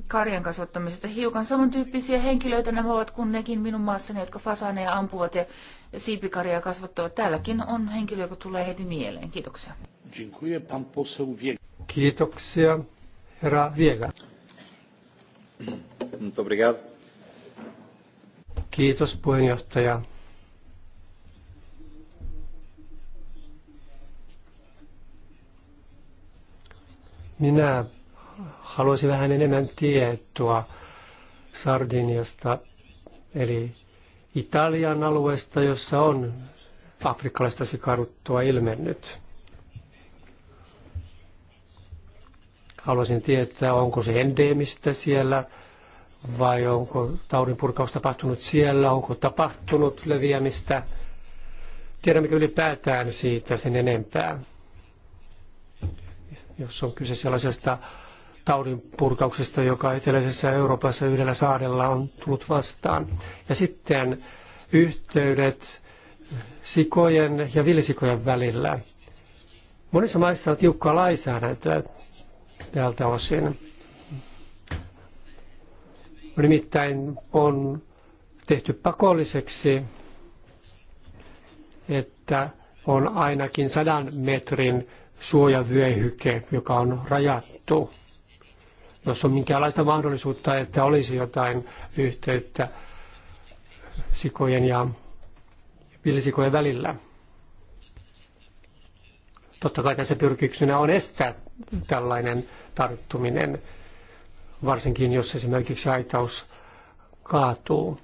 S4: karjan kasvattamisesta. Hiukan samantyyppisiä henkilöitä nämä ovat kuin nekin minun maassani, jotka fasaneja ampuvat ja siipikarjaa kasvattavat. Täälläkin on henkilö, joka tulee heti mieleen. Kiitoksia.
S2: Kiitoksia, herra Viega. Kiitos puheenjohtaja. Minä Haluaisin vähän enemmän tietoa Sardiniasta, eli Italian alueesta, jossa on afrikkalaista sikaruttua ilmennyt. Haluaisin tietää, onko se endeemistä siellä vai onko taudin purkaus tapahtunut siellä, onko tapahtunut leviämistä. Tiedämmekö ylipäätään siitä sen enempää, jos on kyse sellaisesta taudin purkauksesta, joka eteläisessä Euroopassa yhdellä saarella on tullut vastaan. Ja sitten yhteydet sikojen ja villisikojen välillä. Monissa maissa on tiukkaa lainsäädäntöä tältä osin. Nimittäin on tehty pakolliseksi, että on ainakin sadan metrin suojavyöhyke, joka on rajattu jos on minkäänlaista mahdollisuutta, että olisi jotain yhteyttä sikojen ja villisikojen välillä. Totta kai tässä pyrkiksynä on estää tällainen tarttuminen, varsinkin jos esimerkiksi aitaus kaatuu.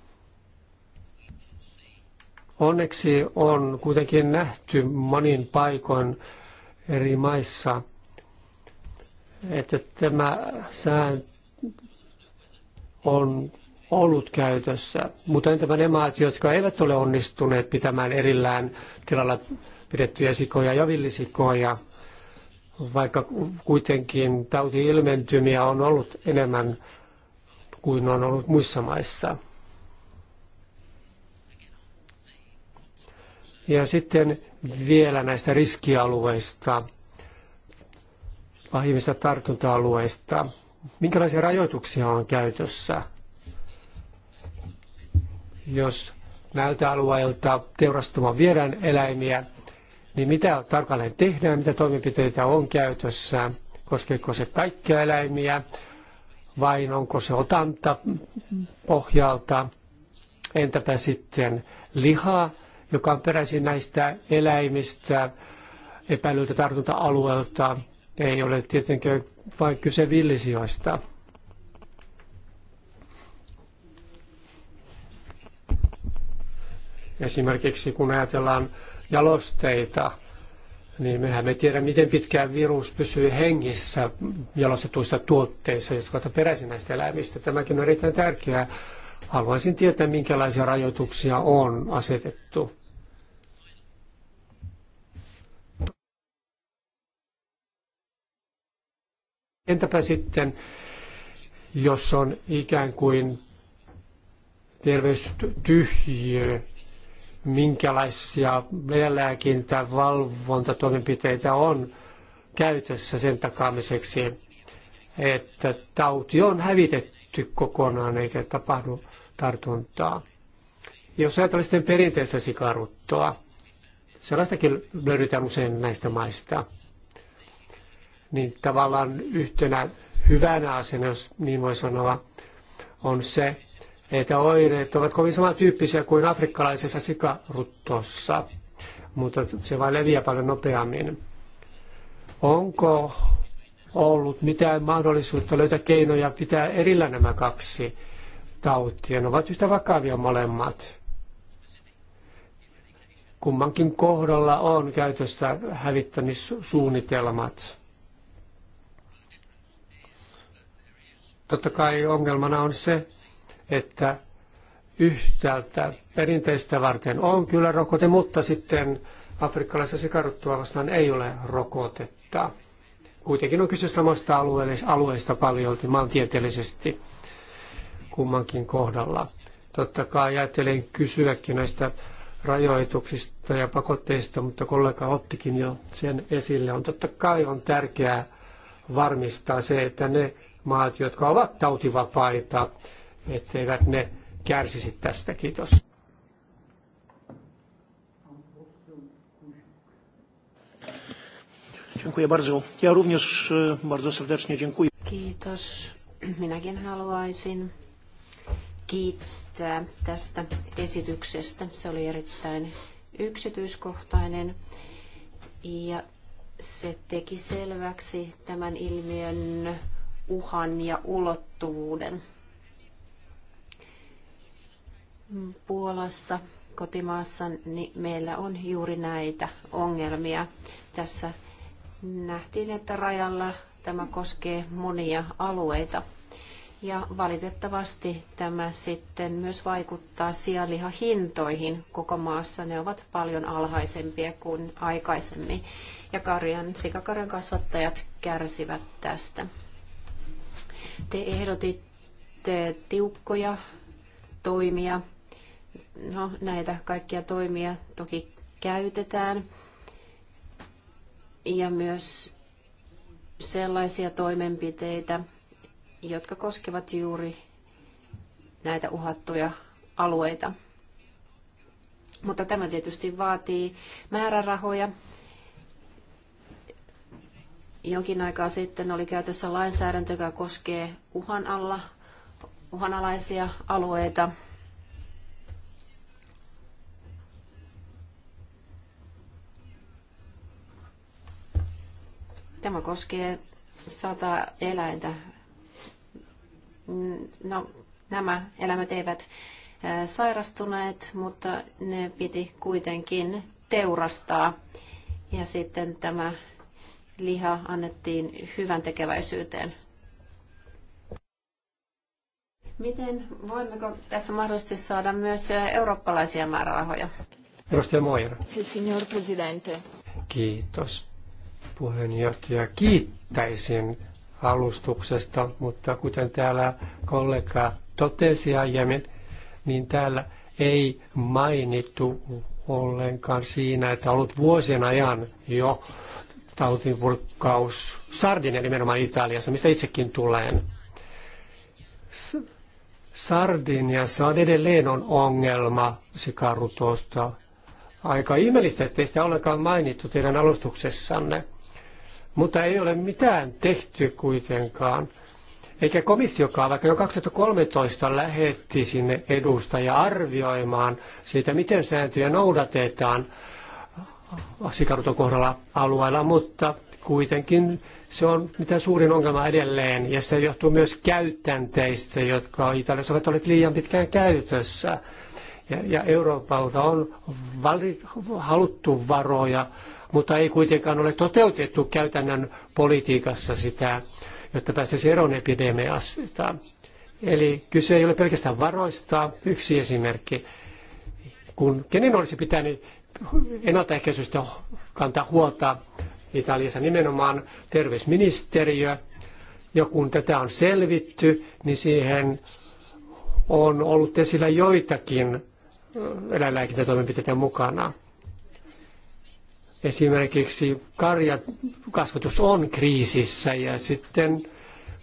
S2: Onneksi on kuitenkin nähty monin paikoin eri maissa – että tämä sääntö on ollut käytössä. Mutta entäpä ne maat, jotka eivät ole onnistuneet pitämään erillään tilalla pidettyjä sikoja ja villisikoja, vaikka kuitenkin tauti ilmentymiä on ollut enemmän kuin on ollut muissa maissa. Ja sitten vielä näistä riskialueista – pahimmista tartunta-alueista. Minkälaisia rajoituksia on käytössä? Jos näiltä alueilta teurastamaan viedään eläimiä, niin mitä tarkalleen tehdään, mitä toimenpiteitä on käytössä, koskeeko se kaikkia eläimiä vai onko se otanta pohjalta, entäpä sitten liha, joka on peräisin näistä eläimistä, epäilyltä tartunta-alueelta, ei ole tietenkään vain kyse villisioista. Esimerkiksi kun ajatellaan jalosteita, niin mehän me tiedä, miten pitkään virus pysyy hengissä jalostetuissa tuotteissa, jotka ovat peräisin näistä eläimistä. Tämäkin on erittäin tärkeää. Haluaisin tietää, minkälaisia rajoituksia on asetettu. Entäpä sitten, jos on ikään kuin terveystyhjiö, minkälaisia lääkintä, valvontatoimenpiteitä on käytössä sen takaamiseksi, että tauti on hävitetty kokonaan eikä tapahdu tartuntaa. Jos ajatellaan sitten perinteistä sikaruttoa, sellaistakin löydetään usein näistä maista – niin tavallaan yhtenä hyvänä asiana, jos niin voi sanoa, on se, että oireet ovat kovin samantyyppisiä kuin afrikkalaisessa sikaruttossa, mutta se vain leviää paljon nopeammin. Onko ollut mitään mahdollisuutta löytää keinoja pitää erillä nämä kaksi tautia? Ne ovat yhtä vakavia molemmat. Kummankin kohdalla on käytöstä hävittämissuunnitelmat. Totta kai ongelmana on se, että yhtäältä perinteistä varten on kyllä rokote, mutta sitten afrikkalaista sikaruttua vastaan ei ole rokotetta. Kuitenkin on kyse samasta alueesta paljolti maantieteellisesti kummankin kohdalla. Totta kai ajattelin kysyäkin näistä rajoituksista ja pakotteista, mutta kollega ottikin jo sen esille. On totta kai on tärkeää varmistaa se, että ne maat, jotka ovat tautivapaita, etteivät ne kärsisi tästä. Kiitos. Dziękuję bardzo. Ja również e, bardzo serdecznie dziękuję. Kiitos.
S5: Minäkin haluaisin kiittää tästä esityksestä. Se oli erittäin yksityiskohtainen ja se teki selväksi tämän ilmiön uhan ja ulottuvuuden. Puolassa kotimaassa niin meillä on juuri näitä ongelmia. Tässä nähtiin, että rajalla tämä koskee monia alueita. Ja valitettavasti tämä sitten myös vaikuttaa sianlihahintoihin koko maassa. Ne ovat paljon alhaisempia kuin aikaisemmin. Ja karjan, sikakarjan kasvattajat kärsivät tästä. Te ehdotitte tiukkoja toimia. No, näitä kaikkia toimia toki käytetään. Ja myös sellaisia toimenpiteitä, jotka koskevat juuri näitä uhattuja alueita. Mutta tämä tietysti vaatii määrärahoja Jonkin aikaa sitten oli käytössä lainsäädäntö, joka koskee uhan alla, uhanalaisia alueita. Tämä koskee sata eläintä. No, nämä eläimet eivät sairastuneet, mutta ne piti kuitenkin teurastaa. Ja sitten tämä liha annettiin hyvän tekeväisyyteen. Miten voimmeko tässä mahdollisesti saada myös eurooppalaisia määrärahoja?
S2: Edustaja Moira.
S5: Signor Presidente.
S2: Kiitos puheenjohtaja. Kiittäisin alustuksesta, mutta kuten täällä kollega totesi aiemmin, niin täällä ei mainittu ollenkaan siinä, että ollut vuosien ajan jo tautinpurkkaus Sardinia nimenomaan Italiassa, mistä itsekin tulen. Sardiniassa on edelleen on ongelma sikarutosta. Aika ihmeellistä, ettei sitä olekaan mainittu teidän alustuksessanne. Mutta ei ole mitään tehty kuitenkaan. Eikä komissiokaan, vaikka jo 2013 lähetti sinne edustaja arvioimaan siitä, miten sääntöjä noudatetaan, sikaruton kohdalla alueella, mutta kuitenkin se on mitä suurin ongelma edelleen, ja se johtuu myös käytänteistä, jotka Italiassa ovat olleet liian pitkään käytössä. Ja, ja Euroopalta on valit, haluttu varoja, mutta ei kuitenkaan ole toteutettu käytännön politiikassa sitä, jotta päästäisiin eroon epidemiasta. Eli kyse ei ole pelkästään varoista. Yksi esimerkki kun kenen olisi pitänyt ennaltaehkäisystä kantaa huolta Italiassa nimenomaan terveysministeriö. Ja kun tätä on selvitty, niin siihen on ollut esillä joitakin äh, eläinlääkintätoimenpiteitä mukana. Esimerkiksi karjakasvatus on kriisissä ja sitten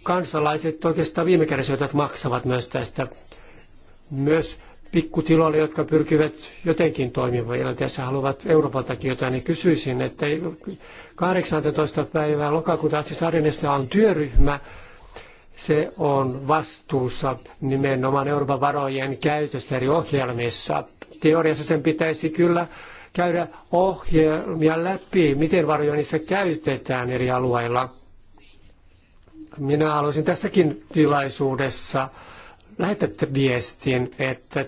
S2: kansalaiset oikeastaan viime kädessä maksavat myös tästä. Myös pikkutiloille, jotka pyrkivät jotenkin toimimaan ja tässä haluavat Euroopaltakin jotain, niin kysyisin, että 18. päivää lokakuuta Atsisarinessa on työryhmä, se on vastuussa nimenomaan Euroopan varojen käytöstä eri ohjelmissa. Teoriassa sen pitäisi kyllä käydä ohjelmia läpi, miten varoja niissä käytetään eri alueilla. Minä haluaisin tässäkin tilaisuudessa lähettää viestin, että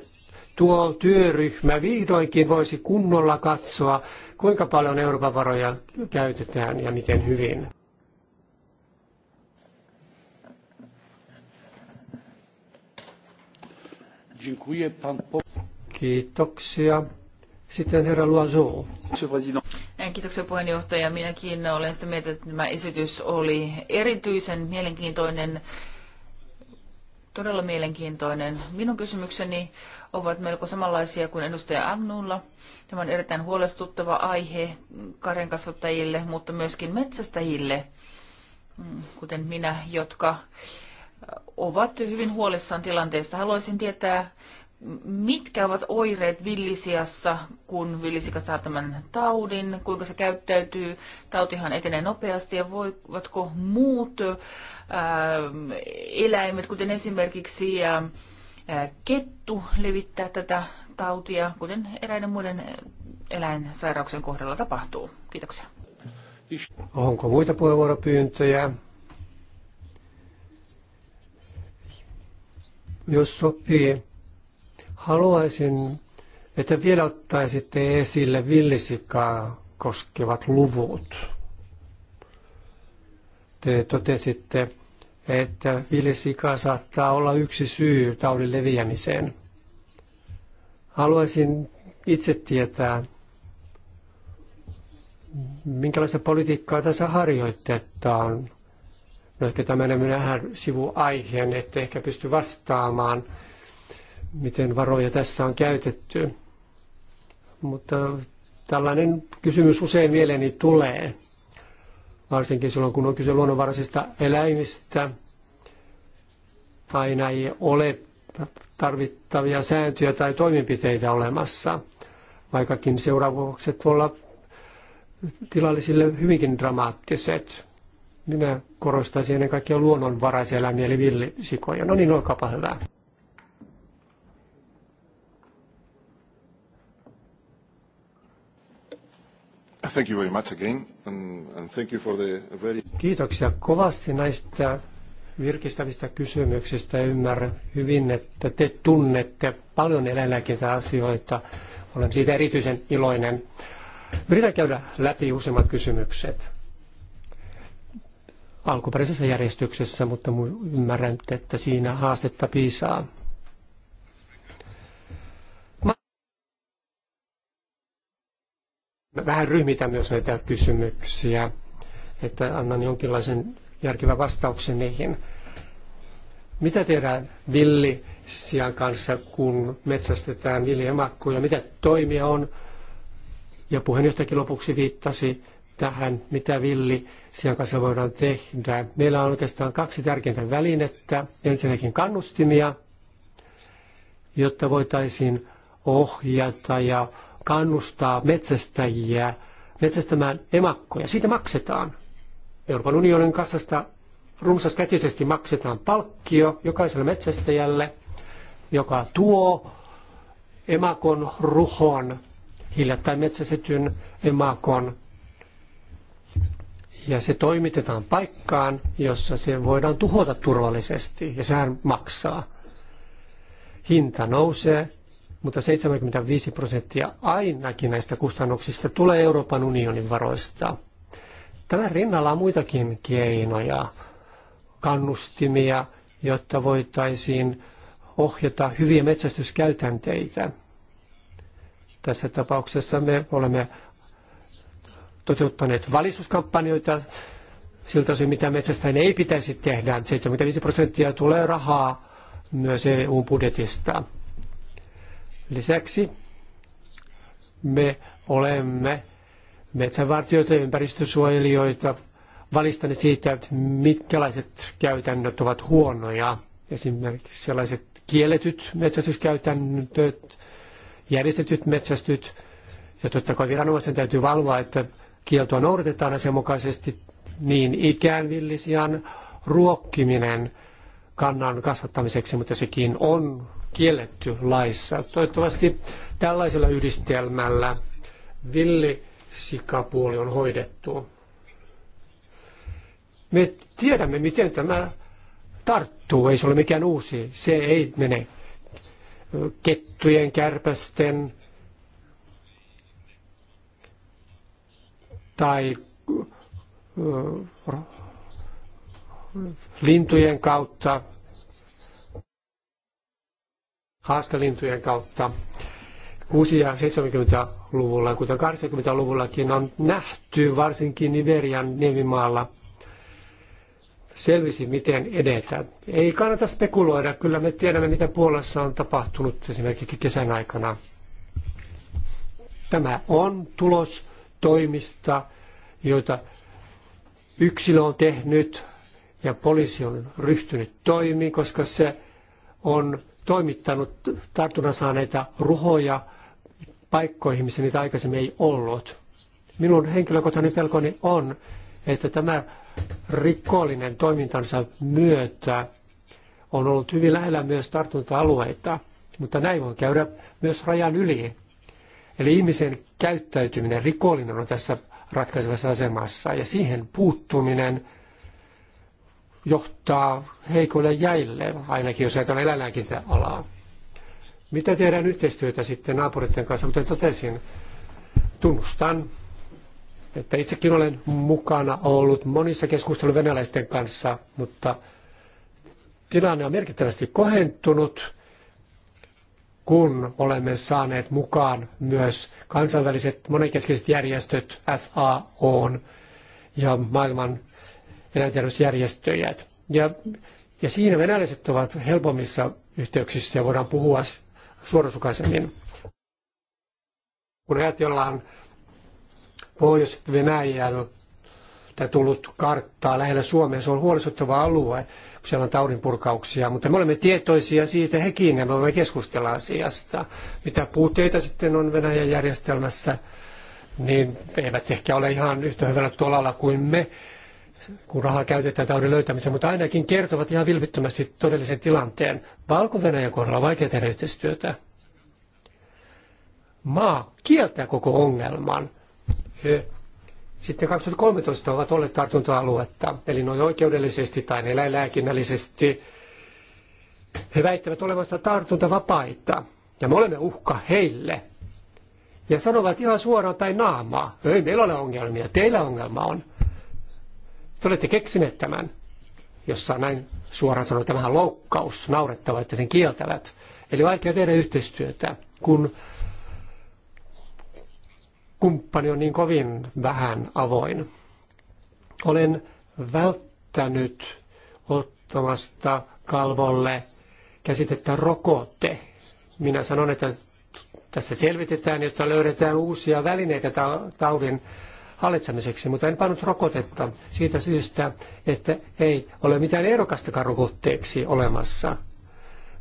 S2: tuo työryhmä vihdoinkin voisi kunnolla katsoa, kuinka paljon Euroopan varoja käytetään ja miten hyvin. Kiitoksia. Sitten herra Loiseau.
S4: Kiitoksia puheenjohtaja. Minäkin olen sitä mieltä, että tämä esitys oli erityisen mielenkiintoinen, todella mielenkiintoinen. Minun kysymykseni ovat melko samanlaisia kuin edustaja Agnulla. Tämä on erittäin huolestuttava aihe karjankasvattajille, mutta myöskin metsästäjille, mm, kuten minä, jotka ovat hyvin huolissaan tilanteesta. Haluaisin tietää, mitkä ovat oireet villisiassa, kun villisika saa tämän taudin, kuinka se käyttäytyy, tautihan etenee nopeasti ja voivatko muut ää, eläimet, kuten esimerkiksi ää, kettu levittää tätä tautia, kuten eräiden muiden eläinsairauksien kohdalla tapahtuu. Kiitoksia.
S2: Onko muita puheenvuoropyyntöjä? Jos sopii, haluaisin, että vielä ottaisitte esille villisikaa koskevat luvut. Te totesitte, että villisika saattaa olla yksi syy taudin leviämiseen. Haluaisin itse tietää, minkälaista politiikkaa tässä harjoitetaan. No ehkä tämmöinen minähän sivuaiheen, että ehkä pysty vastaamaan, miten varoja tässä on käytetty. Mutta tällainen kysymys usein mieleeni tulee varsinkin silloin kun on kyse luonnonvaraisista eläimistä. Aina ei ole tarvittavia sääntöjä tai toimenpiteitä olemassa, vaikkakin seuraukset voivat olla tilallisille hyvinkin dramaattiset. Minä korostaisin ennen kaikkea luonnonvaraiseläimiä eli villisikoja. No niin, olkaapa hyvä.
S3: Thank you very much again, and thank you for the very...
S2: Kiitoksia kovasti näistä virkistävistä kysymyksistä. Ymmärrän hyvin, että te tunnette paljon eläinlääkintäasioita. Olen siitä erityisen iloinen. Yritän käydä läpi useimmat kysymykset alkuperäisessä järjestyksessä, mutta ymmärrän, että siinä haastetta piisaa. vähän ryhmitä myös näitä kysymyksiä, että annan jonkinlaisen järkevän vastauksen niihin. Mitä tehdään villisian kanssa, kun metsästetään viljemakkuja? Mitä toimia on? Ja puheenjohtajakin lopuksi viittasi tähän, mitä villisian kanssa voidaan tehdä. Meillä on oikeastaan kaksi tärkeintä välinettä. Ensinnäkin kannustimia, jotta voitaisiin ohjata ja kannustaa metsästäjiä metsästämään emakkoja. Siitä maksetaan. Euroopan unionin kassasta runsaskätisesti maksetaan palkkio jokaiselle metsästäjälle, joka tuo emakon ruhon, hiljattain metsästetyn emakon, ja se toimitetaan paikkaan, jossa se voidaan tuhota turvallisesti, ja sehän maksaa. Hinta nousee mutta 75 prosenttia ainakin näistä kustannuksista tulee Euroopan unionin varoista. Tämän rinnalla on muitakin keinoja, kannustimia, jotta voitaisiin ohjata hyviä metsästyskäytänteitä. Tässä tapauksessa me olemme toteuttaneet valistuskampanjoita siltä osin, mitä metsästäjien ei pitäisi tehdä. 75 prosenttia tulee rahaa myös EU-budjetista. Lisäksi me olemme metsävartijoita ja ympäristösuojelijoita valistaneet siitä, mitkälaiset käytännöt ovat huonoja. Esimerkiksi sellaiset kielletyt metsästyskäytännöt, järjestetyt metsästyt. Ja totta kai viranomaisen täytyy valvoa, että kieltoa noudatetaan asianmukaisesti niin ikään villisian ruokkiminen kannan kasvattamiseksi, mutta sekin on kielletty laissa. Toivottavasti tällaisella yhdistelmällä villisikapuoli on hoidettu. Me tiedämme, miten tämä tarttuu. Ei se ole mikään uusi. Se ei mene kettujen, kärpästen tai lintujen kautta haaskalintujen kautta 6- ja 70-luvulla, kuten 80-luvullakin on nähty, varsinkin Nigerian niemimaalla, selvisi, miten edetä. Ei kannata spekuloida, kyllä me tiedämme, mitä Puolassa on tapahtunut esimerkiksi kesän aikana. Tämä on tulos toimista, joita yksilö on tehnyt ja poliisi on ryhtynyt toimiin, koska se on toimittanut tartunnan saaneita ruhoja paikkoihin, missä niitä aikaisemmin ei ollut. Minun henkilökohtainen pelkoni on, että tämä rikollinen toimintansa myötä on ollut hyvin lähellä myös tartunta-alueita, mutta näin voi käydä myös rajan yli. Eli ihmisen käyttäytyminen rikollinen on tässä ratkaisevassa asemassa ja siihen puuttuminen johtaa heikoille jäille, ainakin jos ajatellaan eläinlääkintäalaa. Mitä tehdään yhteistyötä sitten naapuritten kanssa? Kuten totesin, tunnustan, että itsekin olen mukana ollut monissa keskusteluissa venäläisten kanssa, mutta tilanne on merkittävästi kohentunut, kun olemme saaneet mukaan myös kansainväliset monenkeskiset järjestöt FAO ja maailman eläinterveysjärjestöjä. Ja, ja siinä venäläiset ovat helpommissa yhteyksissä ja voidaan puhua suorasukaisemmin. Kun ajatellaan Pohjois-Venäjällä tai tullut karttaa lähellä Suomea, se on huolestuttava alue, kun siellä on taudinpurkauksia, mutta me olemme tietoisia siitä hekin ja me voimme keskustella asiasta. Mitä puutteita sitten on Venäjän järjestelmässä, niin eivät ehkä ole ihan yhtä hyvällä tolalla kuin me, kun rahaa käytetään taudin löytämiseen, mutta ainakin kertovat ihan vilpittömästi todellisen tilanteen. valko kohdalla on vaikea tehdä yhteistyötä. Maa kieltää koko ongelman. He sitten 2013 ovat olleet tartunta-aluetta, eli noin oikeudellisesti tai eläinlääkinnällisesti. He väittävät olevansa tartuntavapaita, ja me olemme uhka heille. Ja sanovat ihan suoraan päin naamaa, ei meillä ole ongelmia, teillä ongelma on. Te olette keksineet tämän, jossa näin suoraan sanoen tämähän loukkaus, naurettava, että sen kieltävät. Eli vaikea tehdä yhteistyötä, kun kumppani on niin kovin vähän avoin. Olen välttänyt ottamasta kalvolle käsitettä rokote. Minä sanon, että tässä selvitetään, jotta löydetään uusia välineitä taudin hallitsemiseksi, mutta en pannut rokotetta siitä syystä, että ei ole mitään ehdokastakaan rokotteeksi olemassa.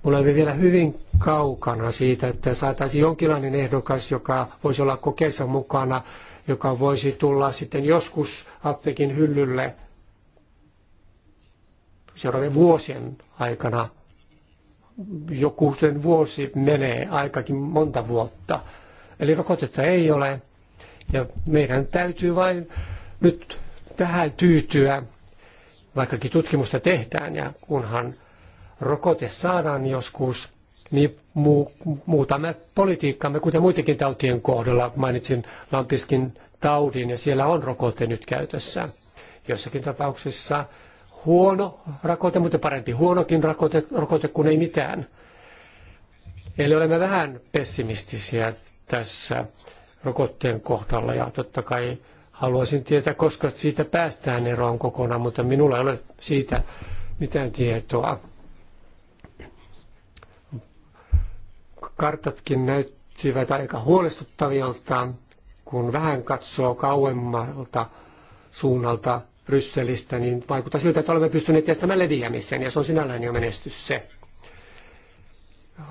S2: Mulla oli vielä hyvin kaukana siitä, että saataisiin jonkinlainen ehdokas, joka voisi olla kokeessa mukana, joka voisi tulla sitten joskus apteekin hyllylle seuraavien vuosien aikana. Joku sen vuosi menee aikakin monta vuotta. Eli rokotetta ei ole. Ja meidän täytyy vain nyt tähän tyytyä, vaikkakin tutkimusta tehdään ja kunhan rokote saadaan joskus, niin mu- muutamme politiikkamme, kuten muitakin tautien kohdalla. Mainitsin Lampiskin taudin ja siellä on rokote nyt käytössä. Jossakin tapauksissa huono rokote, mutta parempi huonokin rokote, rokote kuin ei mitään. Eli olemme vähän pessimistisiä tässä rokotteen kohdalla ja totta kai haluaisin tietää, koska siitä päästään eroon kokonaan, mutta minulla ei ole siitä mitään tietoa. Kartatkin näyttivät aika huolestuttavilta, kun vähän katsoo kauemmalta suunnalta Brysselistä, niin vaikuttaa siltä, että olemme pystyneet estämään leviämisen, ja se on sinällään jo menestys se.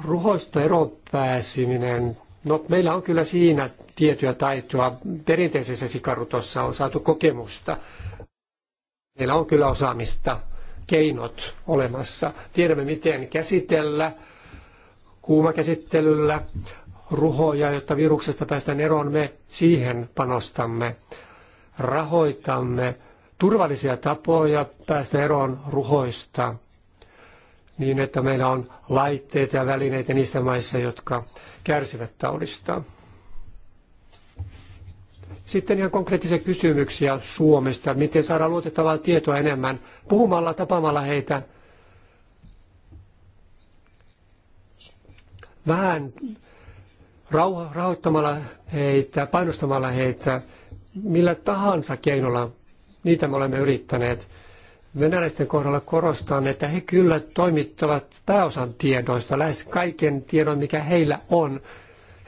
S2: Ruhoista eroon pääsiminen No, meillä on kyllä siinä tiettyä taitoa. Perinteisessä sikarutossa on saatu kokemusta. Meillä on kyllä osaamista, keinot olemassa. Tiedämme, miten käsitellä kuumakäsittelyllä ruhoja, jotta viruksesta päästään eroon. Me siihen panostamme, rahoitamme turvallisia tapoja päästä eroon ruhoista – niin, että meillä on laitteita ja välineitä niissä maissa, jotka kärsivät taudista. Sitten ihan konkreettisia kysymyksiä Suomesta. Miten saada luotettavaa tietoa enemmän? Puhumalla, tapaamalla heitä. Vähän rauha, rahoittamalla heitä, painostamalla heitä, millä tahansa keinolla. Niitä me olemme yrittäneet venäläisten kohdalla korostan, että he kyllä toimittavat pääosan tiedoista, lähes kaiken tiedon, mikä heillä on.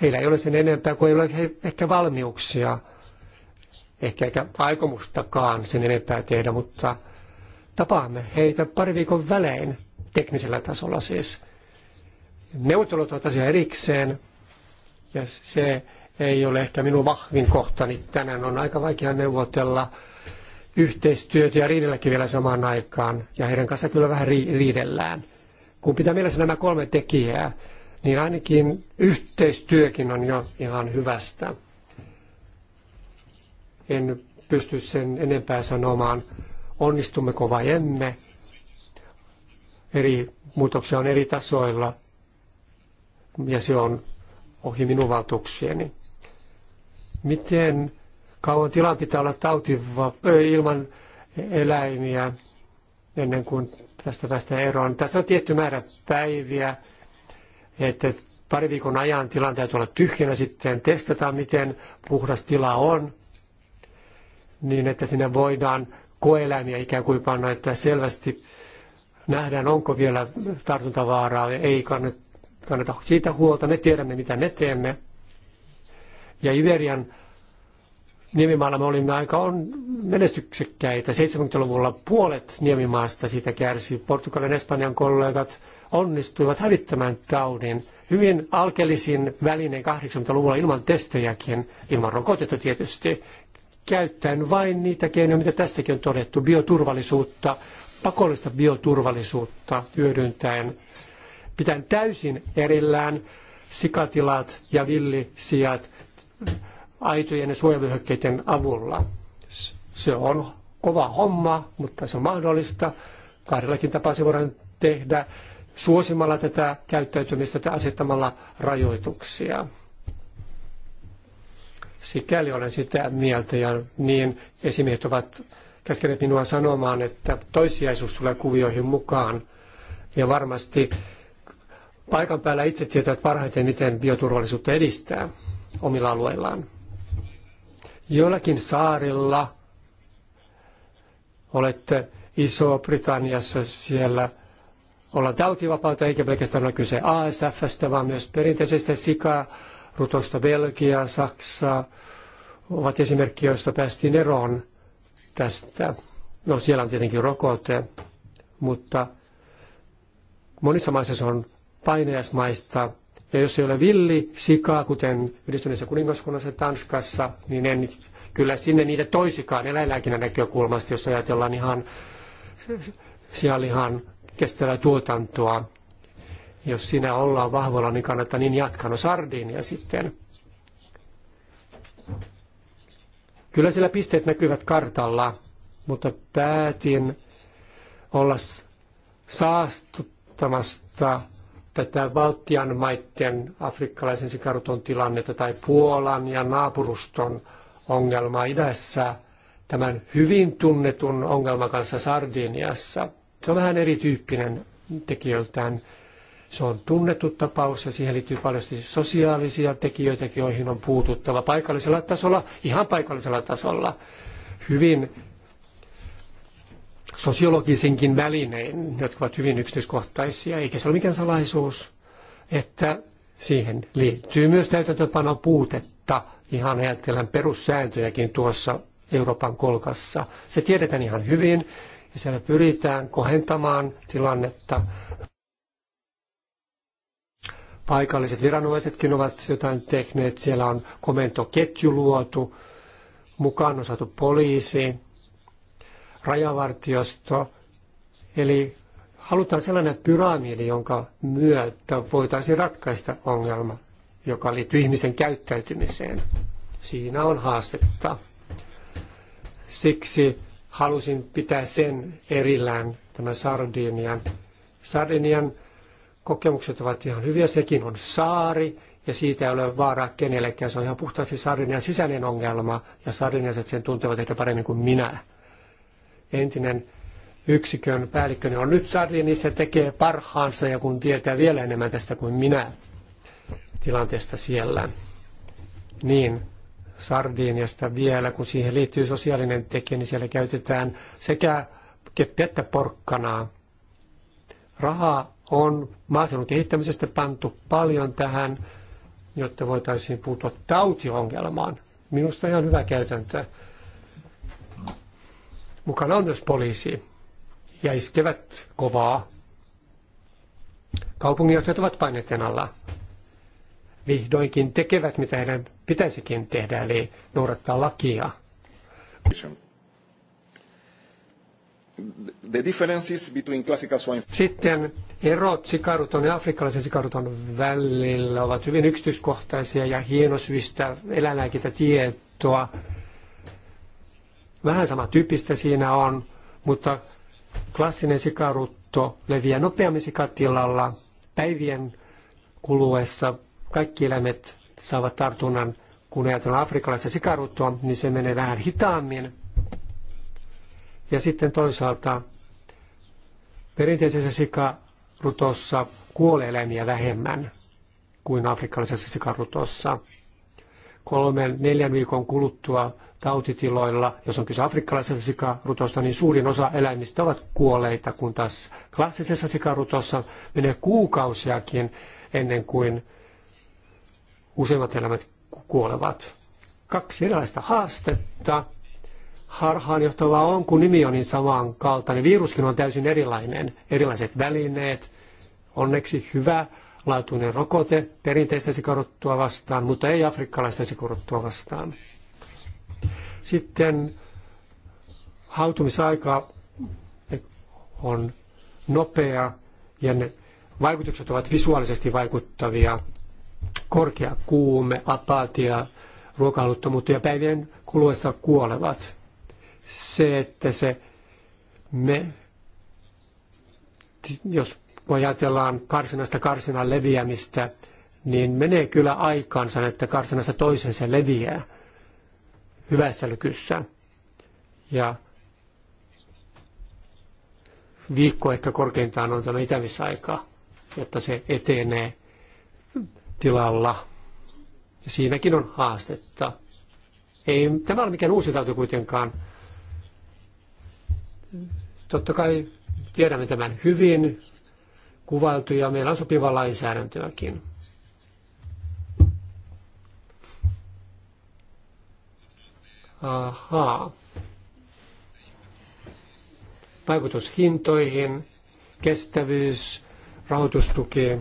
S2: Heillä ei ole sen enempää kuin ei ole ehkä valmiuksia, ehkä eikä aikomustakaan sen enempää tehdä, mutta tapaamme heitä pari viikon välein, teknisellä tasolla siis. Neuvottelut ovat asia erikseen, ja se ei ole ehkä minun vahvin kohtani. Tänään on aika vaikea neuvotella yhteistyötä ja riidelläkin vielä samaan aikaan. Ja heidän kanssa kyllä vähän riidellään. Kun pitää mielessä nämä kolme tekijää, niin ainakin yhteistyökin on jo ihan hyvästä. En pysty sen enempää sanomaan, onnistummeko vai emme. Eri muutoksia on eri tasoilla ja se on ohi minun valtuuksieni. Miten kauan tila pitää olla tautiva, ilman eläimiä ennen kuin tästä päästään eroon. Tässä on tietty määrä päiviä, että pari viikon ajan tilan täytyy olla tyhjänä sitten, testataan miten puhdas tila on, niin että sinne voidaan koeläimiä ikään kuin panna, että selvästi nähdään, onko vielä tartuntavaaraa, ei kannata, kannata siitä huolta, me tiedämme mitä me teemme. Ja Iberian Niemimaalla me olimme aika on menestyksekkäitä. 70-luvulla puolet Niemimaasta siitä kärsi. Portugalin ja Espanjan kollegat onnistuivat hävittämään taudin hyvin alkeellisin välineen 80-luvulla ilman testejäkin, ilman rokotetta tietysti, käyttäen vain niitä keinoja, mitä tässäkin on todettu, bioturvallisuutta, pakollista bioturvallisuutta hyödyntäen, pitäen täysin erillään sikatilat ja villisijat, aitojen ja suojavyöhykkeiden avulla. Se on kova homma, mutta se on mahdollista. Kahdellakin tapaa se voidaan tehdä suosimalla tätä käyttäytymistä tai asettamalla rajoituksia. Sikäli olen sitä mieltä ja niin esimiehet ovat käskeneet minua sanomaan, että toissijaisuus tulee kuvioihin mukaan. Ja varmasti paikan päällä itse tietävät parhaiten, miten bioturvallisuutta edistää omilla alueillaan jollakin saarilla olette Iso-Britanniassa siellä olla tautivapautta, eikä pelkästään ole kyse ASFstä, vaan myös perinteisestä sikarutosta Belgia, Saksa ovat esimerkkejä, joista päästiin eroon tästä. No siellä on tietenkin rokote, mutta monissa maissa se on painajasmaista ja jos ei ole villi sikaa, kuten yhdistyneessä kuningaskunnassa Tanskassa, niin en kyllä sinne niitä toisikaan eläinlääkinnän näkökulmasta, jos ajatellaan ihan sianlihan kestävää tuotantoa. Jos sinä ollaan vahvalla niin kannattaa niin jatkaa. No sardiinia sitten. Kyllä siellä pisteet näkyvät kartalla, mutta päätin olla saastuttamasta tätä Baltian maiden afrikkalaisen sikaruton tilannetta tai Puolan ja naapuruston ongelmaa idässä tämän hyvin tunnetun ongelman kanssa Sardiniassa. Se on vähän erityyppinen tekijöiltään. Se on tunnettu tapaus ja siihen liittyy paljon sosiaalisia tekijöitä, joihin on puututtava paikallisella tasolla, ihan paikallisella tasolla. Hyvin sosiologisinkin välinein, jotka ovat hyvin yksityiskohtaisia, eikä se ole mikään salaisuus, että siihen liittyy myös täytäntöpanon puutetta, ihan ajatellen perussääntöjäkin tuossa Euroopan kolkassa. Se tiedetään ihan hyvin, ja siellä pyritään kohentamaan tilannetta. Paikalliset viranomaisetkin ovat jotain tehneet. Siellä on komentoketju luotu, mukaan on saatu poliisiin rajavartiosto. Eli halutaan sellainen pyramidi, jonka myötä voitaisiin ratkaista ongelma, joka liittyy ihmisen käyttäytymiseen. Siinä on haastetta. Siksi halusin pitää sen erillään tämän Sardinian. Sardinian kokemukset ovat ihan hyviä, sekin on saari ja siitä ei ole vaaraa kenellekään. Se on ihan puhtaasti Sardinian sisäinen ongelma ja sardiniaset sen tuntevat ehkä paremmin kuin minä entinen yksikön päällikköni niin on nyt se tekee parhaansa ja kun tietää vielä enemmän tästä kuin minä tilanteesta siellä. Niin, Sardiniasta vielä, kun siihen liittyy sosiaalinen tekijä, niin siellä käytetään sekä keppiä että porkkanaa. Rahaa on maaseudun kehittämisestä pantu paljon tähän, jotta voitaisiin puuttua tautiongelmaan. Minusta ihan hyvä käytäntö. Mukana on myös poliisi ja iskevät kovaa. Kaupunginjohtajat ovat paineiden alla. Vihdoinkin tekevät, mitä heidän pitäisikin tehdä, eli noudattaa lakia. The differences between classical swine... Sitten erot sikaruton ja afrikkalaisen sikaruton välillä ovat hyvin yksityiskohtaisia ja hienosyistä eläinlääkintätietoa tietoa Vähän samantyyppistä siinä on, mutta klassinen sikarutto leviää nopeammin sikatilalla. Päivien kuluessa kaikki eläimet saavat tartunnan. Kun ajatellaan afrikkalaista sikaruttoa, niin se menee vähän hitaammin. Ja sitten toisaalta perinteisessä sikarutossa kuolee eläimiä vähemmän kuin afrikkalaisessa sikarutossa. Kolmen, neljän viikon kuluttua tautitiloilla, jos on kyse afrikkalaisesta sikarutosta, niin suurin osa eläimistä ovat kuolleita, kun taas klassisessa sikarutossa menee kuukausiakin ennen kuin useimmat eläimet kuolevat. Kaksi erilaista haastetta. Harhaanjohtavaa on, kun nimi on niin samankaltainen. Viruskin on täysin erilainen. Erilaiset välineet. Onneksi hyvä laatuinen rokote perinteistä sikaruttua vastaan, mutta ei afrikkalaista sikaruttua vastaan. Sitten hautumisaika on nopea ja ne vaikutukset ovat visuaalisesti vaikuttavia. Korkea kuume, apatia, ruokahaluttomuutta ja päivien kuluessa kuolevat. Se, että se me, jos ajatellaan karsinasta karsinan leviämistä, niin menee kyllä aikaansa, että karsinasta toiseen se leviää hyvässä lykyssä. Ja viikko ehkä korkeintaan on tämä itävissä aikaa, jotta se etenee tilalla. Ja siinäkin on haastetta. Ei tämä ole mikään uusi tauti kuitenkaan. Totta kai tiedämme tämän hyvin kuvailtu ja meillä on sopiva lainsäädäntöäkin. Ahaa. Vaikutus hintoihin, kestävyys, rahoitustuki.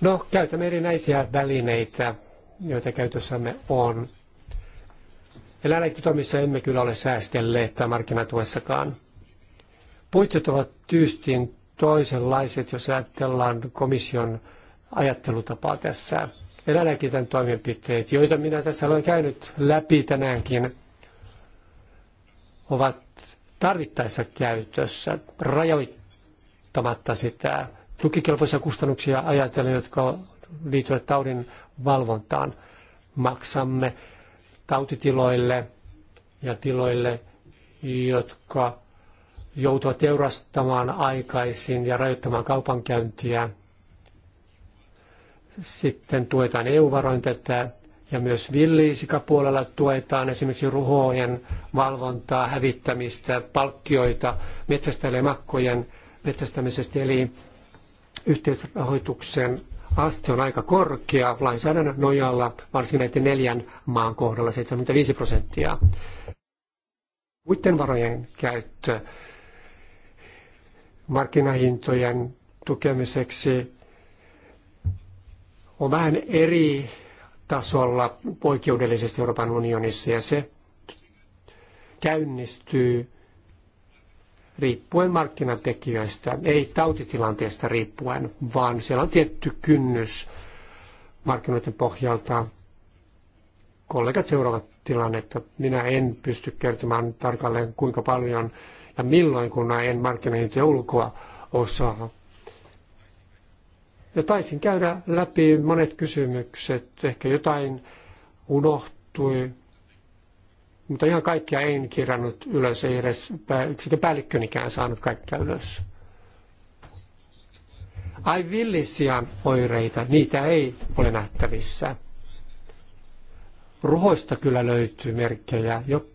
S2: No, käytämme erinäisiä välineitä, joita käytössämme on. Eläinlääkintätoimissa emme kyllä ole säästelleet tai markkinatuessakaan. Puitteet ovat tyystin toisenlaiset, jos ajatellaan komission ajattelutapaa tässä eläinäkin toimenpiteet, joita minä tässä olen käynyt läpi tänäänkin, ovat tarvittaessa käytössä rajoittamatta sitä tukikelpoisia kustannuksia ajatellen, jotka liittyvät taudin valvontaan. Maksamme tautitiloille ja tiloille, jotka joutuvat teurastamaan aikaisin ja rajoittamaan kaupankäyntiä – sitten tuetaan EU-varoin tätä ja myös villisikapuolella tuetaan esimerkiksi ruhojen valvontaa, hävittämistä, palkkioita metsästäjille metsästämisestä. Eli yhteisrahoituksen aste on aika korkea lainsäädännön nojalla, varsinkin näiden neljän maan kohdalla 75 prosenttia. Muiden varojen käyttö markkinahintojen tukemiseksi on vähän eri tasolla oikeudellisesti Euroopan unionissa ja se käynnistyy riippuen markkinatekijöistä, ei tautitilanteesta riippuen, vaan siellä on tietty kynnys markkinoiden pohjalta. Kollegat seuraavat tilannetta. Minä en pysty kertomaan tarkalleen kuinka paljon ja milloin, kun en markkinahintoja ulkoa osaa ja taisin käydä läpi monet kysymykset, ehkä jotain unohtui, mutta ihan kaikkia en kirjannut ylös, ei edes yksikö päällikkönikään saanut kaikkia ylös. Ai villisian oireita, niitä ei ole nähtävissä. Ruhoista kyllä löytyy merkkejä, jo,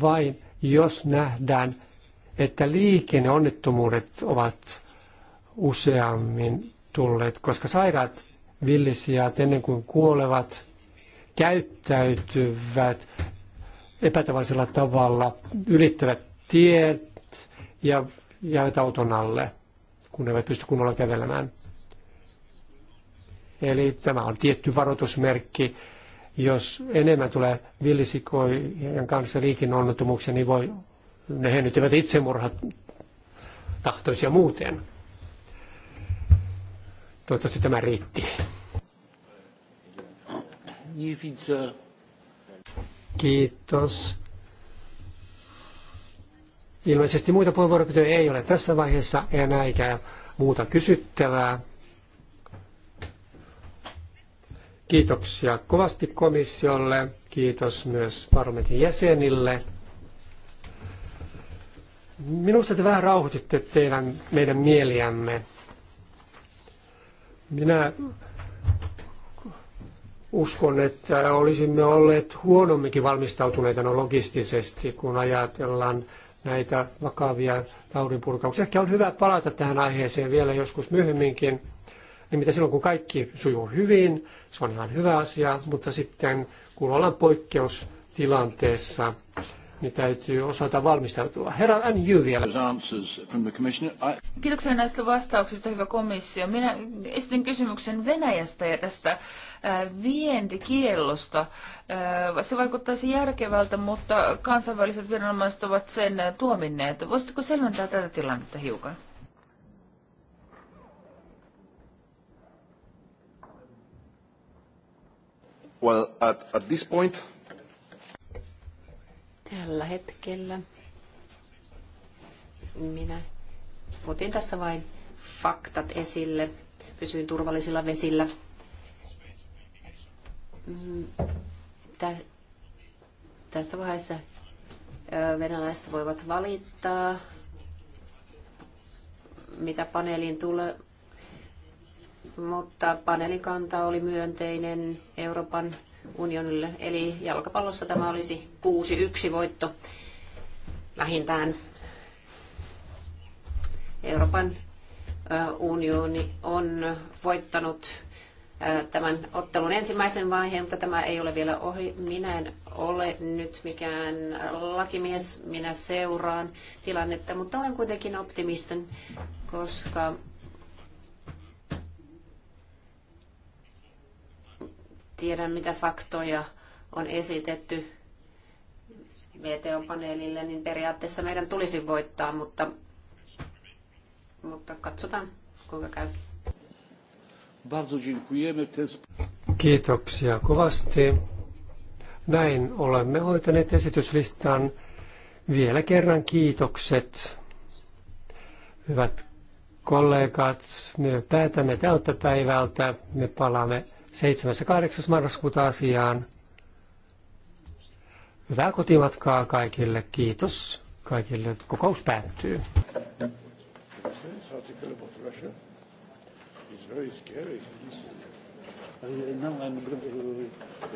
S2: vain jos nähdään, että liikenneonnettomuudet ovat useammin tulleet, koska sairaat villisijat ennen kuin kuolevat käyttäytyvät epätavallisella tavalla, ylittävät tiet ja jäävät auton alle, kun eivät pysty kunnolla kävelemään. Eli tämä on tietty varoitusmerkki. Jos enemmän tulee villisikojen kanssa liikinnonnettomuuksia, niin voi, ne hennyttävät itsemurhat tahtoisia muuten. Toivottavasti tämä riitti. Kiitos. Ilmeisesti muita puheenvuoropitoja ei ole tässä vaiheessa enää eikä muuta kysyttävää. Kiitoksia kovasti komissiolle. Kiitos myös parlamentin jäsenille. Minusta te vähän rauhoititte teidän, meidän mieliämme. Minä uskon, että olisimme olleet huonomminkin valmistautuneita no logistisesti, kun ajatellaan näitä vakavia taudinpurkauksia. Ehkä on hyvä palata tähän aiheeseen vielä joskus myöhemminkin. Nimittäin silloin, kun kaikki sujuu hyvin, se on ihan hyvä asia, mutta sitten kun ollaan poikkeustilanteessa, niin täytyy osata valmistautua. Herra Jy vielä.
S4: Kiitoksia näistä vastauksista, hyvä komissio. Minä esitin kysymyksen Venäjästä ja tästä äh, vientikiellosta. Äh, se vaikuttaisi järkevältä, mutta kansainväliset viranomaiset ovat sen tuominneet. Voisitteko selventää tätä tilannetta hiukan?
S1: Well, at, at this point,
S5: Tällä hetkellä minä otin tässä vain faktat esille. Pysyin turvallisilla vesillä. Mm, tä, tässä vaiheessa venäläiset voivat valittaa, mitä paneeliin tulee. Mutta paneelin kanta oli myönteinen Euroopan unionille. Eli jalkapallossa tämä olisi 6-1 voitto vähintään. Euroopan unioni on voittanut tämän ottelun ensimmäisen vaiheen, mutta tämä ei ole vielä ohi. Minä en ole nyt mikään lakimies, minä seuraan tilannetta, mutta olen kuitenkin optimistin, koska tiedä, mitä faktoja on esitetty VTO-paneelille, niin periaatteessa meidän tulisi voittaa, mutta,
S1: mutta katsotaan, kuinka käy.
S2: Kiitoksia kovasti. Näin olemme hoitaneet esityslistan. Vielä kerran kiitokset. Hyvät kollegat, me päätämme tältä päivältä. Me palaamme 7. ja 8. marraskuuta asiaan. Hyvää kotimatkaa kaikille. Kiitos kaikille. Kokous päättyy.
S1: now I'm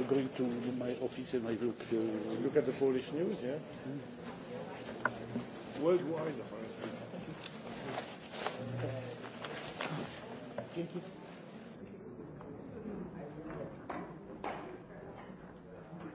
S1: going to my office and I look. Uh, look at the Polish news, yeah? Mm. Worldwide, apparently. Thank you.